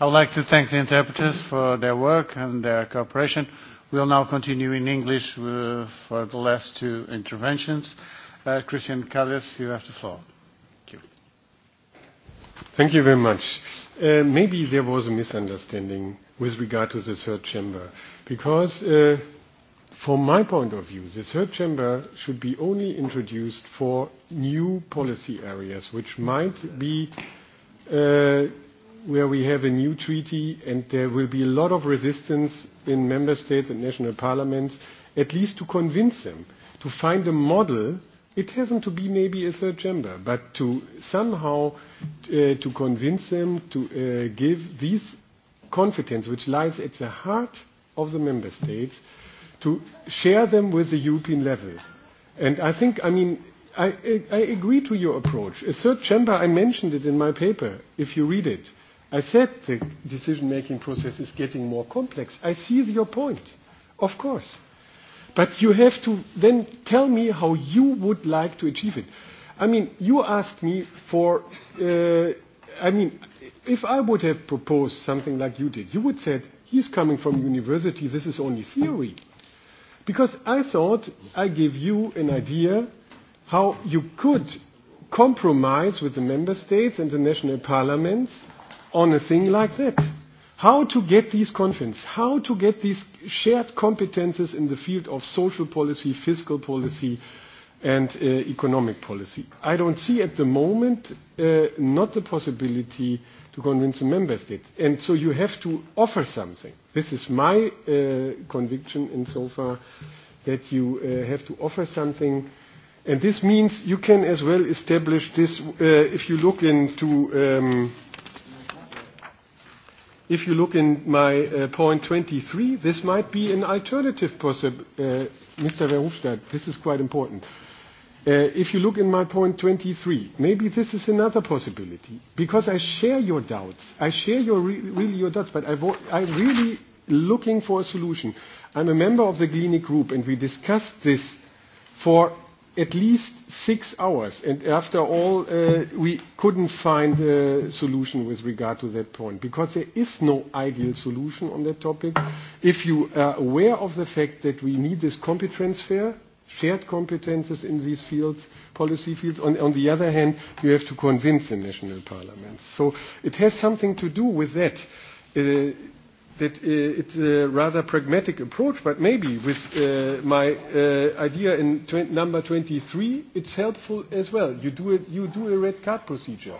Speaker 13: I would like to thank the interpreters for their work and their cooperation. We'll now continue in English uh, for the last two interventions. Uh, Christian Callis, you have the floor. Thank you.
Speaker 12: Thank you very much uh, maybe there was a misunderstanding with regard to the third chamber, because uh, from my point of view, the third chamber should be only introduced for new policy areas, which might be uh, where we have a new treaty and there will be a lot of resistance in member states and national parliaments, at least to convince them to find a model It hasn't to be maybe a third chamber, but to somehow uh, to convince them to uh, give this confidence which lies at the heart of the member states to share them with the European level. And I think, I mean, I, I agree to your approach. A third chamber, I mentioned it in my paper, if you read it. I said the decision-making process is getting more complex. I see your point, of course. But you have to then tell me how you would like to achieve it. I mean, you asked me for, uh, I mean, if I would have proposed something like you did, you would said, he's coming from university, this is only theory. Because I thought I give you an idea how you could compromise with the member states and the national parliaments on a thing like that how to get these confidence, how to get these shared competences in the field of social policy, fiscal policy, and uh, economic policy. I don't see at the moment uh, not the possibility to convince the member states. And so you have to offer something. This is my uh, conviction insofar that you uh, have to offer something. And this means you can as well establish this, uh, if you look into um, if you look in my uh, point 23, this might be an alternative possible. Uh, Mr. Verhofstadt, this is quite important. Uh, if you look in my point 23, maybe this is another possibility, because I share your doubts. I share your re really your doubts, but I I'm really looking for a solution. I'm a member of the Gleanic Group, and we discussed this for at least six hours. And after all, uh, we couldn't find a solution with regard to that point because there is no ideal solution on that topic. If you are aware of the fact that we need this competence transfer, shared competences in these fields, policy fields. On, on the other hand, you have to convince the national parliaments. So it has something to do with that. Uh, that uh, it's a rather pragmatic approach, but maybe with uh, my uh, idea in tw number 23, it's helpful as well. You do, it, you do a red card procedure.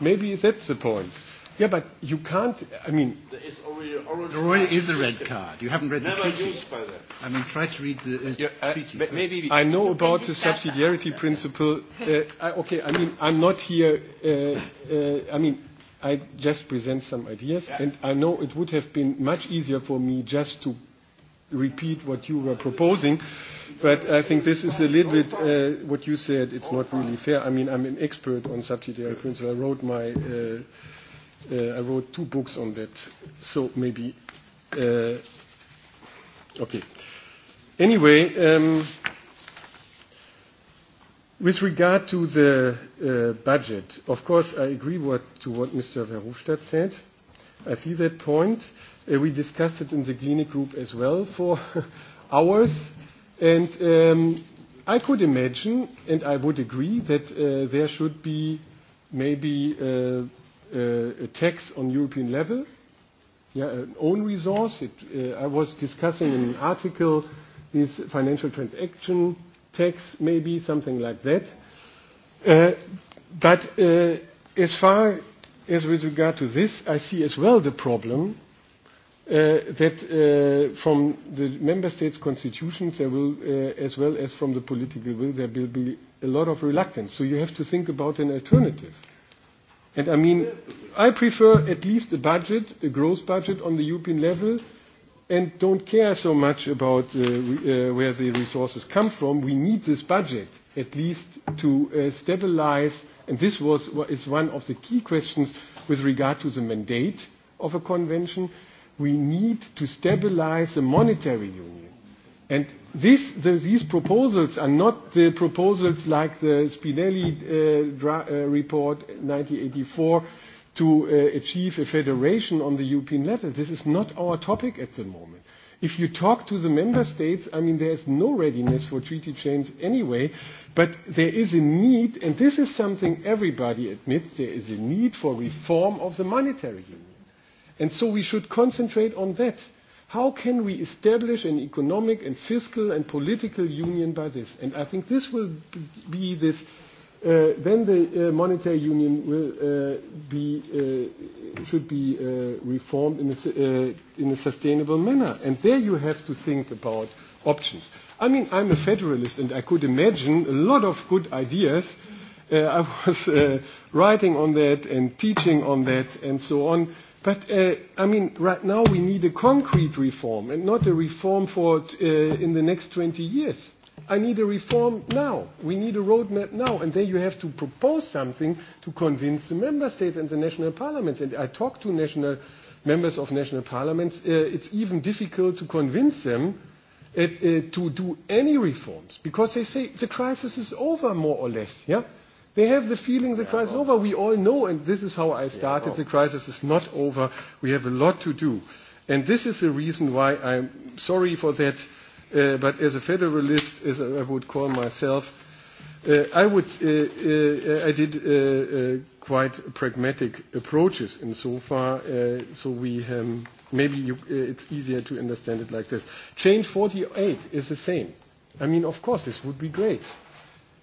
Speaker 12: Maybe that's the point. Yeah, but you can't, I mean...
Speaker 2: There, is already, already there already is a red card. You haven't read the treaty. Used by that.
Speaker 12: I mean, try to read the uh, yeah, uh, treaty. But maybe I know about the subsidiarity that. principle. Uh, I, okay, I mean, I'm not here... Uh, uh, I mean I just present some ideas, yeah. and I know it would have been much easier for me just to repeat what you were proposing, but I think this is a little bit uh, what you said. It's not really fair. I mean, I'm an expert on subsidiary principle. I wrote my, uh, uh, I wrote two books on that, so maybe, uh, okay. Anyway. Um, With regard to the uh, budget, of course, I agree what, to what Mr. Verhofstadt said. I see that point. Uh, we discussed it in the Gleanic group as well for [LAUGHS] hours. And um, I could imagine, and I would agree, that uh, there should be maybe uh, uh, a tax on European level, yeah, an own resource. It, uh, I was discussing in an article this financial transaction tax, maybe something like that. Uh, but uh, as far as with regard to this, I see as well the problem uh, that uh, from the member states' constitutions, there will, uh, as well as from the political will, there will be a lot of reluctance. So you have to think about an alternative. And I mean, I prefer at least a budget, a growth budget on the European level, and don't care so much about uh, re, uh, where the resources come from. We need this budget at least to uh, stabilize, and this was, is one of the key questions with regard to the mandate of a convention. We need to stabilize the monetary union. And this, the, these proposals are not the proposals like the Spinelli uh, dra, uh, report 1984 to uh, achieve a federation on the European level. This is not our topic at the moment. If you talk to the member states, I mean, there is no readiness for treaty change anyway, but there is a need, and this is something everybody admits, there is a need for reform of the monetary union. And so we should concentrate on that. How can we establish an economic and fiscal and political union by this? And I think this will be this Uh, then the uh, monetary union will uh, be uh, should be uh, reformed in a, uh, in a sustainable manner, and there you have to think about options. I mean, I'm a federalist, and I could imagine a lot of good ideas. Uh, I [LAUGHS] was uh, writing on that and teaching on that and so on. But uh, I mean, right now we need a concrete reform, and not a reform for t- uh, in the next 20 years. I need a reform now. We need a roadmap now. And then you have to propose something to convince the member states and the national parliaments. And I talk to national members of national parliaments. Uh, it's even difficult to convince them uh, uh, to do any reforms because they say the crisis is over, more or less. Yeah? They have the feeling the yeah, crisis is over. We all know, and this is how I started, yeah, the crisis is not over. We have a lot to do. And this is the reason why I'm sorry for that uh, but as a federalist, as I would call myself, uh, I would uh, uh, I did uh, uh, quite pragmatic approaches in so far. Uh, so we um, maybe you, uh, it's easier to understand it like this. Change 48 is the same. I mean, of course, this would be great,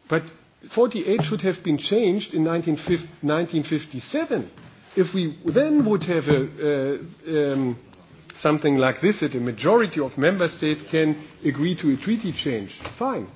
Speaker 12: but 48 should have been changed in 1957. If we then would have a, uh, um, something like this, that a majority of member states can agree to a treaty change, fine.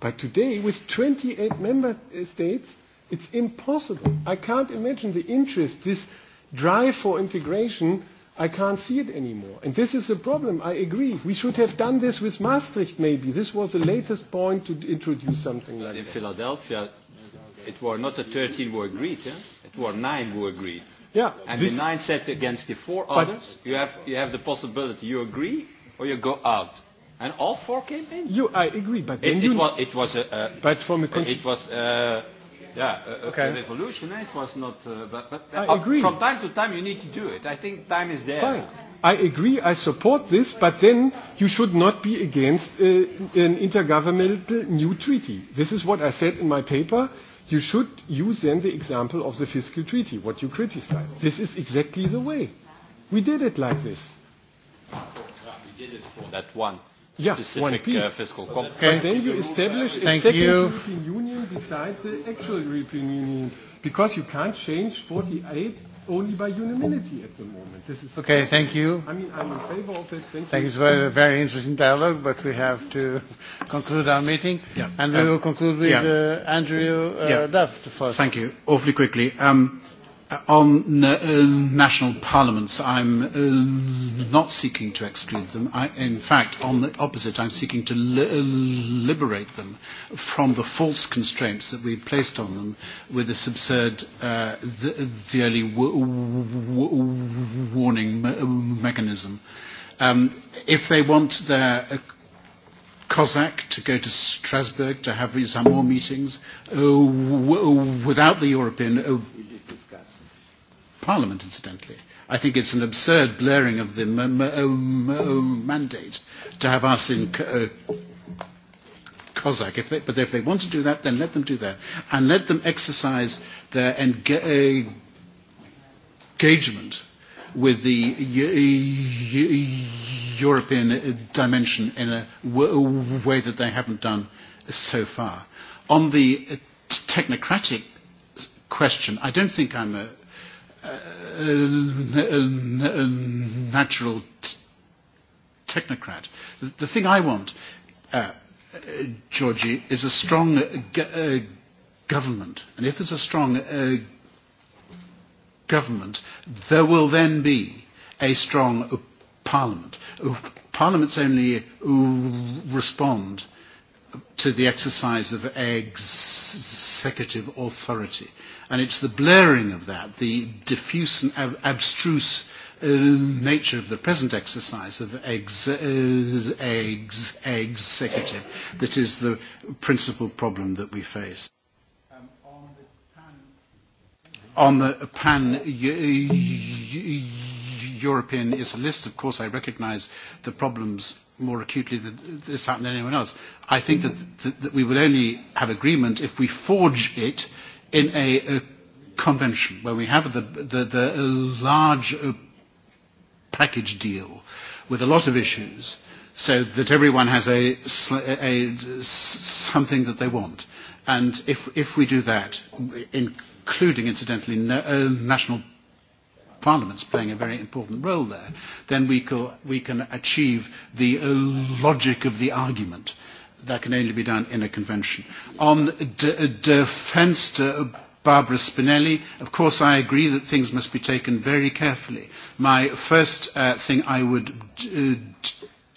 Speaker 12: But today, with 28 member states, it's impossible. I can't imagine the interest, this drive for integration, I can't see it anymore. And this is a problem, I agree. We should have done this with Maastricht, maybe. This was the latest point to introduce something
Speaker 4: like in that. In Philadelphia, It were not the 13 who agreed, yeah? it were nine who agreed. Yeah, and the nine said against the four others, you have, you have the possibility you agree or you go out. And all four came in.
Speaker 12: You, I agree, but then it, you, it was,
Speaker 4: it was a, uh,
Speaker 12: but from a it
Speaker 4: was a, uh, yeah, a, okay. a revolution. Eh? It was not, uh, but, but I uh, agree. From time to time, you need to do it. I think time is there. Fine.
Speaker 12: I agree, I support this, but then you should not be against uh, an intergovernmental new treaty. This is what I said in my paper you should use then the example of the fiscal treaty, what you criticize. This is exactly the way. We did it like this.
Speaker 4: We did it for that one yeah, specific one uh, piece. Uh, fiscal compact. Okay. But then you
Speaker 12: establish a Thank second you. European Union beside the actual European Union because you can't change 48 only by unanimity at the moment. This is okay, thank you. I mean, I'm in favor of it. Thank, thank you. you for a
Speaker 13: very interesting dialogue, but we have to [LAUGHS] conclude our meeting. Yeah. And we um, will conclude with yeah. uh, Andrew uh, yeah. Duff. First. Thank you.
Speaker 15: Awfully quickly. Um, on uh, um, national parliaments, I'm uh, not seeking to exclude them. I, in fact, on the opposite, I'm seeking to li uh, liberate them from the false constraints that we've placed on them with this absurd uh, the, the early warning me um, mechanism. Um, if they want their uh, Cossack to go to Strasbourg to have some more meetings uh, w without the European uh, Parliament, incidentally. I think it's an absurd blurring of the m m m mandate to have us in uh, Cossack. If they, but if they want to do that, then let them do that. And let them exercise their enga engagement with the European dimension in a way that they haven't done so far. On the technocratic question, I don't think I'm a natural technocrat. The, the thing I want, uh, uh Georgie, is a strong uh, uh, government. And if there's a strong uh, government, there will then be a strong uh, parliament. parliaments only respond to the exercise of executive authority. And it's the blurring of that, the diffuse and ab abstruse uh, nature of the present exercise of ex uh, ex executive that is the principal problem that we face. Um, on the pan-European is a list, of course, I recognize the problems more acutely than this happened than anyone else. I think that, that, that we will only have agreement if we forge it in a, a convention where we have the, the, the large uh, package deal with a lot of issues so that everyone has a, a, a something that they want. And if, if we do that, including, incidentally, no, uh, national parliaments playing a very important role there, then we, co we can achieve the uh, logic of the argument that can only be done in a convention. On d defence to Barbara Spinelli, of course I agree that things must be taken very carefully. My first uh, thing I would uh,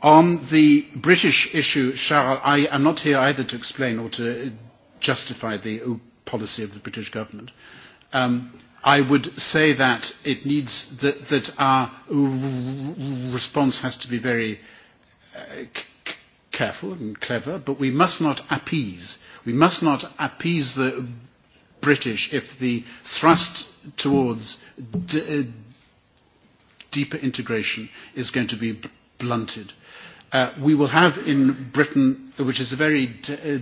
Speaker 15: On the British issue, Charles, I am not here either to explain or to justify the uh, policy of the British government. Um, I would say that it needs that, that our response has to be very uh, careful and clever, but we must not appease. We must not appease the British if the thrust towards d- uh, deeper integration is going to be blunted Uh, we will have in Britain, which is a very uh,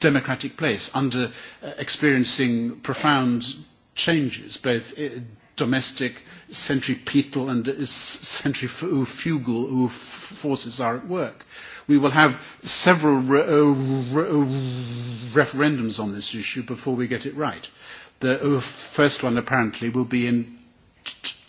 Speaker 15: democratic place, under uh, experiencing profound changes, both uh, domestic, centripetal and uh, centrifugal uh, forces are at work. We will have several re uh, re uh, referendums on this issue before we get it right. The uh, first one apparently will be in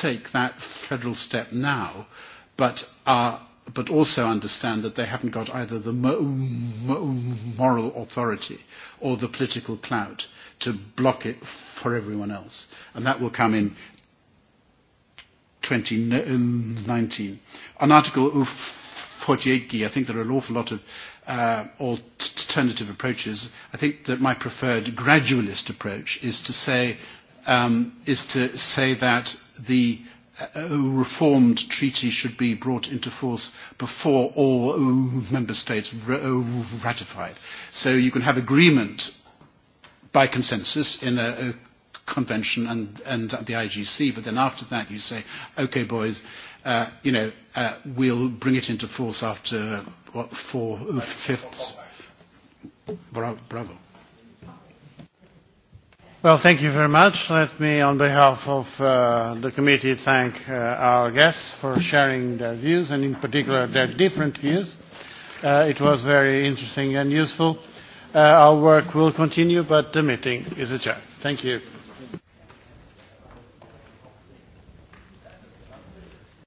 Speaker 15: take that federal step now, but are uh, but also understand that they haven't got either the mo mo moral authority or the political clout to block it for everyone else. And that will come in 2019. On Article 48, I think there are an awful lot of uh, alternative approaches. I think that my preferred gradualist approach is to say um, is to say that the uh, reformed treaty should be brought into force before all member states uh, ratified. So you can have agreement by consensus in a, a convention and, and the IGC, but then after that you say, okay, boys, uh, you know, uh, we'll bring it into force after what, four uh, fifths. Bravo. bravo.
Speaker 13: Well, thank you very much. Let me, on behalf of uh, the committee, thank uh, our guests for sharing their views and, in particular, their different views. Uh, it was very interesting and useful. Uh, our work will continue, but the meeting is adjourned. Thank you.